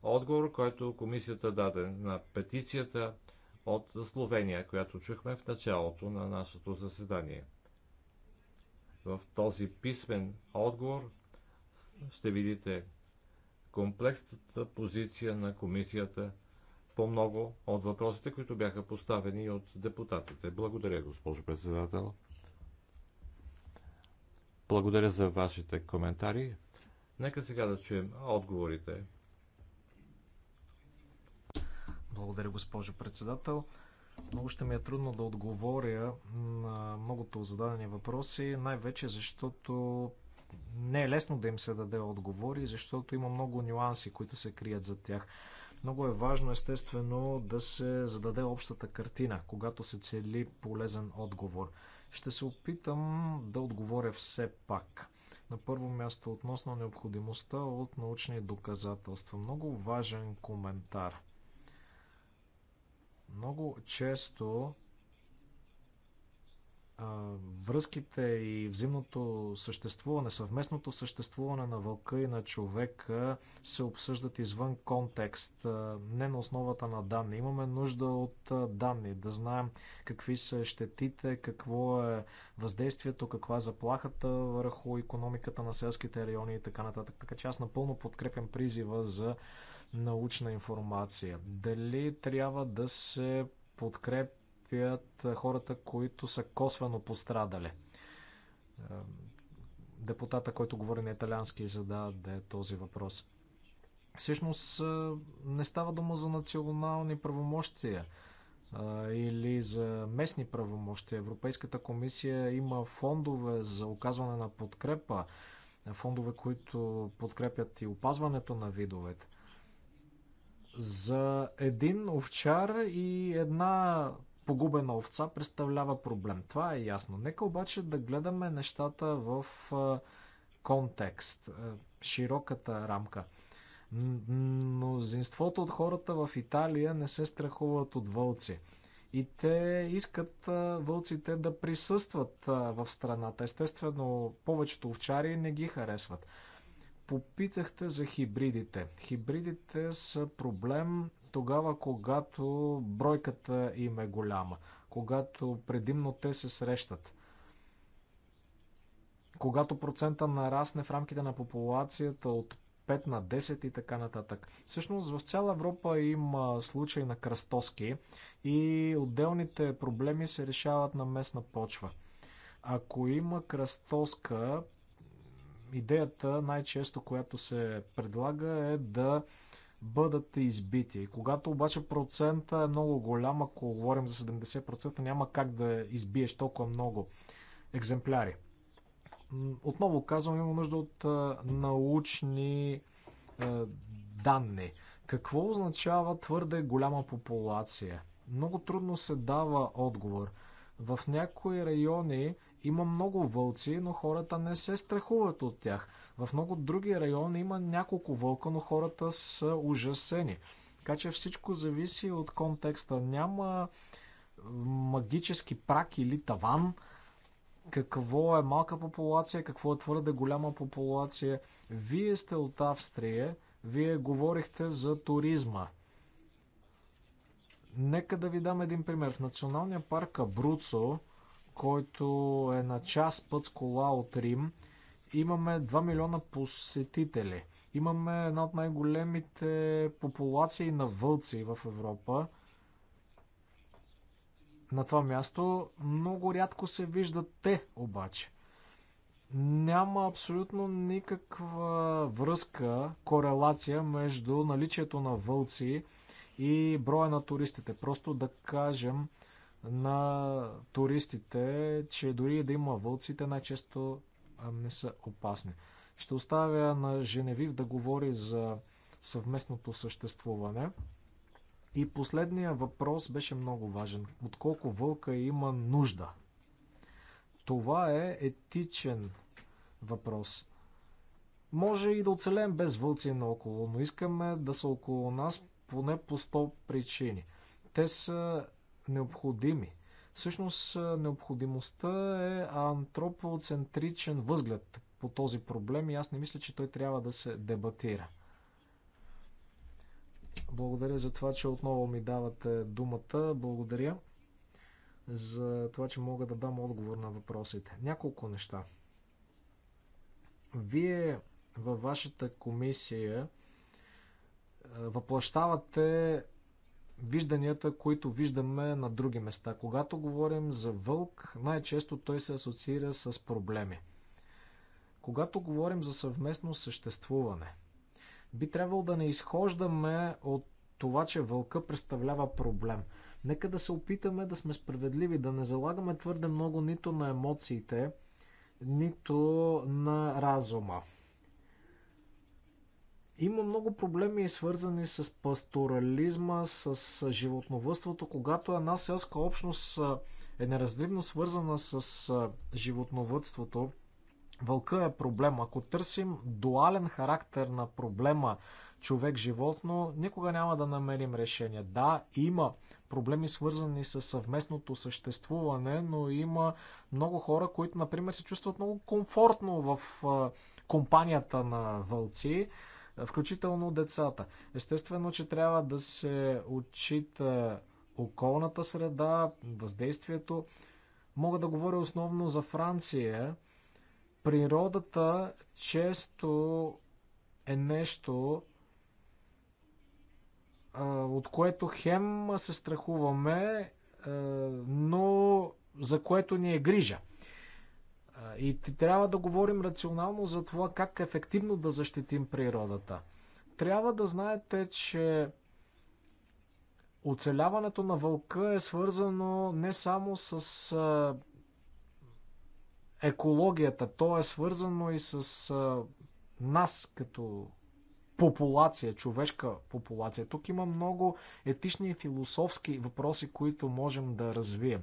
отговор, който комисията даде на петицията от Словения, която чухме в началото на нашето заседание – в този писмен отговор ще видите комплексната позиция на комисията по много от въпросите, които бяха поставени от депутатите. Благодаря, госпожо председател. Благодаря за вашите коментари. Нека сега да чуем отговорите. Благодаря, госпожо председател. Много ще ми е трудно да отговоря на многото зададени въпроси, най-вече защото не е лесно да им се даде отговори, защото има много нюанси, които се крият за тях. Много е важно, естествено, да се зададе общата картина, когато се цели полезен отговор. Ще се опитам да отговоря все пак. На първо място относно необходимостта от научни доказателства. Много важен коментар – много често връзките и взаимното съществуване, съвместното съществуване на вълка и на човека се обсъждат извън контекст, не на основата на данни. Имаме нужда от данни, да знаем какви са щетите, какво е въздействието, каква е заплахата върху економиката на селските райони и така нататък. Така че аз напълно подкрепям призива за научна информация? Дали трябва да се подкрепят хората, които са косвено пострадали? Депутата, който говори на италиански, зададе този въпрос. Всъщност не става дума за национални правомощия или за местни правомощия. Европейската комисия има фондове за оказване на подкрепа, фондове, които подкрепят и опазването на видовете. За един овчар и една погубена овца представлява проблем. Това е ясно. Нека обаче да гледаме нещата в контекст, широката рамка. Мнозинството от хората в Италия не се страхуват от вълци. И те искат вълците да присъстват в страната. Естествено, повечето овчари не ги харесват. Попитахте за хибридите. Хибридите са проблем тогава, когато бройката им е голяма, когато предимно те се срещат. Когато процента нарасне в рамките на популацията от 5 на 10 и така нататък. Всъщност в цяла Европа има случаи на кръстоски и отделните проблеми се решават на местна почва. Ако има кръстоска, Идеята най-често, която се предлага е да бъдат избити. Когато обаче процента е много голям, ако говорим за 70%, няма как да избиеш толкова много екземпляри. Отново казвам, има нужда от научни данни. Какво означава твърде голяма популация? Много трудно се дава отговор. В някои райони има много вълци, но хората не се страхуват от тях. В много други райони има няколко вълка, но хората са ужасени. Така че всичко зависи от контекста. Няма магически прак или таван. Какво е малка популация, какво е твърде голяма популация. Вие сте от Австрия, вие говорихте за туризма. Нека да ви дам един пример. В националния парк Абруцо който е на час път с кола от Рим. Имаме 2 милиона посетители. Имаме една от най-големите популации на вълци в Европа. На това място много рядко се виждат те обаче. Няма абсолютно никаква връзка, корелация между наличието на вълци и броя на туристите. Просто да кажем, на туристите, че дори да има вълците, най-често не са опасни. Ще оставя на Женевив да говори за съвместното съществуване. И последния въпрос беше много важен. Отколко вълка има нужда? Това е етичен въпрос. Може и да оцелем без вълци наоколо, но искаме да са около нас поне по 100 причини. Те са необходими. Всъщност е, необходимостта е антропоцентричен възглед по този проблем и аз не мисля, че той трябва да се дебатира. Благодаря за това, че отново ми давате думата. Благодаря за това, че мога да дам отговор на въпросите. Няколко неща. Вие във вашата комисия е, въплащавате вижданията, които виждаме на други места. Когато говорим за вълк, най-често той се асоциира с проблеми. Когато говорим за съвместно съществуване, би трябвало да не изхождаме от това, че вълка представлява проблем. Нека да се опитаме да сме справедливи, да не залагаме твърде много нито на емоциите, нито на разума. Има много проблеми свързани с пасторализма, с животновътството, когато една селска общност е неразривно свързана с животновътството. Вълка е проблем. Ако търсим дуален характер на проблема човек-животно, никога няма да намерим решение. Да, има проблеми свързани с съвместното съществуване, но има много хора, които, например, се чувстват много комфортно в компанията на вълци включително децата. Естествено, че трябва да се отчита околната среда, въздействието. Мога да говоря основно за Франция. Природата често е нещо, от което хем се страхуваме, но за което ни е грижа. И трябва да говорим рационално за това как ефективно да защитим природата. Трябва да знаете, че оцеляването на вълка е свързано не само с екологията, то е свързано и с нас като популация, човешка популация. Тук има много етични и философски въпроси, които можем да развием.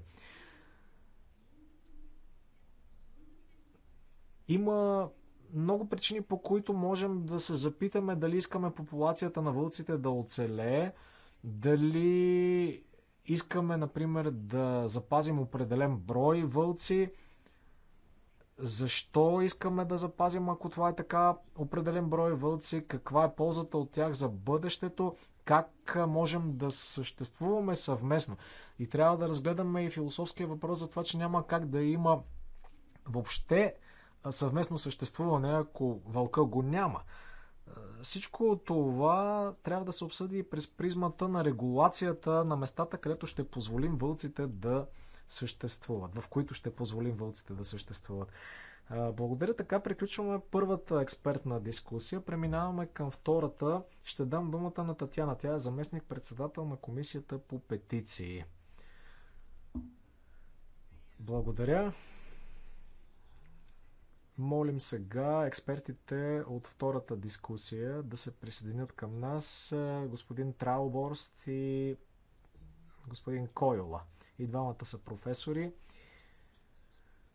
Има много причини, по които можем да се запитаме дали искаме популацията на вълците да оцелее, дали искаме, например, да запазим определен брой вълци, защо искаме да запазим, ако това е така, определен брой вълци, каква е ползата от тях за бъдещето, как можем да съществуваме съвместно. И трябва да разгледаме и философския въпрос за това, че няма как да има въобще съвместно съществуване, ако вълка го няма. Е, всичко това трябва да се обсъди през призмата на регулацията на местата, където ще позволим вълците да съществуват, в които ще позволим вълците да съществуват. Е, благодаря. Така приключваме първата експертна дискусия. Преминаваме към втората. Ще дам думата на Татяна. Тя е заместник председател на Комисията по петиции. Благодаря. Молим сега експертите от втората дискусия да се присъединят към нас. Е, господин Трауборст и господин Койола. И двамата са професори.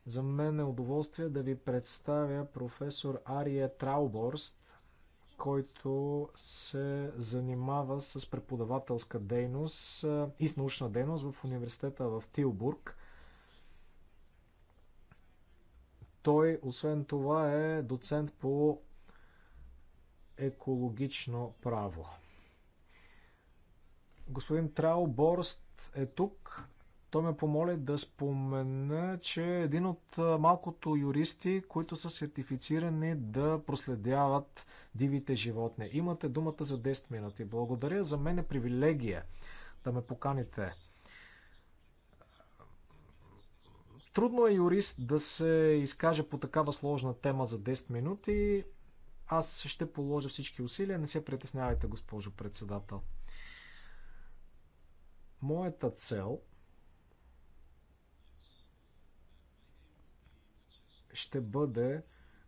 За мен е удоволствие да ви представя професор Ария Трауборст, който се занимава с преподавателска дейност е, и с научна дейност в университета в Тилбург. Той, освен това, е доцент по екологично право. Господин Трао Борст е тук. Той ме помоли да спомена, че е един от малкото юристи, които са сертифицирани да проследяват дивите животни. Имате думата за 10 минути. Благодаря. За мен е привилегия да ме поканите Трудно е юрист да се изкаже по такава сложна тема за 10 минути. Аз ще положа всички усилия. Не се притеснявайте, госпожо председател. Моята цел ще бъде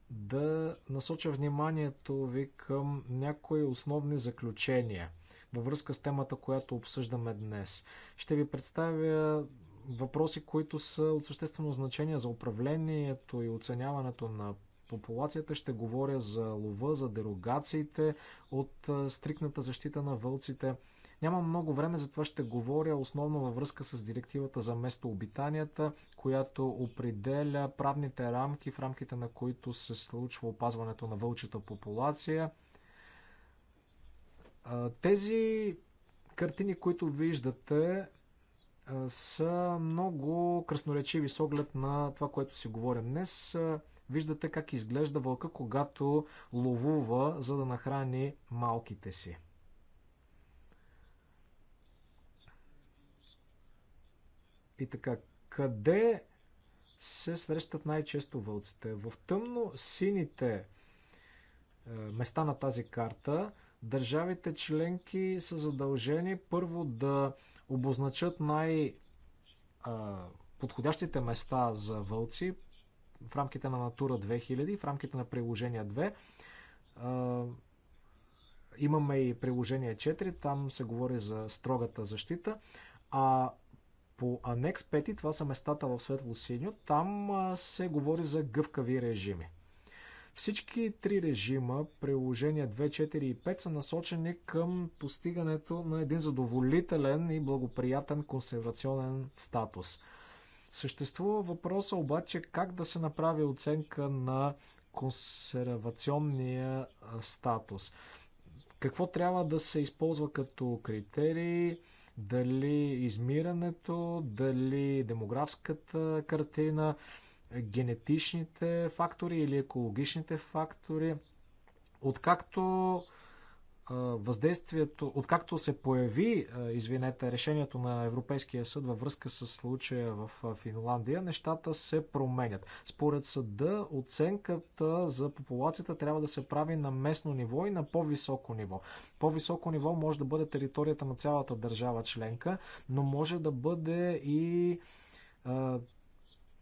да насоча вниманието ви към някои основни заключения във връзка с темата, която обсъждаме днес. Ще ви представя въпроси, които са от съществено значение за управлението и оценяването на популацията. Ще говоря за лова, за дерогациите от стрикната защита на вълците. Няма много време, затова ще говоря основно във връзка с директивата за местообитанията, която определя правните рамки, в рамките на които се случва опазването на вълчата популация. Тези картини, които виждате, са много красноречиви с оглед на това, което си говорим днес. Виждате как изглежда вълка, когато ловува, за да нахрани малките си. И така, къде се срещат най-често вълците? В тъмно-сините е, места на тази карта държавите членки са задължени първо да обозначат най- подходящите места за вълци в рамките на Натура 2000 в рамките на приложение 2. Имаме и приложение 4, там се говори за строгата защита. А по анекс 5, това са местата в светло-синьо, там се говори за гъвкави режими. Всички три режима, приложения 2, 4 и 5, са насочени към постигането на един задоволителен и благоприятен консервационен статус. Съществува въпроса обаче как да се направи оценка на консервационния статус. Какво трябва да се използва като критерии? Дали измирането, дали демографската картина? генетичните фактори или екологичните фактори. Откакто въздействието, откакто се появи, извинете, решението на Европейския съд във връзка с случая в Финландия, нещата се променят. Според съда, оценката за популацията трябва да се прави на местно ниво и на по-високо ниво. По-високо ниво може да бъде територията на цялата държава членка, но може да бъде и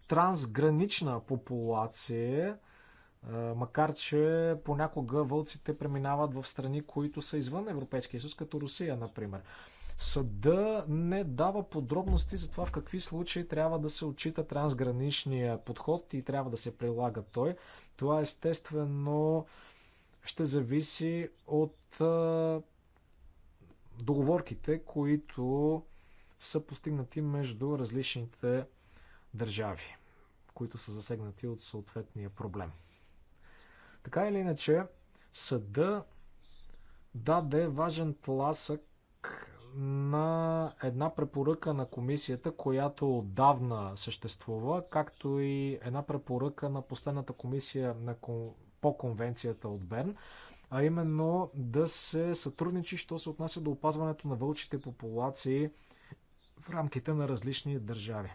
трансгранична популация, е, макар че понякога вълците преминават в страни, които са извън Европейския съюз, като Русия, например. Съда не дава подробности за това в какви случаи трябва да се отчита трансграничния подход и трябва да се прилага той. Това естествено ще зависи от е, договорките, които са постигнати между различните държави, които са засегнати от съответния проблем. Така или иначе, съда даде важен тласък на една препоръка на комисията, която отдавна съществува, както и една препоръка на последната комисия на, по конвенцията от Берн, а именно да се сътрудничи, що се отнася до опазването на вълчите популации в рамките на различни държави.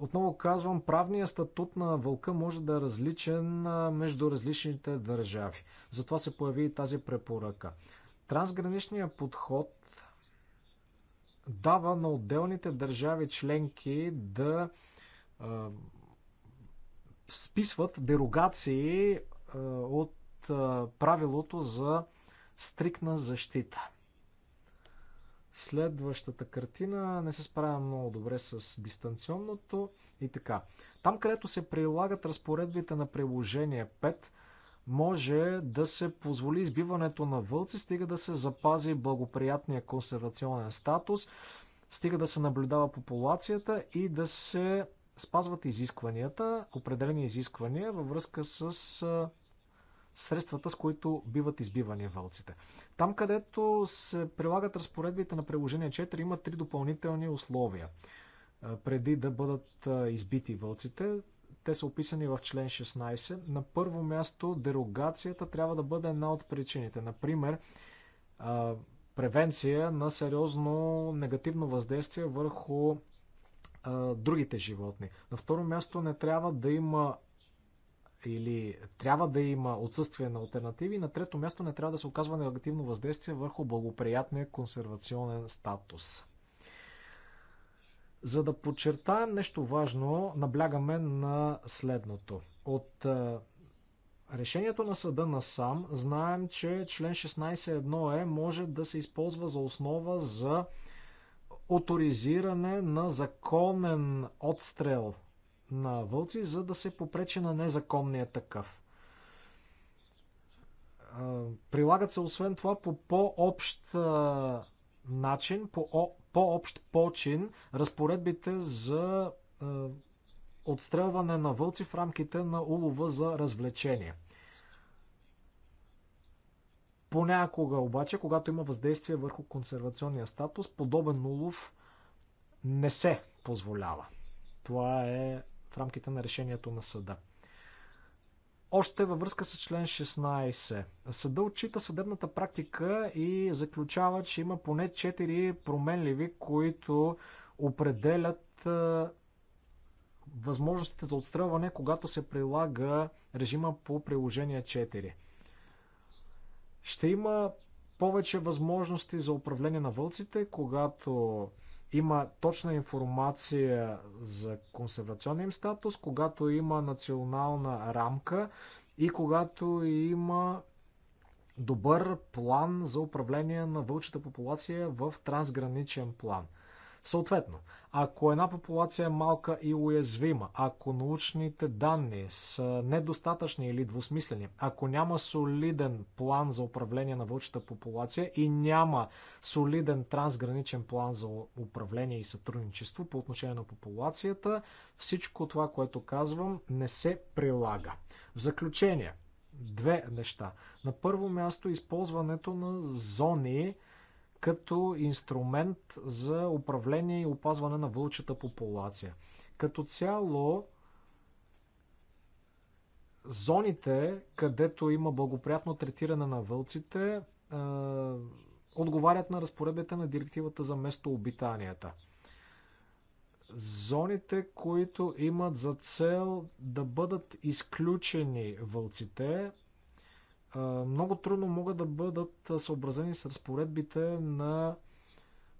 Отново казвам, правният статут на вълка може да е различен между различните държави. Затова се появи и тази препоръка. Трансграничният подход дава на отделните държави членки да е, списват дерогации е, от е, правилото за стрикна защита. Следващата картина не се справя много добре с дистанционното и така. Там, където се прилагат разпоредбите на приложение 5, може да се позволи избиването на вълци, стига да се запази благоприятния консервационен статус, стига да се наблюдава популацията и да се спазват изискванията, определени изисквания във връзка с средствата, с които биват избивани вълците. Там, където се прилагат разпоредбите на приложение 4, има три допълнителни условия. Преди да бъдат избити вълците, те са описани в член 16. На първо място, дерогацията трябва да бъде една от причините. Например, превенция на сериозно негативно въздействие върху другите животни. На второ място не трябва да има или трябва да има отсъствие на альтернативи. На трето място не трябва да се оказва негативно въздействие върху благоприятния консервационен статус. За да подчертаем нещо важно, наблягаме на следното. От е, решението на съда на сам знаем, че член 16.1е може да се използва за основа за авторизиране на законен отстрел на вълци, за да се попречи на незаконния такъв. Прилагат се освен това по по-общ начин, по по-общ почин разпоредбите за отстрелване на вълци в рамките на улова за развлечение. Понякога обаче, когато има въздействие върху консервационния статус, подобен улов не се позволява. Това е в рамките на решението на съда. Още във връзка с член 16. Съда отчита съдебната практика и заключава, че има поне 4 променливи, които определят възможностите за отстрелване, когато се прилага режима по приложение 4. Ще има повече възможности за управление на вълците, когато има точна информация за консервационния им статус, когато има национална рамка и когато има добър план за управление на вълчата популация в трансграничен план – Съответно, ако една популация е малка и уязвима, ако научните данни са недостатъчни или двусмислени, ако няма солиден план за управление на вълчата популация и няма солиден трансграничен план за управление и сътрудничество по отношение на популацията, всичко това, което казвам, не се прилага. В заключение, две неща. На първо място, използването на зони, като инструмент за управление и опазване на вълчата популация. Като цяло, зоните, където има благоприятно третиране на вълците, е, отговарят на разпоредбите на директивата за местообитанията. Зоните, които имат за цел да бъдат изключени вълците, много трудно могат да бъдат съобразени с разпоредбите на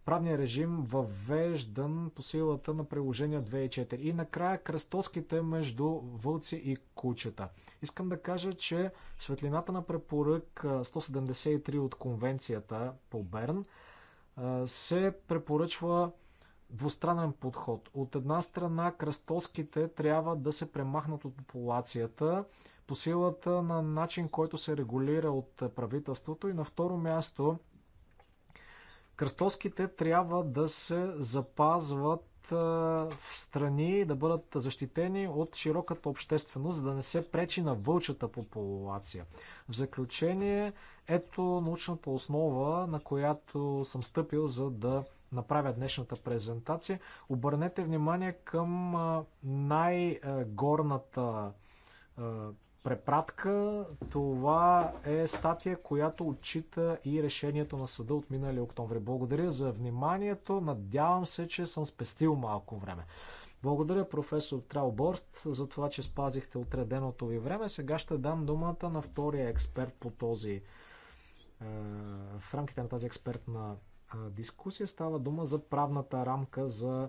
правния режим, въвеждан по силата на приложения 24 и И накрая кръстоските между вълци и кучета. Искам да кажа, че светлината на препорък 173 от конвенцията по Берн се препоръчва двустранен подход. От една страна кръстоските трябва да се премахнат от популацията, по силата на начин, който се регулира от правителството. И на второ място, кръстоските трябва да се запазват в страни и да бъдат защитени от широката общественост, за да не се пречи на вълчата популация. В заключение, ето научната основа, на която съм стъпил, за да направя днешната презентация. Обърнете внимание към най-горната препратка. Това е статия, която отчита и решението на съда от миналия октомври. Благодаря за вниманието. Надявам се, че съм спестил малко време. Благодаря, професор Тралборст, за това, че спазихте отреденото ви време. Сега ще дам думата на втория експерт по този. Е, в рамките на тази експертна е, дискусия става дума за правната рамка за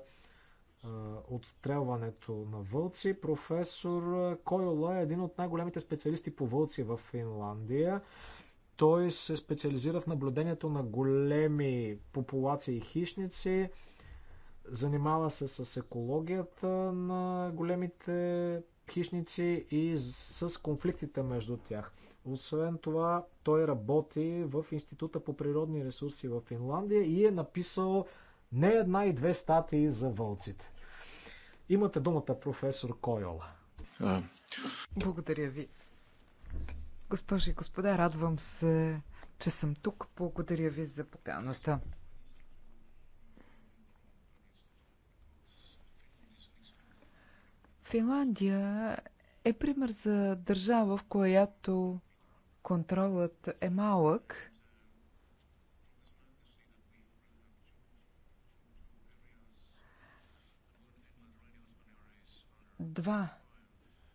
отстрелването на вълци. Професор Койола е един от най-големите специалисти по вълци в Финландия. Той се специализира в наблюдението на големи популации хищници, занимава се с екологията на големите хищници и с конфликтите между тях. Освен това, той работи в Института по природни ресурси в Финландия и е написал не една и две статии за вълците. Имате думата, професор Койол. Благодаря ви. Госпожи и господа, радвам се, че съм тук. Благодаря ви за поканата. Финландия е пример за държава, в която контролът е малък Два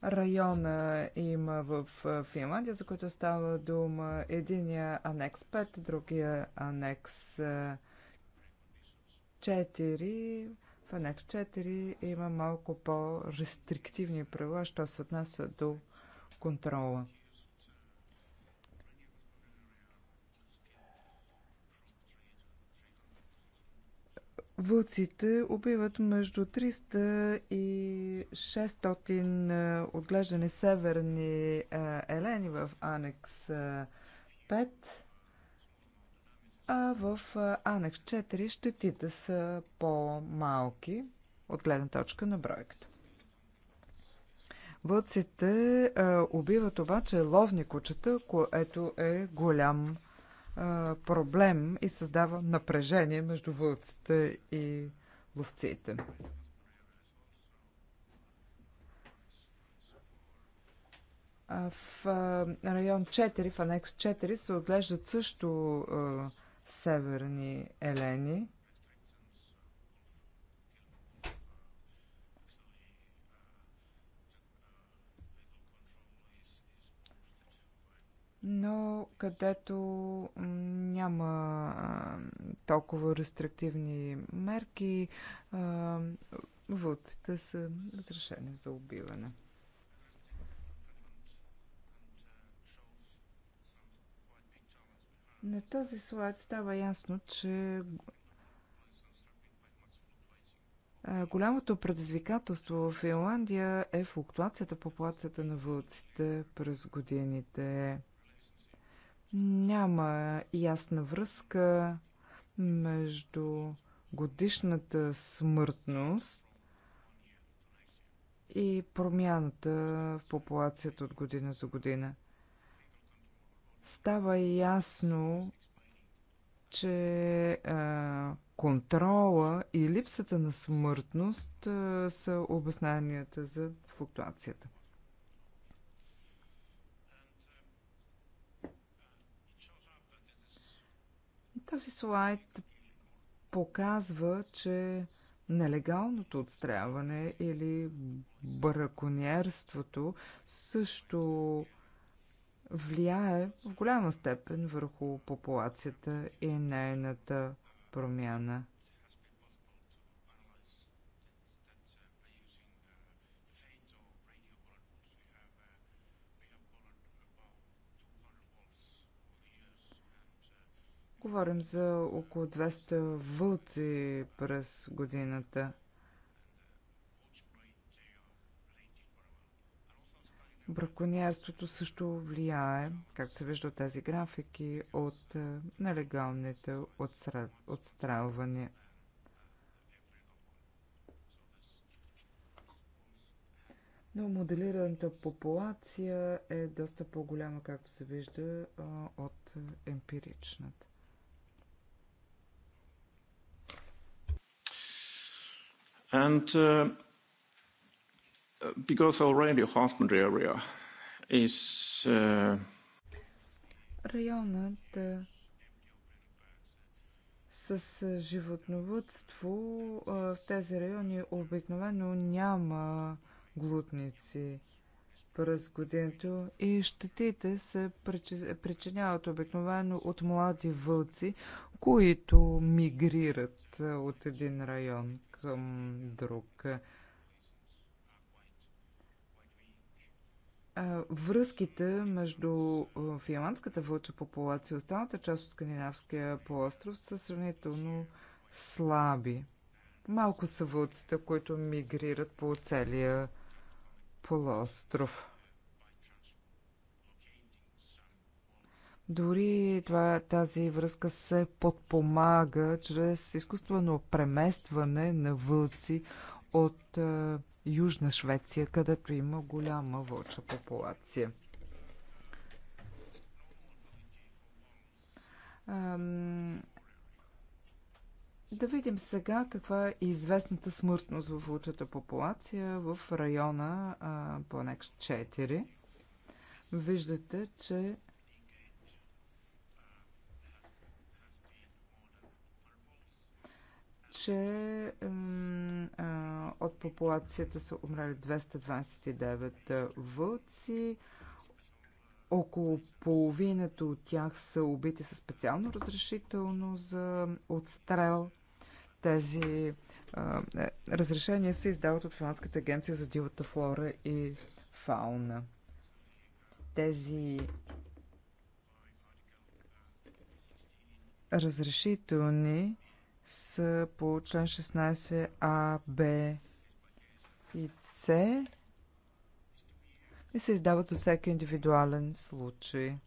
района има в Финландия, за които става дума. Единия анекс 5, другия анекс 4. В анекс 4 има малко по-рестриктивни правила, що се отнася до контрола. Вълците убиват между 300 и 600 отглеждани северни елени в Анекс 5, а в Анекс 4 щетите са по-малки от гледна точка на бройката. Вълците убиват обаче ловни кучета, което е голям проблем и създава напрежение между вълците и ловците. В район 4, в анекс 4, се отглеждат също северни елени. но където няма толкова рестриктивни мерки, вълците са разрешени за убиване. На този слайд става ясно, че голямото предизвикателство в Финландия е флуктуацията, популацията на вълците през годините. Няма ясна връзка между годишната смъртност и промяната в популацията от година за година. Става ясно, че а, контрола и липсата на смъртност а, са обясненията за флуктуацията. Този слайд показва, че нелегалното отстряване или браконьерството също влияе в голяма степен върху популацията и нейната промяна. Говорим за около 200 вълци през годината. Браконьерството също влияе, както се вижда от тези графики, от е, нелегалните отстрелвания. Но моделираната популация е доста по-голяма, както се вижда, е, от е, емпиричната. And uh, because already husbandry area is... Uh, Районът е, с животновътство е, в тези райони обикновено няма глутници през годината и щетите се причиняват обикновено от млади вълци, които мигрират е, от един район към друг. Връзките между финландската вълча популация и останата част от скандинавския полуостров са сравнително слаби. Малко са вълците, които мигрират по целия полуостров. Дори това, тази връзка се подпомага чрез изкуствено преместване на вълци от е, Южна Швеция, където има голяма вълча популация. Ам... Да видим сега каква е известната смъртност в вълчата популация в района а, Планекс 4. Виждате, че че от популацията са умрели 229 вълци. Около половината от тях са убити със специално разрешително за отстрел. Тези а, е, разрешения се издават от Финландската агенция за дивата флора и фауна. Тези разрешителни са по член 16А, Б и С и се издават за всеки индивидуален случай.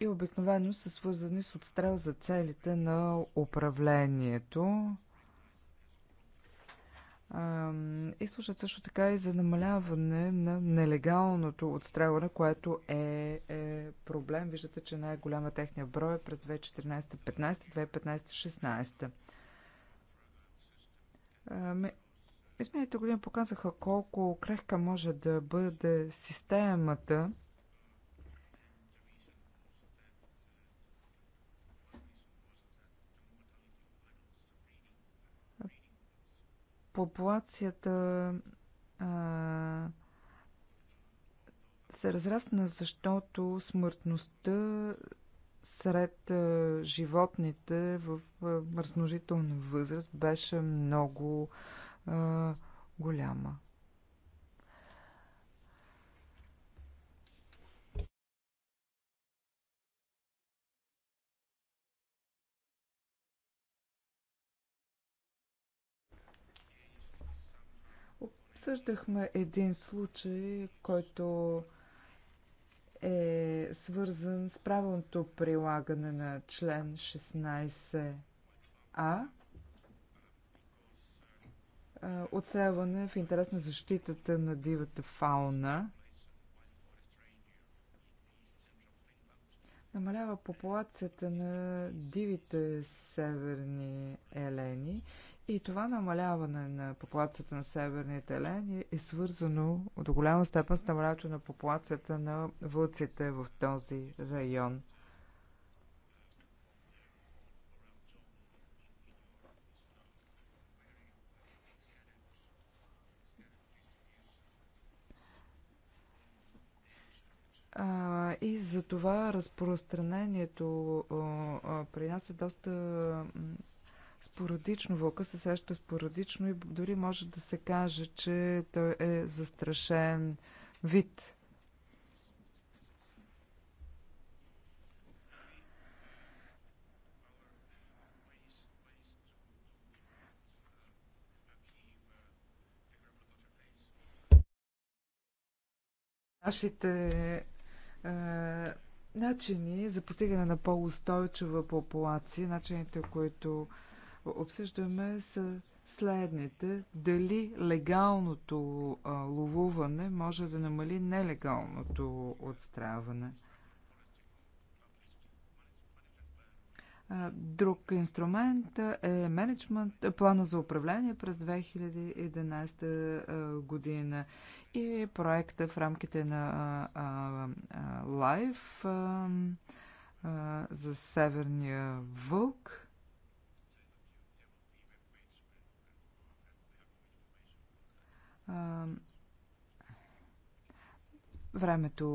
и обикновено са свързани с отстрел за целите на управлението и слушат също така и за намаляване на нелегалното отстрелване, което е, е проблем. Виждате, че най-голяма е техния брой е през 2014-15, 2015-16. Ами, изминалите години показаха колко крехка може да бъде системата популацията а, се разрасна, защото смъртността сред а, животните в мръсножителна размножителна възраст беше много а, голяма. Обсъждахме един случай, който е свързан с правилното прилагане на член 16а отстрелване в интерес на защитата на дивата фауна. Намалява популацията на дивите северни елени и това намаляване на популацията на Северния Телен е свързано до голяма степен с намаляването на популацията на вълците в този район. А, и за това разпространението а, а, при нас е доста спорадично, вълка се среща спорадично и дори може да се каже, че той е застрашен вид. Нашите е, начини за постигане на по-устойчива популация, начините, които е, обсъждаме са следните. Дали легалното а, ловуване може да намали нелегалното отстраване? Друг инструмент е менеджмент, е плана за управление през 2011 година и проекта в рамките на Life за Северния вълк. Времето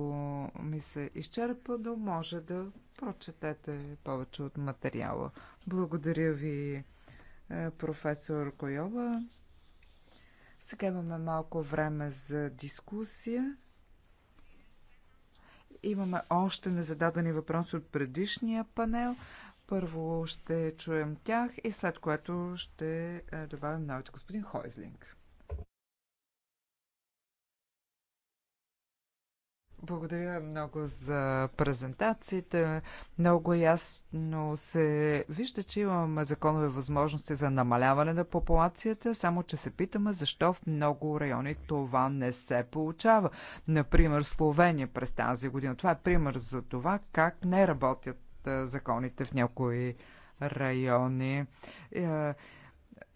ми се изчерпа, но може да прочетете повече от материала. Благодаря ви, е, професор Койова. Сега имаме малко време за дискусия. Имаме още незададени въпроси от предишния панел. Първо ще чуем тях и след което ще е, добавим новите господин Хойзлинг. Благодаря много за презентацията. Много ясно се вижда, че имаме законови възможности за намаляване на популацията, само че се питаме защо в много райони това не се получава. Например, Словения през тази година. Това е пример за това как не работят законите в някои райони. Е,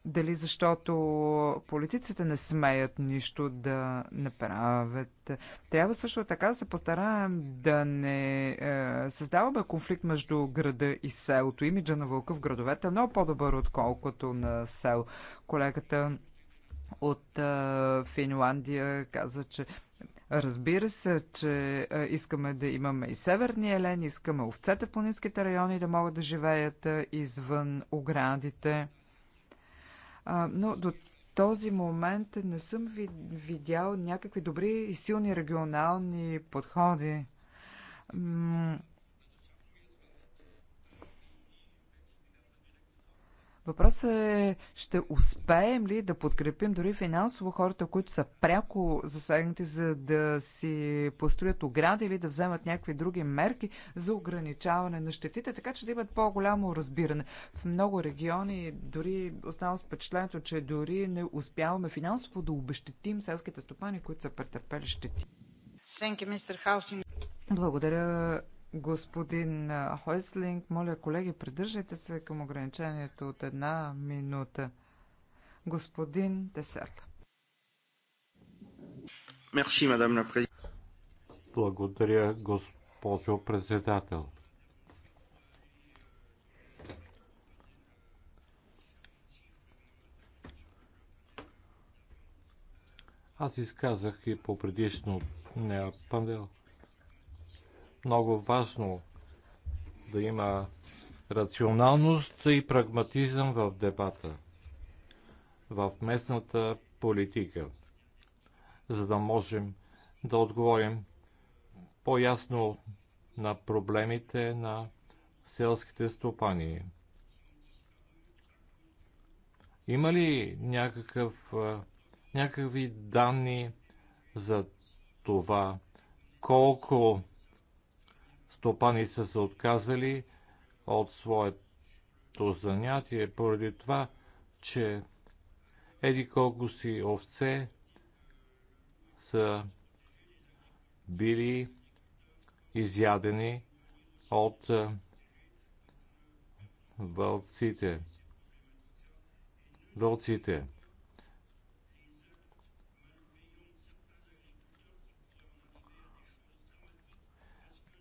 дали защото политиците не смеят нищо да направят. Трябва също така да се постараем да не е, създаваме конфликт между града и селото. Имиджа на вълка в градовете е много по-добър, отколкото на сел. Колегата от е, Финландия каза, че Разбира се, че е, искаме да имаме и северни елени, искаме овцете в планинските райони да могат да живеят е, извън оградите но до този момент не съм видял някакви добри и силни регионални подходи. Въпросът е, ще успеем ли да подкрепим дори финансово хората, които са пряко засегнати, за да си построят огради или да вземат някакви други мерки за ограничаване на щетите, така че да имат по-голямо разбиране. В много региони дори остава с впечатлението, че дори не успяваме финансово да обещетим селските стопани, които са претърпели щети. Благодаря, господин Хойслинг. Моля, колеги, придържайте се към ограничението от една минута. Господин Десерт. Мерси, мадам на Благодаря, госпожо председател. Аз изказах и по предишно панел много важно да има рационалност и прагматизъм в дебата, в местната политика, за да можем да отговорим по-ясно на проблемите на селските стопани. Има ли някакъв, някакви данни за това колко стопани са се отказали от своето занятие поради това, че еди колко си овце са били изядени от вълците. Вълците.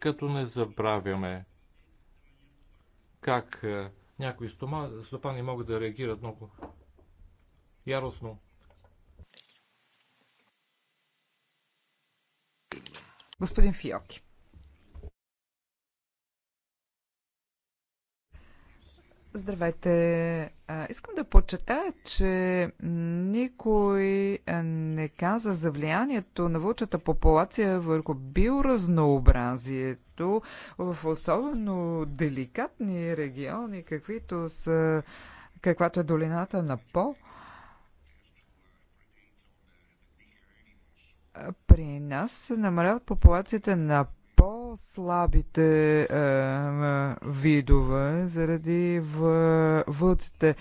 като не забравяме как е, някои стопани могат да реагират много яростно. Господин Фиоки. Здравейте! Искам да подчертая, че никой не каза за влиянието на вълчата популация върху биоразнообразието в особено деликатни региони, каквито са, каквато е долината на По. При нас се намаляват популацията на по-слабите е, видове, заради вълците.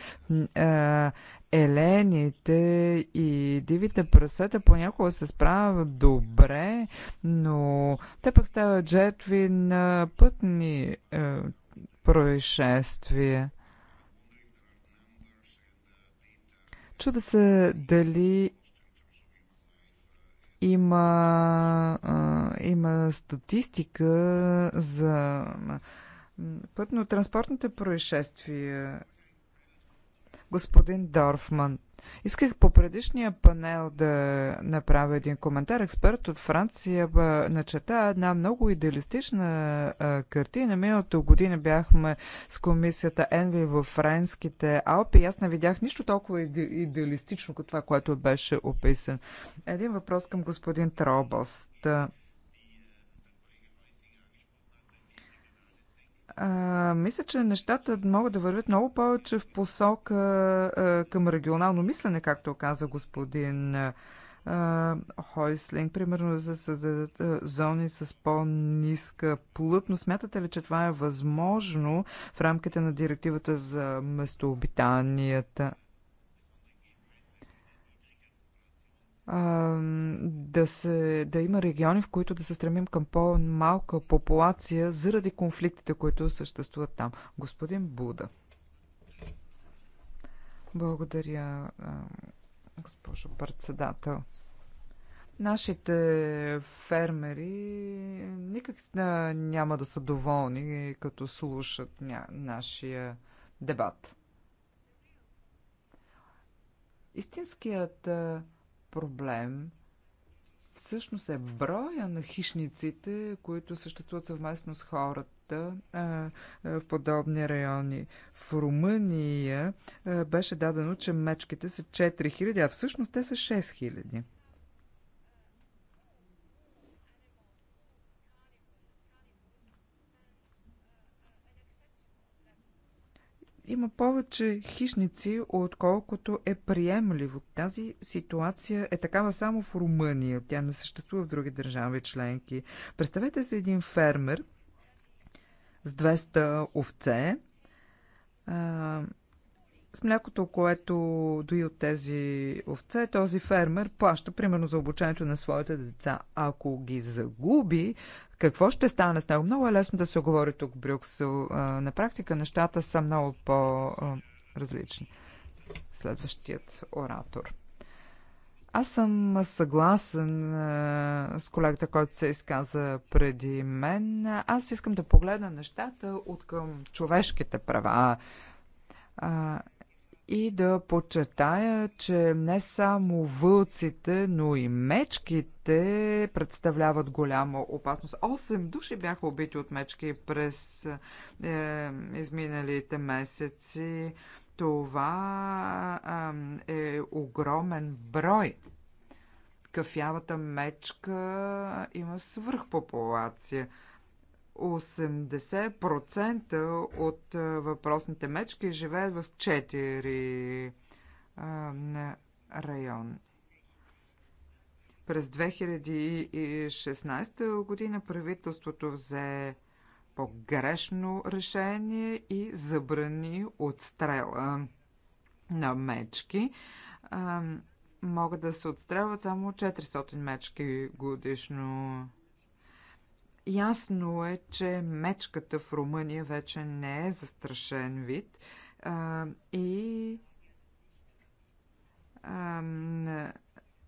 Е, елените и дивите прасета понякога се справят добре, но те пък стават жертви на пътни е, происшествия. Чуда се дали има, а, има статистика за пътно-транспортните происшествия. Господин Дорфман, Исках по предишния панел да направя един коментар. Експерт от Франция начета една много идеалистична картина. Миналото година бяхме с комисията Енви в Френските Алпи и аз не видях нищо толкова идеалистично като това, което беше описано. Един въпрос към господин Тробост. А, мисля, че нещата могат да вървят много повече в посока а, към регионално мислене, както каза господин а, Хойслинг, примерно за създадат зони с по-ниска плътност. Смятате ли, че това е възможно в рамките на директивата за местообитанията? да, се, да има региони, в които да се стремим към по-малка популация заради конфликтите, които съществуват там. Господин Буда. Благодаря, госпожо председател. Нашите фермери никак няма да са доволни, като слушат нашия дебат. Истинският проблем всъщност е броя на хищниците, които съществуват съвместно с хората а, в подобни райони. В Румъния а, беше дадено, че мечките са 4000, а всъщност те са 6000. има повече хищници, отколкото е приемливо. Тази ситуация е такава само в Румъния. Тя не съществува в други държави членки. Представете се един фермер с 200 овце, с млякото, което дои от тези овце, този фермер плаща примерно за обучението на своите деца. Ако ги загуби, какво ще стане с него? Много е лесно да се говори тук в Брюксел. На практика нещата са много по-различни. Следващият оратор. Аз съм съгласен с колегата, който се изказа преди мен. Аз искам да погледна нещата от към човешките права и да подчертая, че не само вълците, но и мечките представляват голяма опасност. Осем души бяха убити от мечки през е, изминалите месеци. Това е огромен брой. Кафявата мечка има свръхпопулация. 80% от въпросните мечки живеят в 4 район. През 2016 година правителството взе по-грешно решение и забрани отстрела на мечки. Могат да се отстрелват само 400 мечки годишно. Ясно е, че мечката в Румъния вече не е застрашен вид а, и а,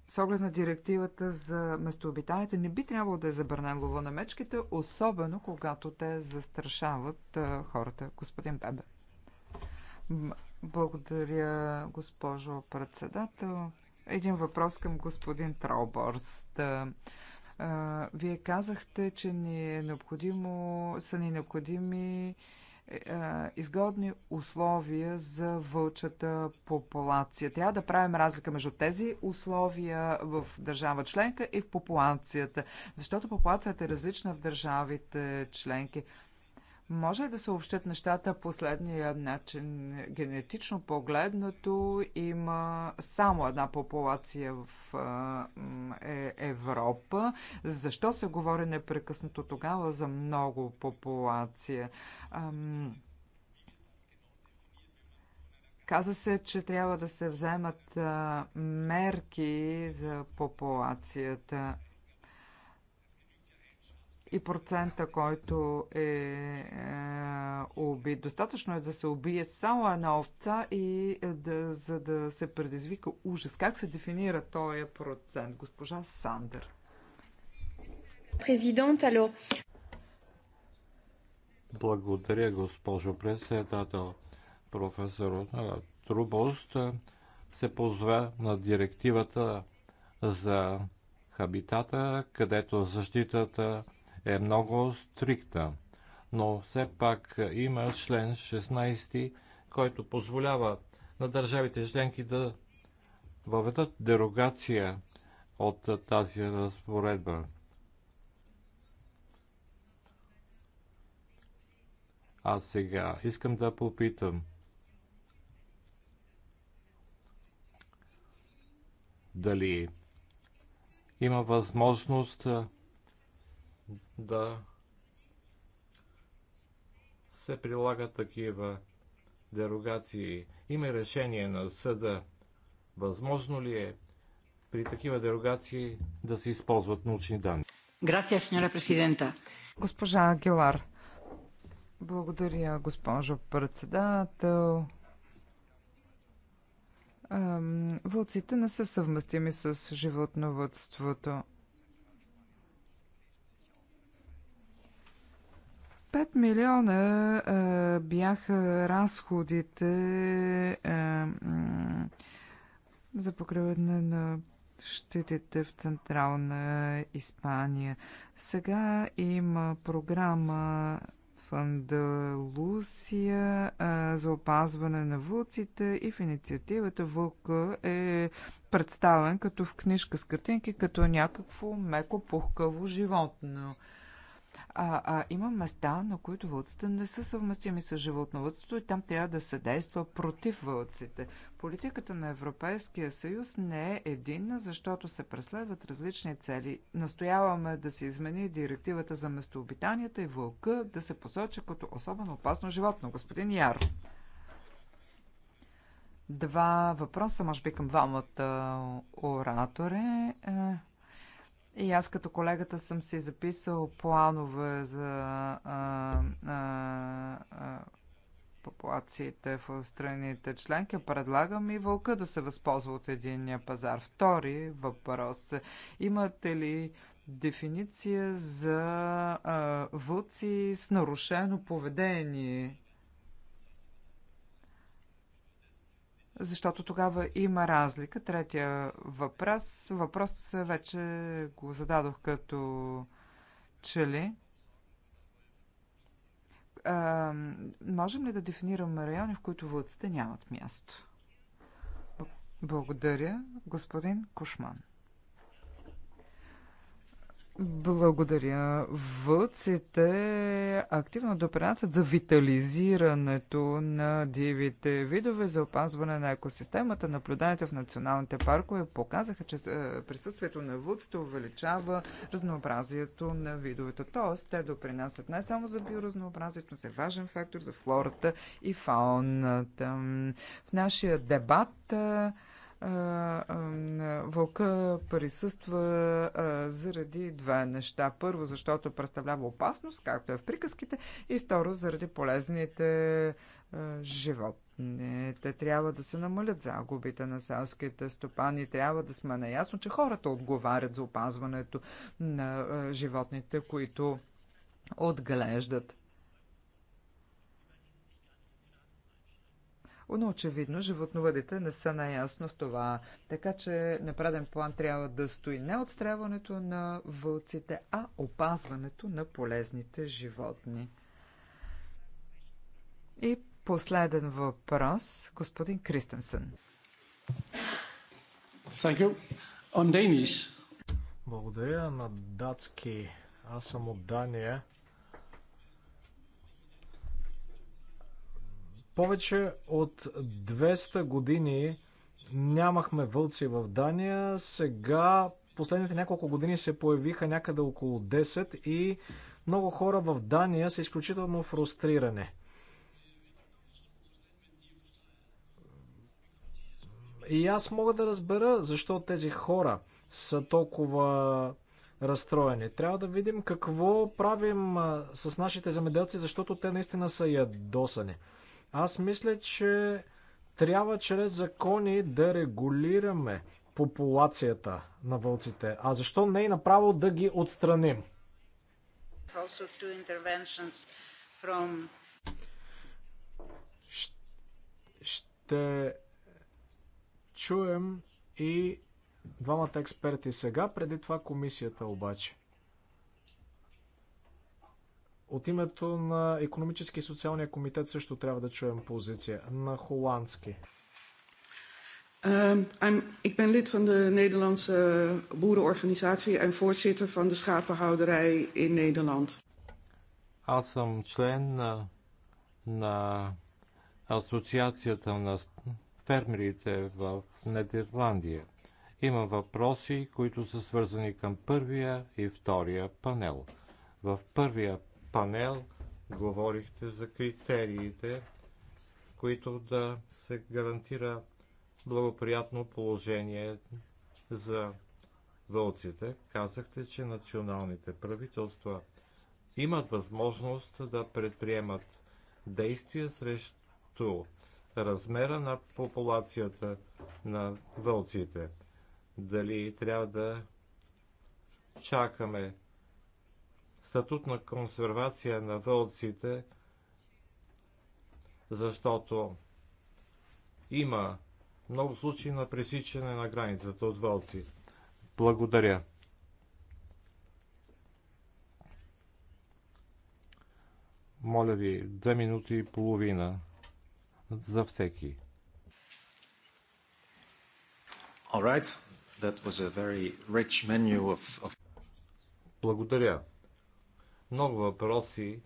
с оглед на директивата за местообитанията не би трябвало да е забранен лова на мечките, особено когато те застрашават а, хората. Господин Бебе, Благодаря, госпожо председател. Един въпрос към господин Трауборст вие казахте, че ни е необходимо, са ни необходими е, изгодни условия за вълчата популация. Трябва да правим разлика между тези условия в държава членка и в популацията, защото популацията е различна в държавите членки. Може да се общат нещата последния начин. Генетично погледнато има само една популация в е, Европа. Защо се говори непрекъснато тогава за много популация? Каза се, че трябва да се вземат мерки за популацията и процента, който е, е убит. Достатъчно е да се убие само една овца и да, за да се предизвика ужас. Как се дефинира този процент, госпожа Сандър? Президент, ало. Благодаря, госпожо председател. Професор Трубост се позва на директивата за хабитата, където защитата е много стрикта. Но все пак има член 16, който позволява на държавите членки да въведат дерогация от тази разпоредба. А сега искам да попитам. Дали има възможност да се прилагат такива дерогации. Има решение на съда. Възможно ли е при такива дерогации да се използват научни данни? Грация, сеньора президента. Госпожа Агилар, благодаря, госпожо председател. Вълците не са съвместими с животновътството. 5 милиона а, бяха разходите а, за покриване на щитите в Централна Испания. Сега има програма в Андалусия а, за опазване на вулците и в инициативата Вълка е представен като в книжка с картинки, като някакво меко пухкаво животно. А, а, има места, на които вълците не са съвместими с животновътството и там трябва да се действа против вълците. Политиката на Европейския съюз не е единна, защото се преследват различни цели. Настояваме да се измени директивата за местообитанията и вълка да се посочи като особено опасно животно. Господин Яр. Два въпроса, може би към двамата оратори. Е, и аз като колегата съм си записал планове за а, а, а, популациите в страните членки. Предлагам и вълка да се възползва от единния пазар. Втори въпрос. Имате ли дефиниция за а, вълци с нарушено поведение? защото тогава има разлика. Третия въпрос, въпрос вече го зададох като чели. А, можем ли да дефинираме райони, в които вълците нямат място? Благодаря, господин Кошман. Благодаря. Вълците активно допринасят за витализирането на дивите видове, за опазване на екосистемата. Наблюдането в националните паркове показаха, че е, присъствието на вълците увеличава разнообразието на видовете. Тоест, те допринасят не само за биоразнообразието, но са важен фактор за флората и фауната. В нашия дебат е, вълка присъства заради две неща. Първо, защото представлява опасност, както е в приказките, и второ, заради полезните животни. Те трябва да се намалят загубите на селските стопани. Трябва да сме наясно, че хората отговарят за опазването на животните, които отглеждат. но очевидно животновъдите не са наясно в това. Така че на преден план трябва да стои не отстрелването на вълците, а опазването на полезните животни. И последен въпрос, господин Кристенсен. Thank you. On Danish. Благодаря на датски. Аз съм от Дания. Повече от 200 години нямахме вълци в Дания. Сега последните няколко години се появиха някъде около 10 и много хора в Дания са изключително фрустрирани. И аз мога да разбера защо тези хора са толкова разстроени. Трябва да видим какво правим с нашите земеделци, защото те наистина са ядосани. Аз мисля, че трябва чрез закони да регулираме популацията на вълците. А защо не и направо да ги отстраним? From... Ще чуем и двамата експерти сега, преди това комисията обаче. От името на Економически и социалния комитет също трябва да чуем позиция на холандски. Um, ik ben lid van de Nederlandse boerenorganisatie en voorzitter van de schapenhouderij in Nederland. Аз съм член на, на Асоциацията на фермерите в Нидерландия. Има въпроси, които са свързани към първия и втория панел. В първия панел говорихте за критериите, които да се гарантира благоприятно положение за вълците. Казахте, че националните правителства имат възможност да предприемат действия срещу размера на популацията на вълците. Дали трябва да чакаме статут на консервация на вълците, защото има много случаи на пресичане на границата от вълци. Благодаря. Моля ви, две минути и половина за всеки. All right. That was a very rich menu of, of... Благодаря. Много въпроси,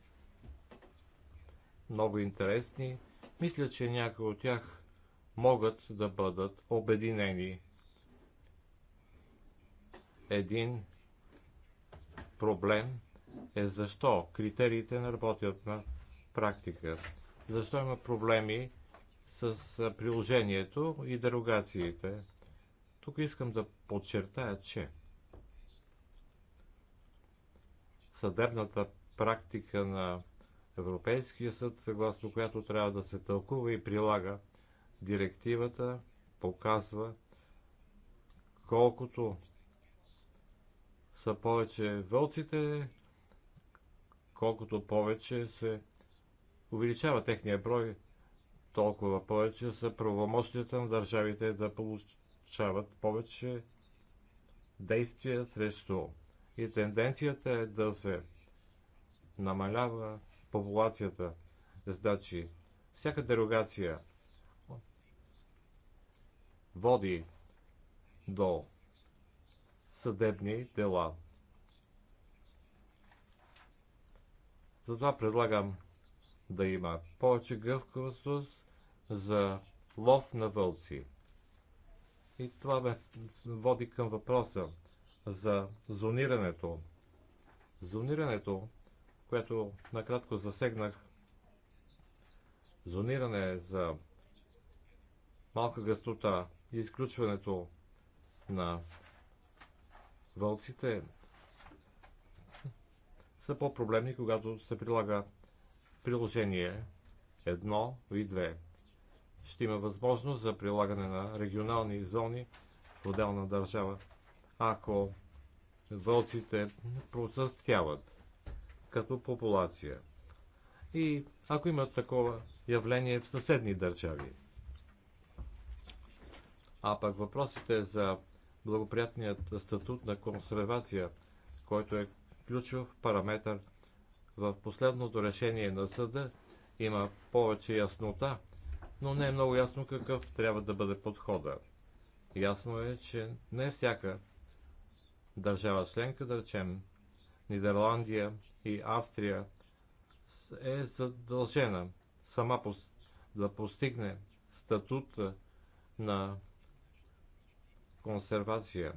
много интересни. Мисля, че някои от тях могат да бъдат обединени. Един проблем е защо критериите не работят на практика. Защо има проблеми с приложението и дерогациите. Тук искам да подчертая, че съдебната практика на Европейския съд, съгласно която трябва да се тълкува и прилага директивата, показва колкото са повече вълците, колкото повече се увеличава техния брой, толкова повече са правомощията на държавите да получават повече действия срещу и тенденцията е да се намалява популацията. Значи, всяка дерогация води до съдебни дела. Затова предлагам да има повече гъвкавост за лов на вълци. И това ме води към въпроса за зонирането. Зонирането, което накратко засегнах, зониране за малка гъстота и изключването на вълците са по-проблемни, когато се прилага приложение 1 и 2. Ще има възможност за прилагане на регионални зони в отделна държава ако вълците процъфтяват като популация и ако имат такова явление в съседни държави. А пък въпросите за благоприятният статут на консервация, който е ключов параметър в последното решение на съда, има повече яснота, но не е много ясно какъв трябва да бъде подхода. Ясно е, че не всяка държава членка, да речем Нидерландия и Австрия, е задължена сама да постигне статут на консервация.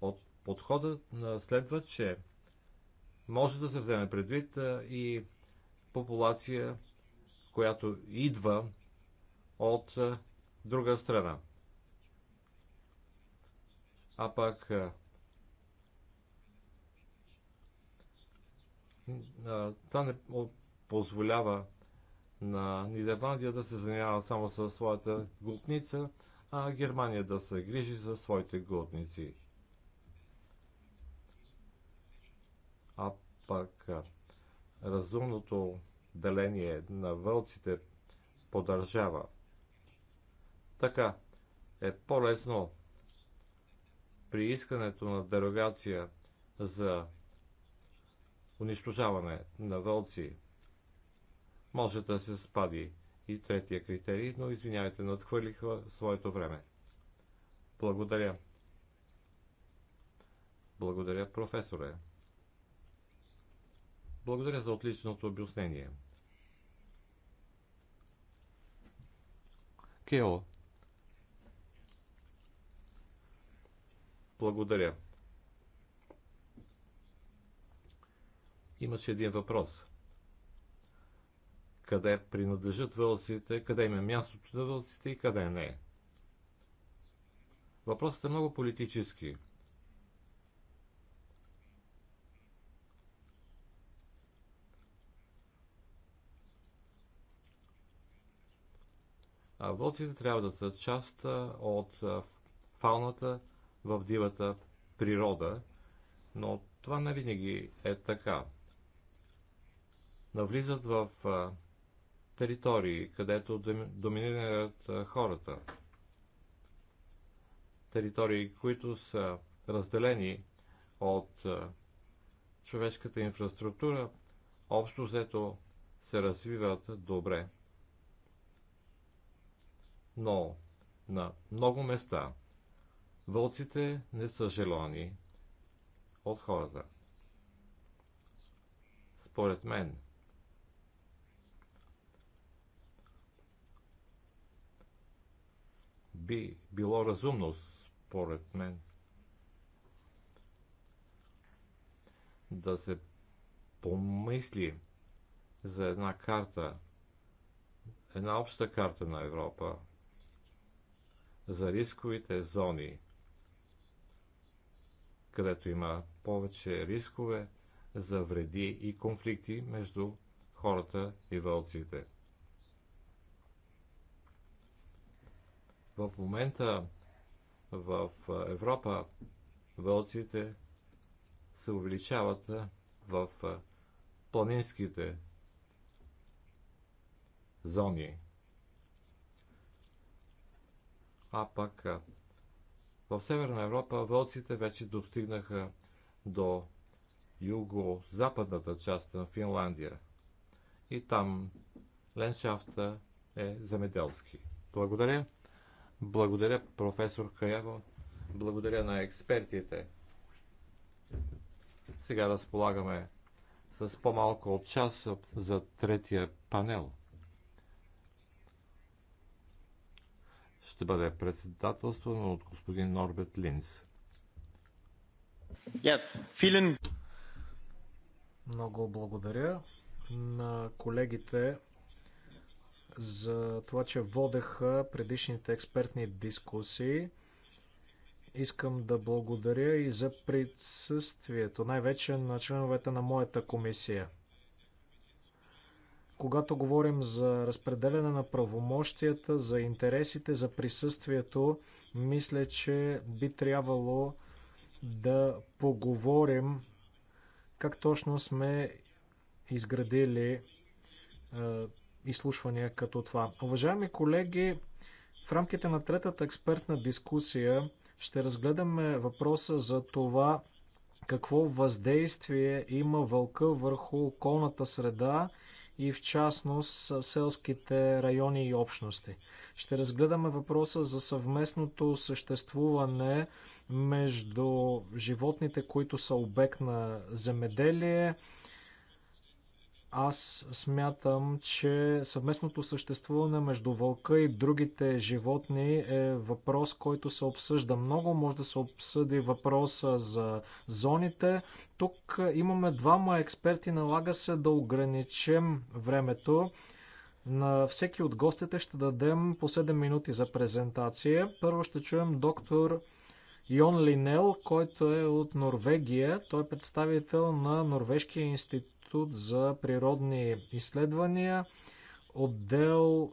От подходът следва, че може да се вземе предвид и популация, която идва от друга страна. А а, това не позволява на Нидерландия да се занимава само със своята глутница, а Германия да се грижи за своите глутници. А пък разумното деление на вълците по държава. Така е по-лесно при искането на дерогация за унищожаване на вълци може да се спади и третия критерий, но извинявайте, надхвърлиха своето време. Благодаря. Благодаря, професоре. Благодаря за отличното обяснение. Кео, Благодаря. Имаше един въпрос. Къде принадлежат вълците, къде има е мястото на вълците и къде не. Въпросът е много политически. Вълците трябва да са част от фауната в дивата природа, но това не винаги е така. Навлизат в територии, където доминират хората. Територии, които са разделени от човешката инфраструктура, общо взето се развиват добре. Но на много места Вълците не са желани от хората. Според мен, би било разумно, според мен, да се помисли за една карта, една обща карта на Европа за рисковите зони – където има повече рискове за вреди и конфликти между хората и вълците. В момента в Европа вълците се увеличават в планинските зони. А пък в Северна Европа вълците вече достигнаха до юго-западната част на Финландия. И там леншафта е земеделски. Благодаря. Благодаря, професор Каяво. Благодаря на експертите. Сега разполагаме с по-малко от час за третия панел. ще бъде председателствано от господин Норбет Линс. Много благодаря на колегите за това, че водеха предишните експертни дискусии. Искам да благодаря и за присъствието, най-вече на членовете на моята комисия – когато говорим за разпределяне на правомощията, за интересите, за присъствието, мисля, че би трябвало да поговорим как точно сме изградили е, изслушвания като това. Уважаеми колеги, в рамките на третата експертна дискусия ще разгледаме въпроса за това какво въздействие има вълка върху околната среда и в частност селските райони и общности. Ще разгледаме въпроса за съвместното съществуване между животните, които са обект на земеделие, аз смятам, че съвместното съществуване между вълка и другите животни е въпрос, който се обсъжда много. Може да се обсъди въпроса за зоните. Тук имаме двама експерти, налага се да ограничим времето. На всеки от гостите ще дадем по 7 минути за презентация. Първо ще чуем доктор Йон Линел, който е от Норвегия. Той е представител на Норвежкия институт Институт за природни изследвания, отдел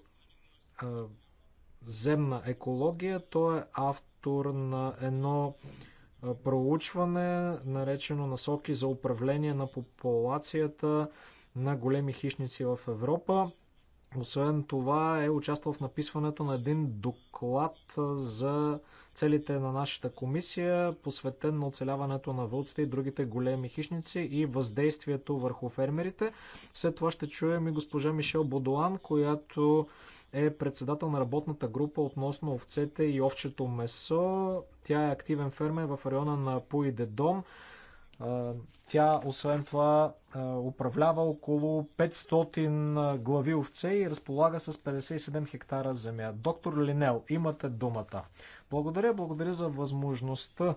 земна екология. Той е автор на едно проучване, наречено Насоки за управление на популацията на големи хищници в Европа. Освен това е участвал в написването на един доклад за целите на нашата комисия, посветен на оцеляването на вълците и другите големи хищници и въздействието върху фермерите. След това ще чуем и госпожа Мишел Бодоан, която е председател на работната група относно овцете и овчето месо. Тя е активен фермер в района на Пуиде Дом. Тя, освен това, управлява около 500 глави овце и разполага с 57 хектара земя. Доктор Линел, имате думата. Благодаря, благодаря за възможността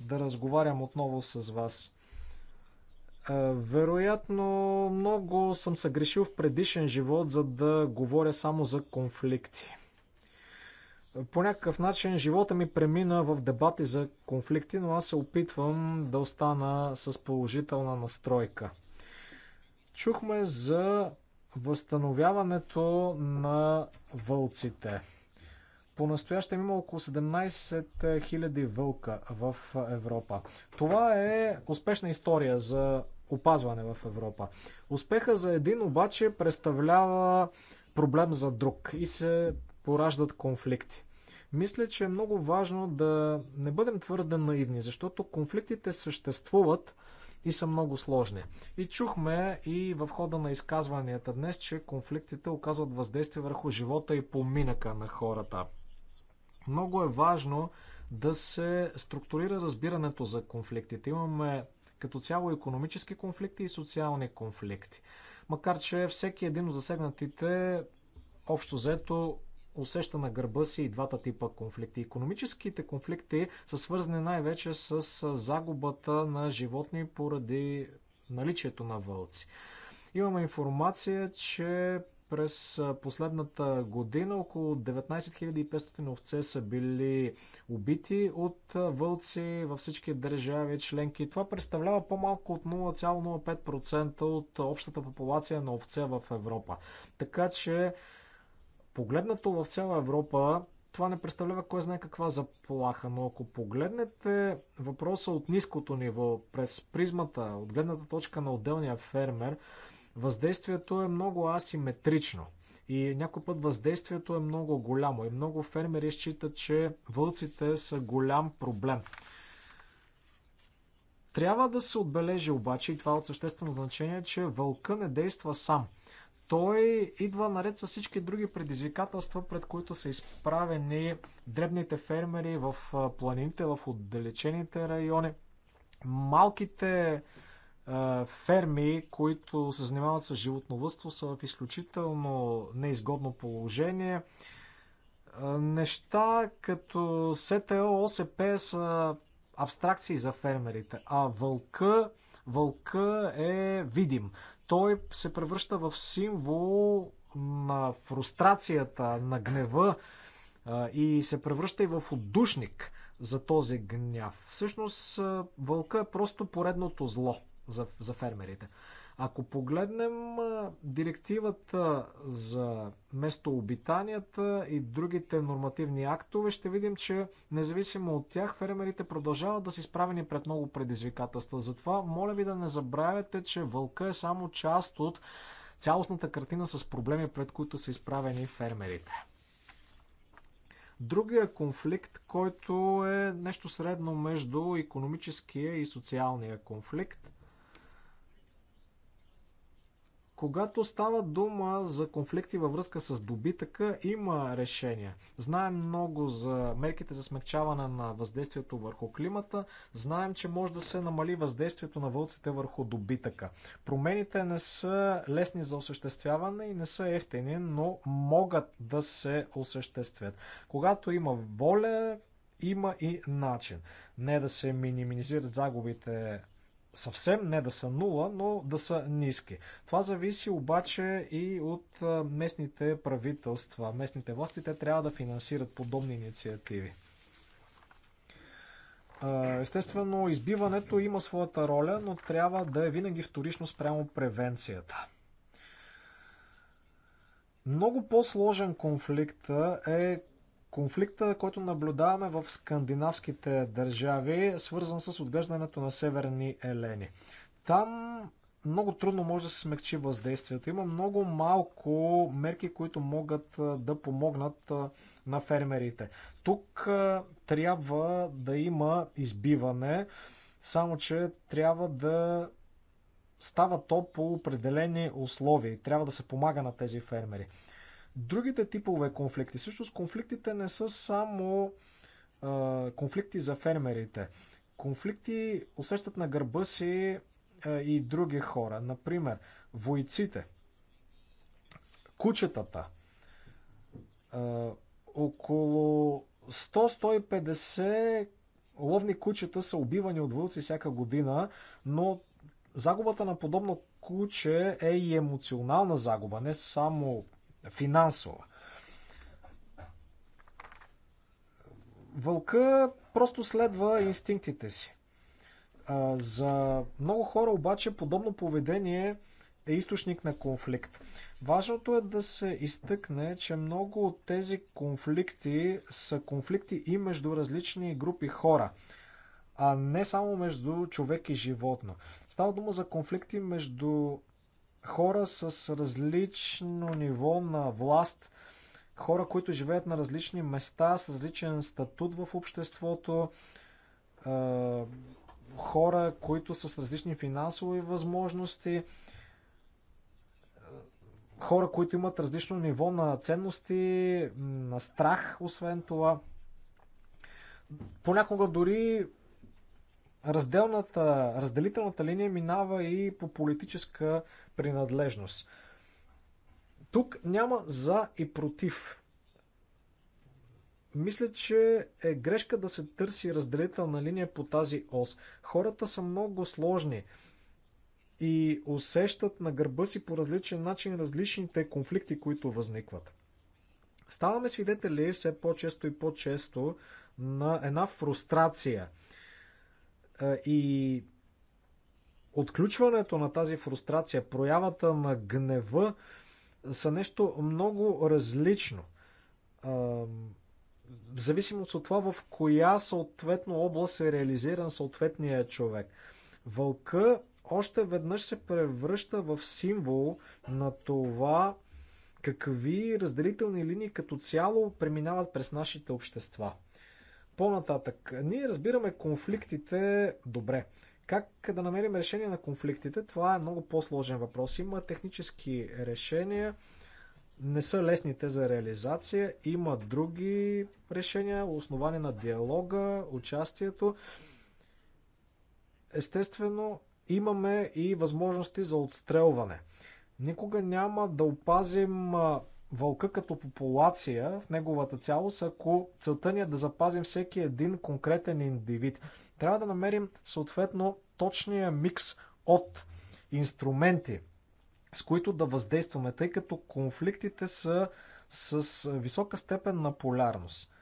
да разговарям отново с вас. Вероятно, много съм съгрешил в предишен живот, за да говоря само за конфликти по някакъв начин живота ми премина в дебати за конфликти, но аз се опитвам да остана с положителна настройка. Чухме за възстановяването на вълците. По-настоящем има около 17 000 вълка в Европа. Това е успешна история за опазване в Европа. Успеха за един обаче представлява проблем за друг и се пораждат конфликти. Мисля, че е много важно да не бъдем твърде наивни, защото конфликтите съществуват и са много сложни. И чухме и в хода на изказванията днес, че конфликтите оказват въздействие върху живота и поминъка на хората. Много е важно да се структурира разбирането за конфликтите. Имаме като цяло економически конфликти и социални конфликти. Макар, че всеки един от засегнатите общо взето усеща на гърба си и двата типа конфликти. Економическите конфликти са свързани най-вече с загубата на животни поради наличието на вълци. Имаме информация, че през последната година около 19 500 овце са били убити от вълци във всички държави членки. Това представлява по-малко от 0,05% от общата популация на овце в Европа. Така че Погледнато в цяла Европа, това не представлява кой знае каква заплаха, но ако погледнете въпроса от ниското ниво, през призмата, от гледната точка на отделния фермер, въздействието е много асиметрично. И някой път въздействието е много голямо. И много фермери считат, че вълците са голям проблем. Трябва да се отбележи обаче, и това е от съществено значение, че вълка не действа сам – той идва наред с всички други предизвикателства, пред които са изправени дребните фермери в планините, в отдалечените райони. Малките ферми, които се занимават с животновътство, са в изключително неизгодно положение. Неща като СТО, ОСП са абстракции за фермерите, а вълка, вълка е видим той се превръща в символ на фрустрацията, на гнева и се превръща и в отдушник за този гняв. Всъщност, вълка е просто поредното зло за, за фермерите. Ако погледнем директивата за местообитанията и другите нормативни актове, ще видим, че независимо от тях, фермерите продължават да са изправени пред много предизвикателства. Затова, моля ви да не забравяте, че вълка е само част от цялостната картина с проблеми, пред които са изправени фермерите. Другия конфликт, който е нещо средно между економическия и социалния конфликт – когато става дума за конфликти във връзка с добитъка, има решения. Знаем много за мерките за смягчаване на въздействието върху климата. Знаем, че може да се намали въздействието на вълците върху добитъка. Промените не са лесни за осъществяване и не са ефтени, но могат да се осъществят. Когато има воля, има и начин. Не да се минимизират загубите съвсем не да са нула, но да са ниски. Това зависи обаче и от местните правителства, местните власти. Те трябва да финансират подобни инициативи. Естествено, избиването има своята роля, но трябва да е винаги вторично спрямо превенцията. Много по-сложен конфликт е, Конфликта, който наблюдаваме в скандинавските държави, е свързан с отглеждането на северни елени. Там много трудно може да се смекчи въздействието. Има много малко мерки, които могат да помогнат на фермерите. Тук трябва да има избиване, само че трябва да става то по определени условия и трябва да се помага на тези фермери. Другите типове конфликти, всъщност конфликтите не са само а, конфликти за фермерите. Конфликти усещат на гърба си а, и други хора. Например, войците, кучетата. А, около 100-150 ловни кучета са убивани от вълци всяка година, но загубата на подобно куче е и емоционална загуба, не само финансова. Вълка просто следва инстинктите си. За много хора обаче подобно поведение е източник на конфликт. Важното е да се изтъкне, че много от тези конфликти са конфликти и между различни групи хора, а не само между човек и животно. Става дума за конфликти между хора с различно ниво на власт, хора, които живеят на различни места, с различен статут в обществото, хора, които са с различни финансови възможности, хора, които имат различно ниво на ценности, на страх, освен това. Понякога дори разделната, разделителната линия минава и по политическа принадлежност. Тук няма за и против. Мисля, че е грешка да се търси разделителна линия по тази ос. Хората са много сложни и усещат на гърба си по различен начин различните конфликти, които възникват. Ставаме свидетели все по-често и по-често на една фрустрация – и отключването на тази фрустрация, проявата на гнева са нещо много различно. В зависимост от това в коя съответно област е реализиран съответния човек. Вълка още веднъж се превръща в символ на това какви разделителни линии като цяло преминават през нашите общества. По-нататък, ние разбираме конфликтите добре. Как да намерим решение на конфликтите, това е много по-сложен въпрос. Има технически решения, не са лесните за реализация, има други решения, основани на диалога, участието. Естествено, имаме и възможности за отстрелване. Никога няма да опазим вълка като популация в неговата цялост, ако целта ни е да запазим всеки един конкретен индивид. Трябва да намерим съответно точния микс от инструменти, с които да въздействаме, тъй като конфликтите са с висока степен на полярност.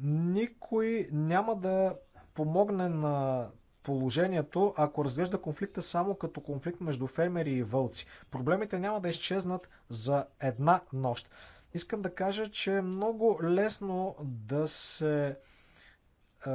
Никой няма да помогне на положението, ако разглежда конфликта само като конфликт между фермери и вълци. Проблемите няма да изчезнат за една нощ. Искам да кажа, че е много лесно да се е,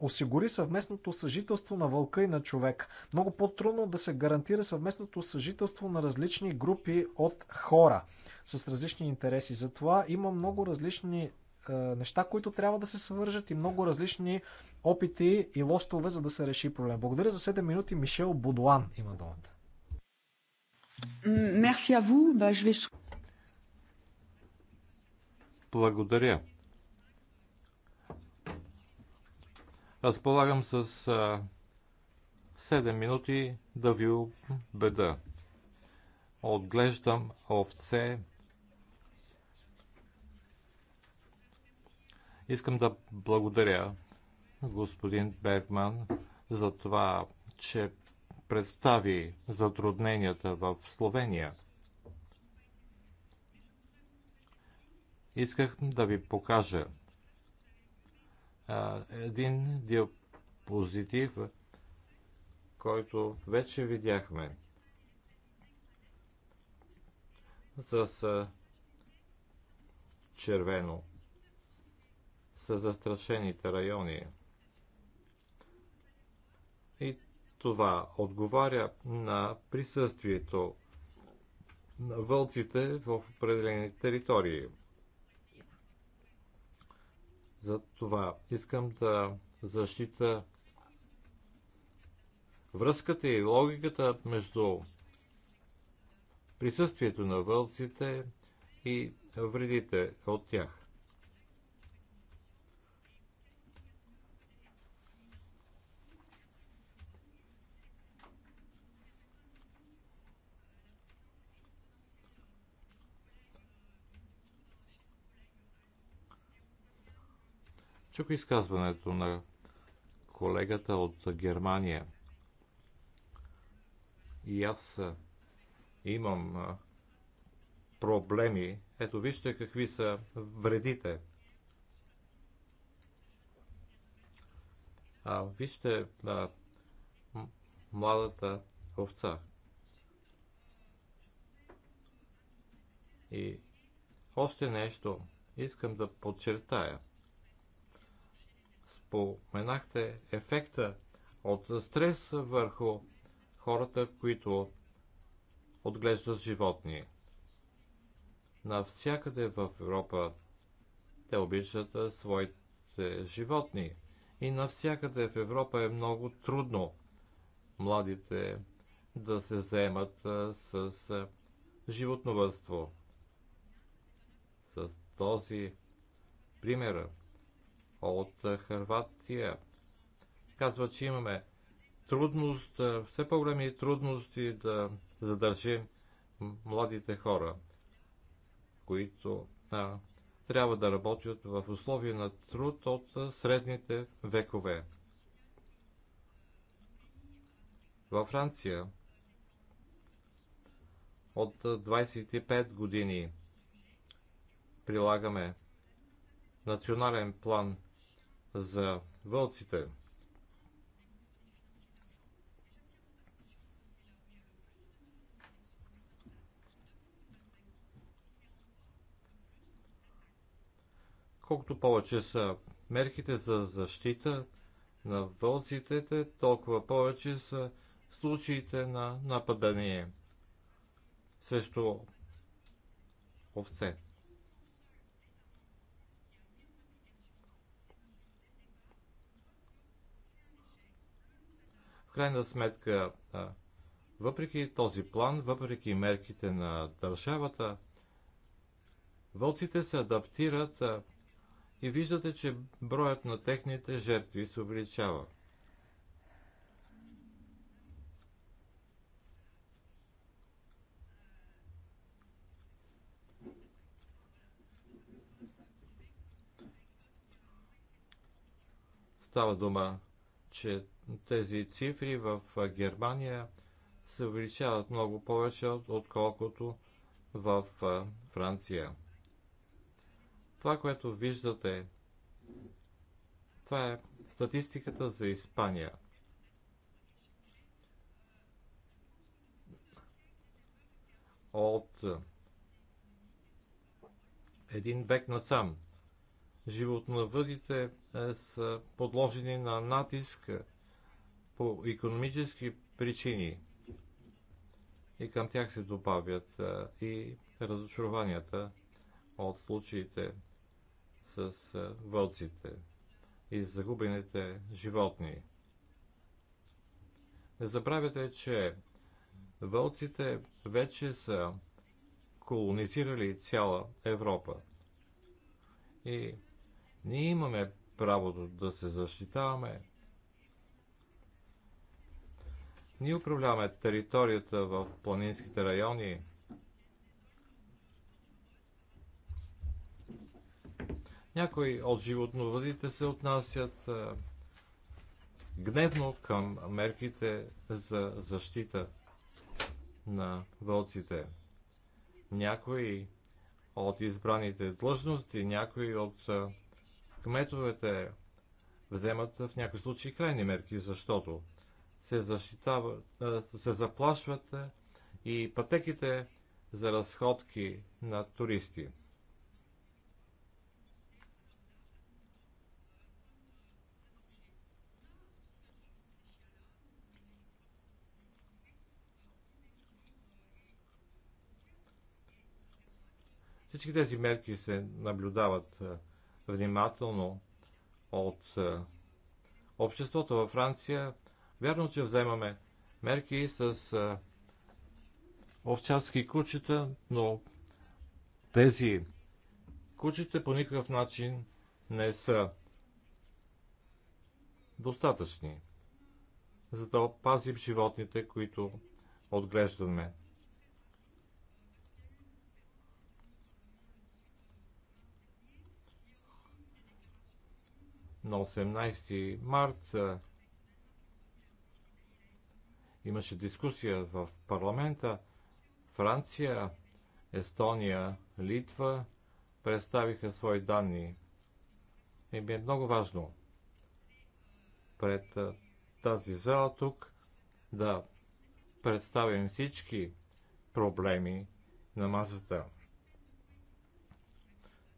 осигури съвместното съжителство на вълка и на човек. Много по-трудно да се гарантира съвместното съжителство на различни групи от хора с различни интереси. Затова има много различни е, неща, които трябва да се свържат и много различни опити и лостове, за да се реши проблем. Благодаря за 7 минути. Мишел Бодуан има думата. Мерси Благодаря. Разполагам с 7 минути да ви беда. Отглеждам овце, Искам да благодаря господин Бергман за това, че представи затрудненията в Словения. Исках да ви покажа един диапозитив, който вече видяхме с червено са застрашените райони. И това отговаря на присъствието на вълците в определени територии. За това искам да защита връзката и логиката между присъствието на вълците и вредите от тях. Чук изказването на колегата от Германия. И аз имам проблеми. Ето вижте какви са вредите. А, вижте а, младата овца. И още нещо искам да подчертая – Поменахте ефекта от стрес върху хората, които отглеждат животни. Навсякъде в Европа те обичат своите животни и навсякъде в Европа е много трудно младите да се заемат с животновътство. С този пример от е, Харватия. Казва, че имаме трудност, е, все по-големи трудности да задържим младите хора, които а, е, трябва да работят в условия на труд от средните векове. Във Франция от 25 години прилагаме национален план – за вълците. Колкото повече са мерките за защита на вълците, толкова повече са случаите на нападение срещу овце. В крайна сметка, въпреки този план, въпреки мерките на държавата, вълците се адаптират и виждате, че броят на техните жертви се увеличава. Става дума, че тези цифри в Германия се увеличават много повече, отколкото в Франция. Това, което виждате, това е статистиката за Испания. От един век насам животновъдите е, са подложени на натиск по економически причини. И към тях се добавят и разочарованията от случаите с вълците и загубените животни. Не забравяйте, че вълците вече са колонизирали цяла Европа. И ние имаме правото да се защитаваме Ние управляваме територията в планинските райони. Някои от животновъдите се отнасят е, гневно към мерките за защита на вълците. Някои от избраните длъжности, някои от е, кметовете вземат в някои случаи крайни мерки, защото се, защитава, се заплашват и пътеките за разходки на туристи. Всички тези мерки се наблюдават внимателно от обществото във Франция Вярно, че вземаме мерки с овчарски кучета, но тези кучета по никакъв начин не са достатъчни, за да опазим животните, които отглеждаме. На 18 март Имаше дискусия в парламента. Франция, Естония, Литва представиха свои данни. И ми е много важно пред тази зала тук да представим всички проблеми на масата.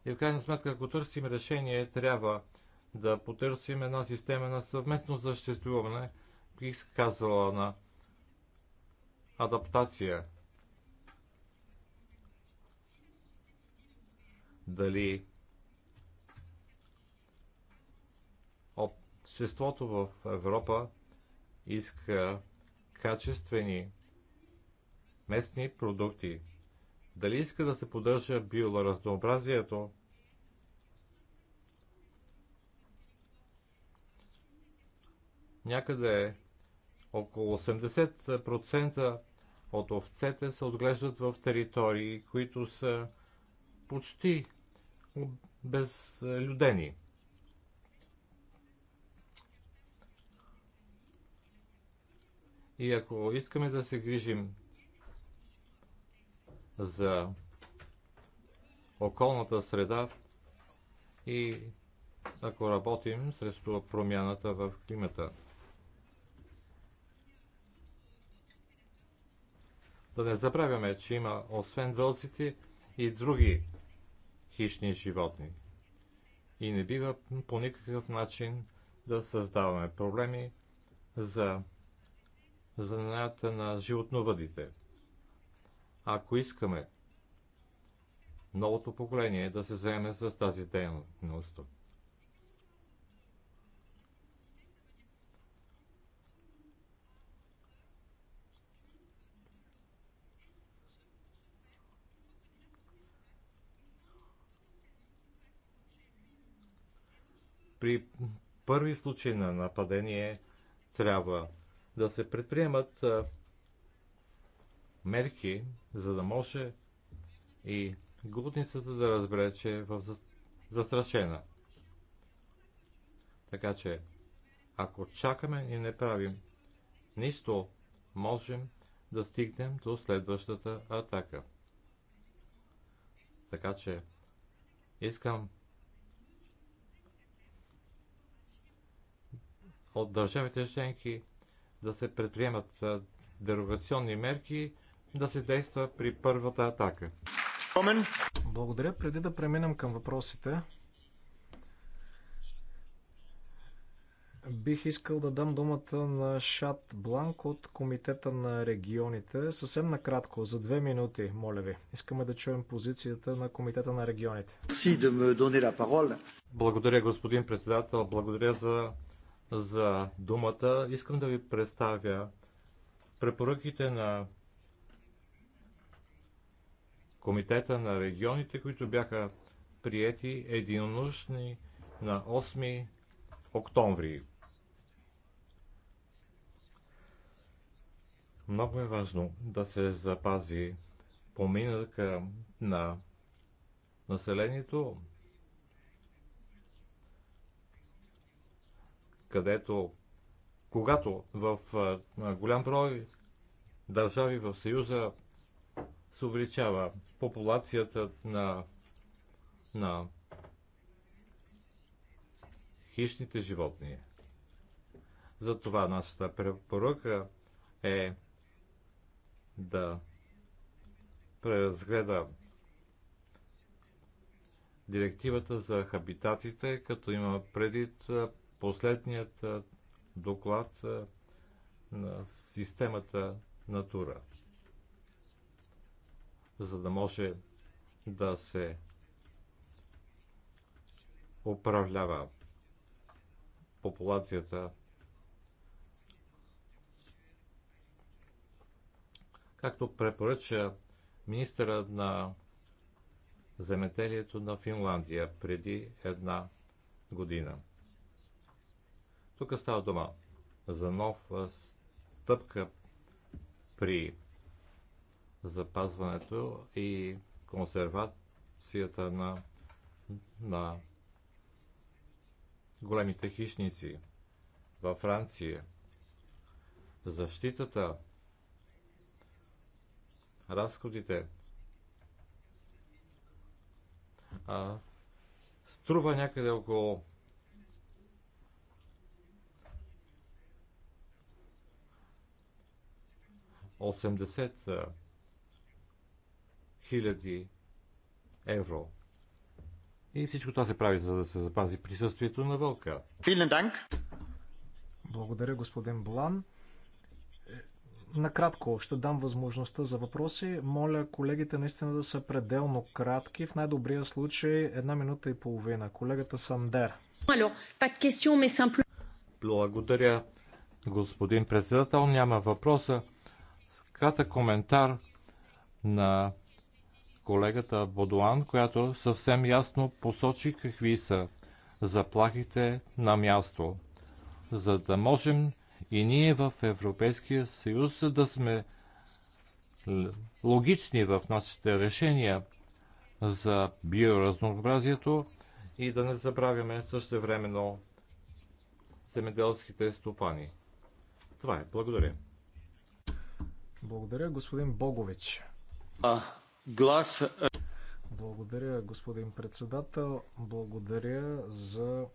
И в крайна сметка, ако търсим решение, трябва да потърсим една система на съвместно съществуване, бих казала на адаптация. Дали обществото в Европа иска качествени местни продукти. Дали иска да се поддържа биоразнообразието? Някъде около 80% от овцете се отглеждат в територии, които са почти безлюдени. И ако искаме да се грижим за околната среда и ако работим срещу промяната в климата. Да не забравяме, че има освен вълците и други хищни животни. И не бива по никакъв начин да създаваме проблеми за занаята на животновъдите. Ако искаме новото поколение да се заеме с тази дейност, При първи случай на нападение трябва да се предприемат мерки, за да може и глутницата да разбере, че е в застрашена. Така че, ако чакаме и не правим нищо, можем да стигнем до следващата атака. Така че, искам от държавите членки да се предприемат дерогационни мерки, да се действа при първата атака. Благодаря. Преди да преминем към въпросите, бих искал да дам думата на Шат Бланк от Комитета на регионите. Съвсем накратко, за две минути, моля ви. Искаме да чуем позицията на Комитета на регионите. Благодаря, господин председател. Благодаря за за думата. Искам да ви представя препоръките на Комитета на регионите, които бяха приети единонощни на 8 октомври. Много е важно да се запази поминъка на населението където когато в голям брой държави в Съюза се увеличава популацията на, на хищните животни. Затова нашата препоръка е да преразгледа директивата за хабитатите, като има предвид последният доклад на системата Натура, за да може да се управлява популацията както препоръча министъра на земеделието на Финландия преди една година. Тук става дума за нова стъпка при запазването и консервацията на, на големите хищници във Франция. Защитата, разходите а, струва някъде около 80 хиляди евро. И всичко това се прави, за да се запази присъствието на вълка. Благодаря, господин Блан. Е, накратко ще дам възможността за въпроси. Моля колегите наистина да са пределно кратки. В най-добрия случай една минута и половина. Колегата Сандер. Благодаря, господин председател. Няма въпроса кратък коментар на колегата Бодуан, която съвсем ясно посочи какви са заплахите на място, за да можем и ние в Европейския съюз да сме логични в нашите решения за биоразнообразието и да не забравяме също времено земеделските стопани. Това е. Благодаря. Благодаря, господин Богович. А, глас. Благодаря, господин председател. Благодаря за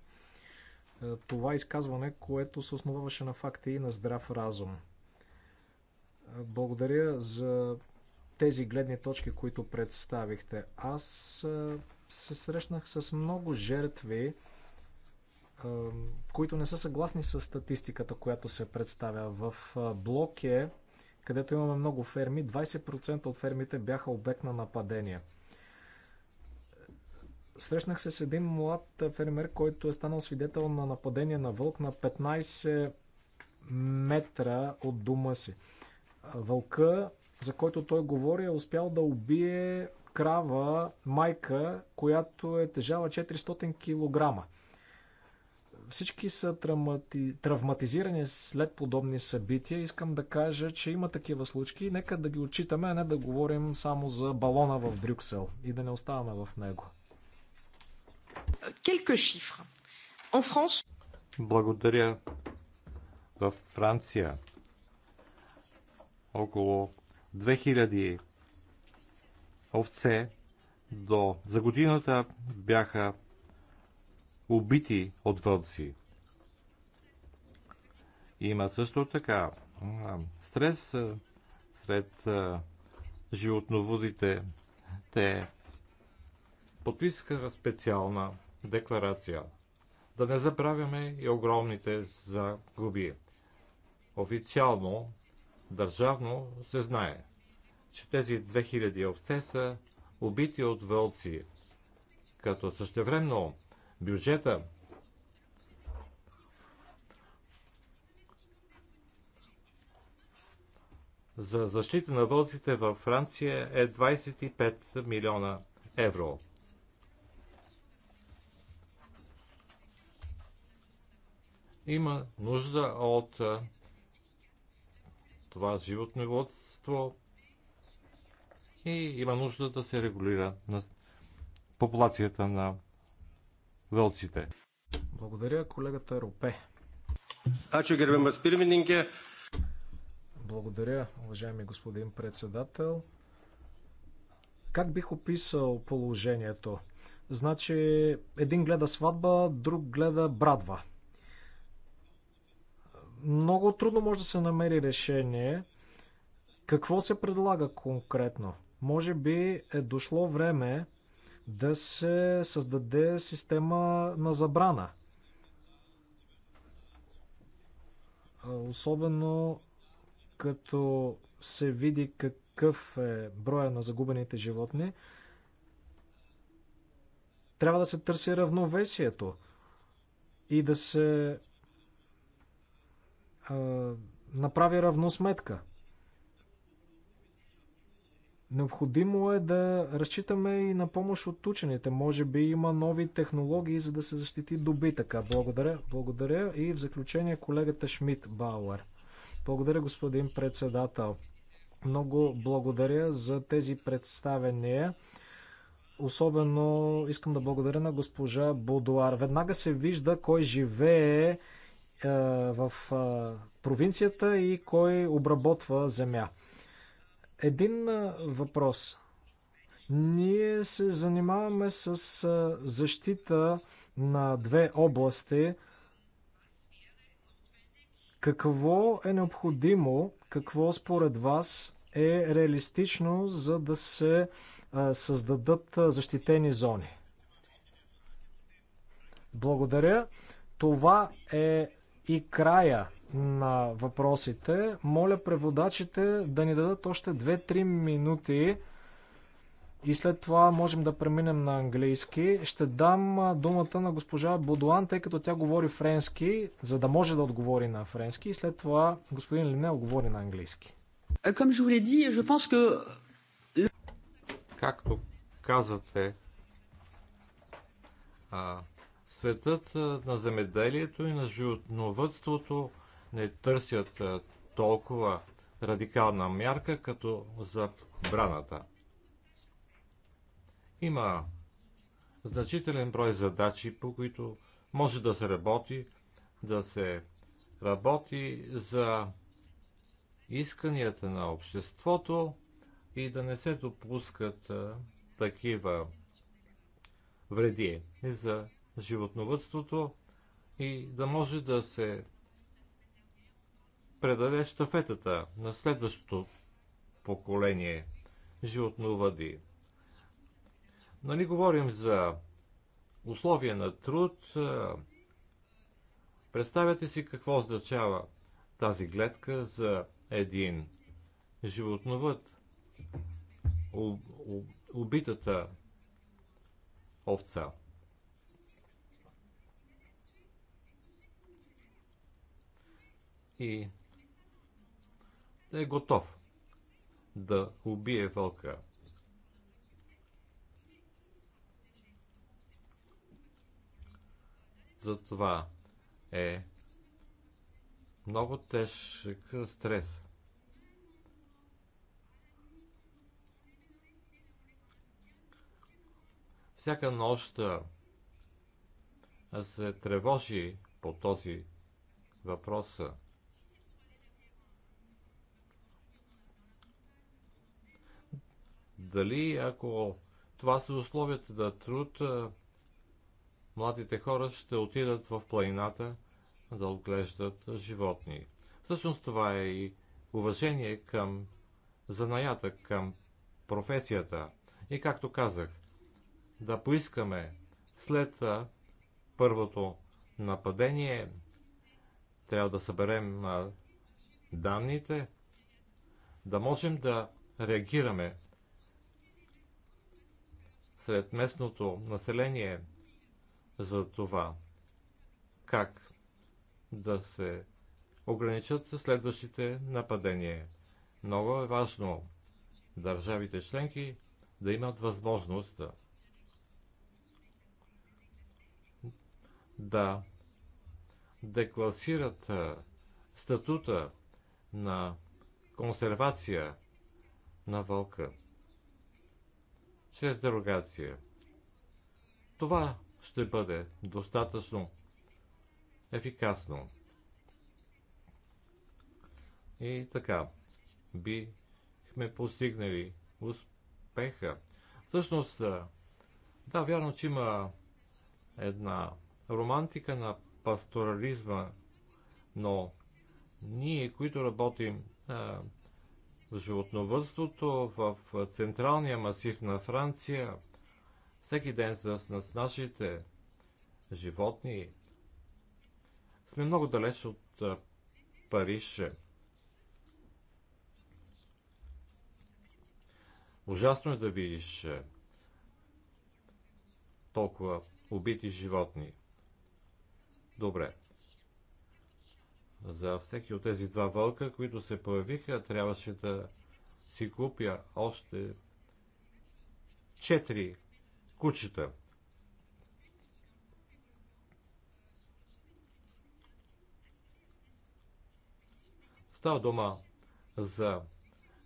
това изказване, което се основаваше на факти и на здрав разум. Благодаря за тези гледни точки, които представихте. Аз се срещнах с много жертви, които не са съгласни с статистиката, която се представя. В е където имаме много ферми, 20% от фермите бяха обект на нападения. Срещнах се с един млад фермер, който е станал свидетел на нападение на вълк на 15 метра от дома си. Вълка, за който той говори, е успял да убие крава майка, която е тежала 400 кг. Всички са травмати... травматизирани след подобни събития. Искам да кажа, че има такива случаи. Нека да ги отчитаме, а не да говорим само за балона в Брюксел и да не оставаме в него. Благодаря. В Франция около 2000 овце до за годината бяха убити от вълци. Има също така стрес сред животноводите. Те подписаха специална декларация. Да не забравяме и огромните загуби. Официално, държавно се знае, че тези 2000 овце са убити от вълци, като същевременно бюджета. За защита на вълците във Франция е 25 милиона евро. Има нужда от това животноводство и има нужда да се регулира на популацията на вълците. Благодаря, колегата Ропе. Ачо, Благодаря, уважаеми господин председател. Как бих описал положението? Значи, един гледа сватба, друг гледа брадва. Много трудно може да се намери решение. Какво се предлага конкретно? Може би е дошло време да се създаде система на забрана. Особено като се види какъв е броя на загубените животни, трябва да се търси равновесието и да се а, направи равносметка. Необходимо е да разчитаме и на помощ от учените. Може би има нови технологии, за да се защити добитъка. Благодаря. Благодаря. И в заключение колегата Шмидт Бауер. Благодаря, господин председател. Много благодаря за тези представения. Особено искам да благодаря на госпожа Бодуар. Веднага се вижда кой живее е, в е, провинцията и кой обработва земя. Един въпрос. Ние се занимаваме с защита на две области. Какво е необходимо, какво според вас е реалистично, за да се създадат защитени зони? Благодаря. Това е и края на въпросите. Моля преводачите да ни дадат още 2-3 минути и след това можем да преминем на английски. Ще дам думата на госпожа Бодуан, тъй като тя говори френски, за да може да отговори на френски и след това господин Лине отговори на английски. Е, Както казвате, светът на земеделието и на животновътството не търсят толкова радикална мярка, като за браната. Има значителен брой задачи, по които може да се работи, да се работи за исканията на обществото и да не се допускат такива вреди за животновътството и да може да се предаде штафетата на следващото поколение животновъди. Нали говорим за условия на труд. Представете си какво означава тази гледка за един животновът. Убитата овца. и да е готов да убие вълка. Затова е много тежък стрес. Всяка нощ се тревожи по този въпрос. Дали ако това са условията да труд, младите хора ще отидат в планината да отглеждат животни. Всъщност това е и уважение към занаята, към професията. И както казах, да поискаме след първото нападение, трябва да съберем данните, да можем да реагираме сред местното население за това как да се ограничат следващите нападения. Много е важно държавите членки да имат възможност да, да декласират статута на консервация на вълка чрез дерогация. Това ще бъде достатъчно ефикасно. И така бихме постигнали успеха. Всъщност, да, вярно, че има една романтика на пасторализма, но ние, които работим животновътството в централния масив на Франция. Всеки ден с, с нашите животни сме много далеч от Париж. Ужасно е да видиш толкова убити животни. Добре, за всеки от тези два вълка, които се появиха, трябваше да си купя още четири кучета. Става дума за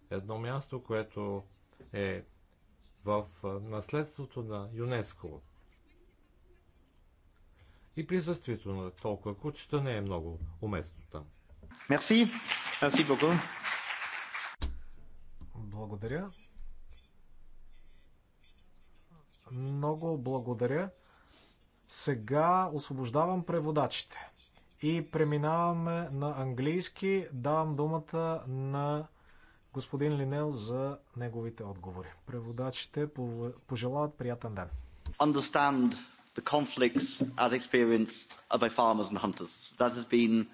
едно място, което е в наследството на ЮНЕСКО и присъствието на толкова кучета не е много уместно там. Мерси. Мерси много. Благодаря. Много благодаря. Сега освобождавам преводачите и преминаваме на английски. Давам думата на господин Линел за неговите отговори. Преводачите пожелават приятен ден. Understand the conflicts as experienced by farmers and hunters. That has been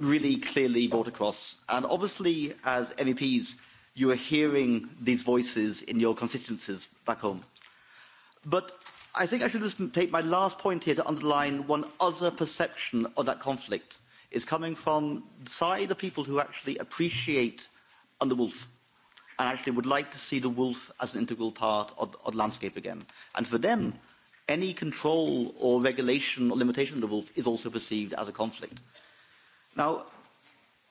really clearly brought across. And obviously, as MEPs, you are hearing these voices in your constituencies back home. But I think I should just take my last point here to underline one other perception of that conflict is coming from the side of people who actually appreciate the wolf and actually would like to see the wolf as an integral part of, of the landscape again. And for them, any control or regulation or limitation of the wolf is also perceived as a conflict. Now,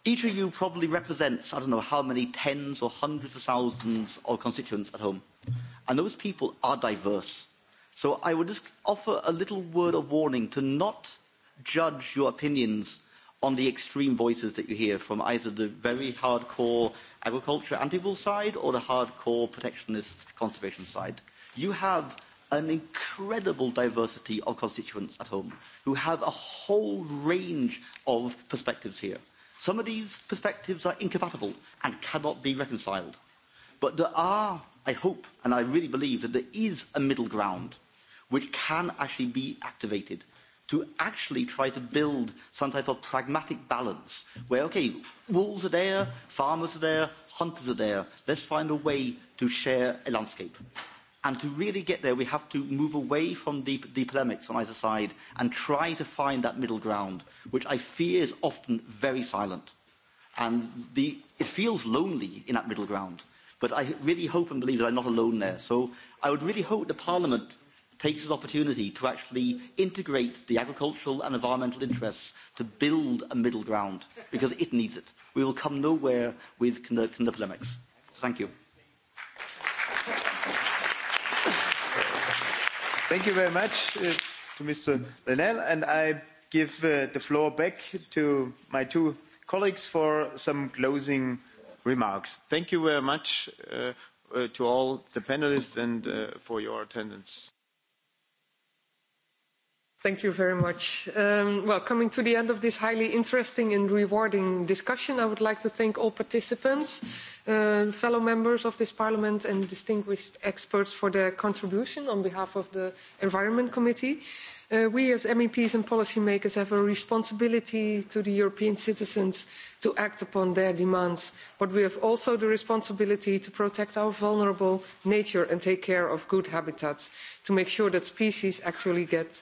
each of you probably represents, I don't know how many tens or hundreds of thousands of constituents at home. And those people are diverse. So I would just offer a little word of warning to not judge your opinions on the extreme voices that you hear from either the very hardcore agriculture anti wolf side or the hardcore protectionist conservation side. You have an incredible diversity of constituents at home who have a whole range of perspectives here. Some of these perspectives are incompatible and cannot be reconciled. But there are, I hope, and I really believe that there is a middle ground which can actually be activated to actually try to build some type of pragmatic balance where, okay, wolves are there, farmers are there, hunters are there. Let's find a way to share a landscape. And to really get there, we have to move away from the, the polemics on either side and try to find that middle ground, which I fear is often very silent. And the, it feels lonely in that middle ground. But I really hope and believe that I'm not alone there. So I would really hope the Parliament takes this opportunity to actually integrate the agricultural and environmental interests to build a middle ground, because it needs it. We will come nowhere with the polemics. Thank you. Thank you very much uh, to Mr. Lenel, and I give uh, the floor back to my two colleagues for some closing remarks. Thank you very much uh, uh, to all the panelists and uh, for your attendance. Thank you very much. Um, well, coming to the end of this highly interesting and rewarding discussion, I would like to thank all participants, uh, fellow members of this parliament and distinguished experts for their contribution on behalf of the Environment Committee. Uh, we as MEPs and policymakers have a responsibility to the European citizens to act upon their demands, but we have also the responsibility to protect our vulnerable nature and take care of good habitats to make sure that species actually get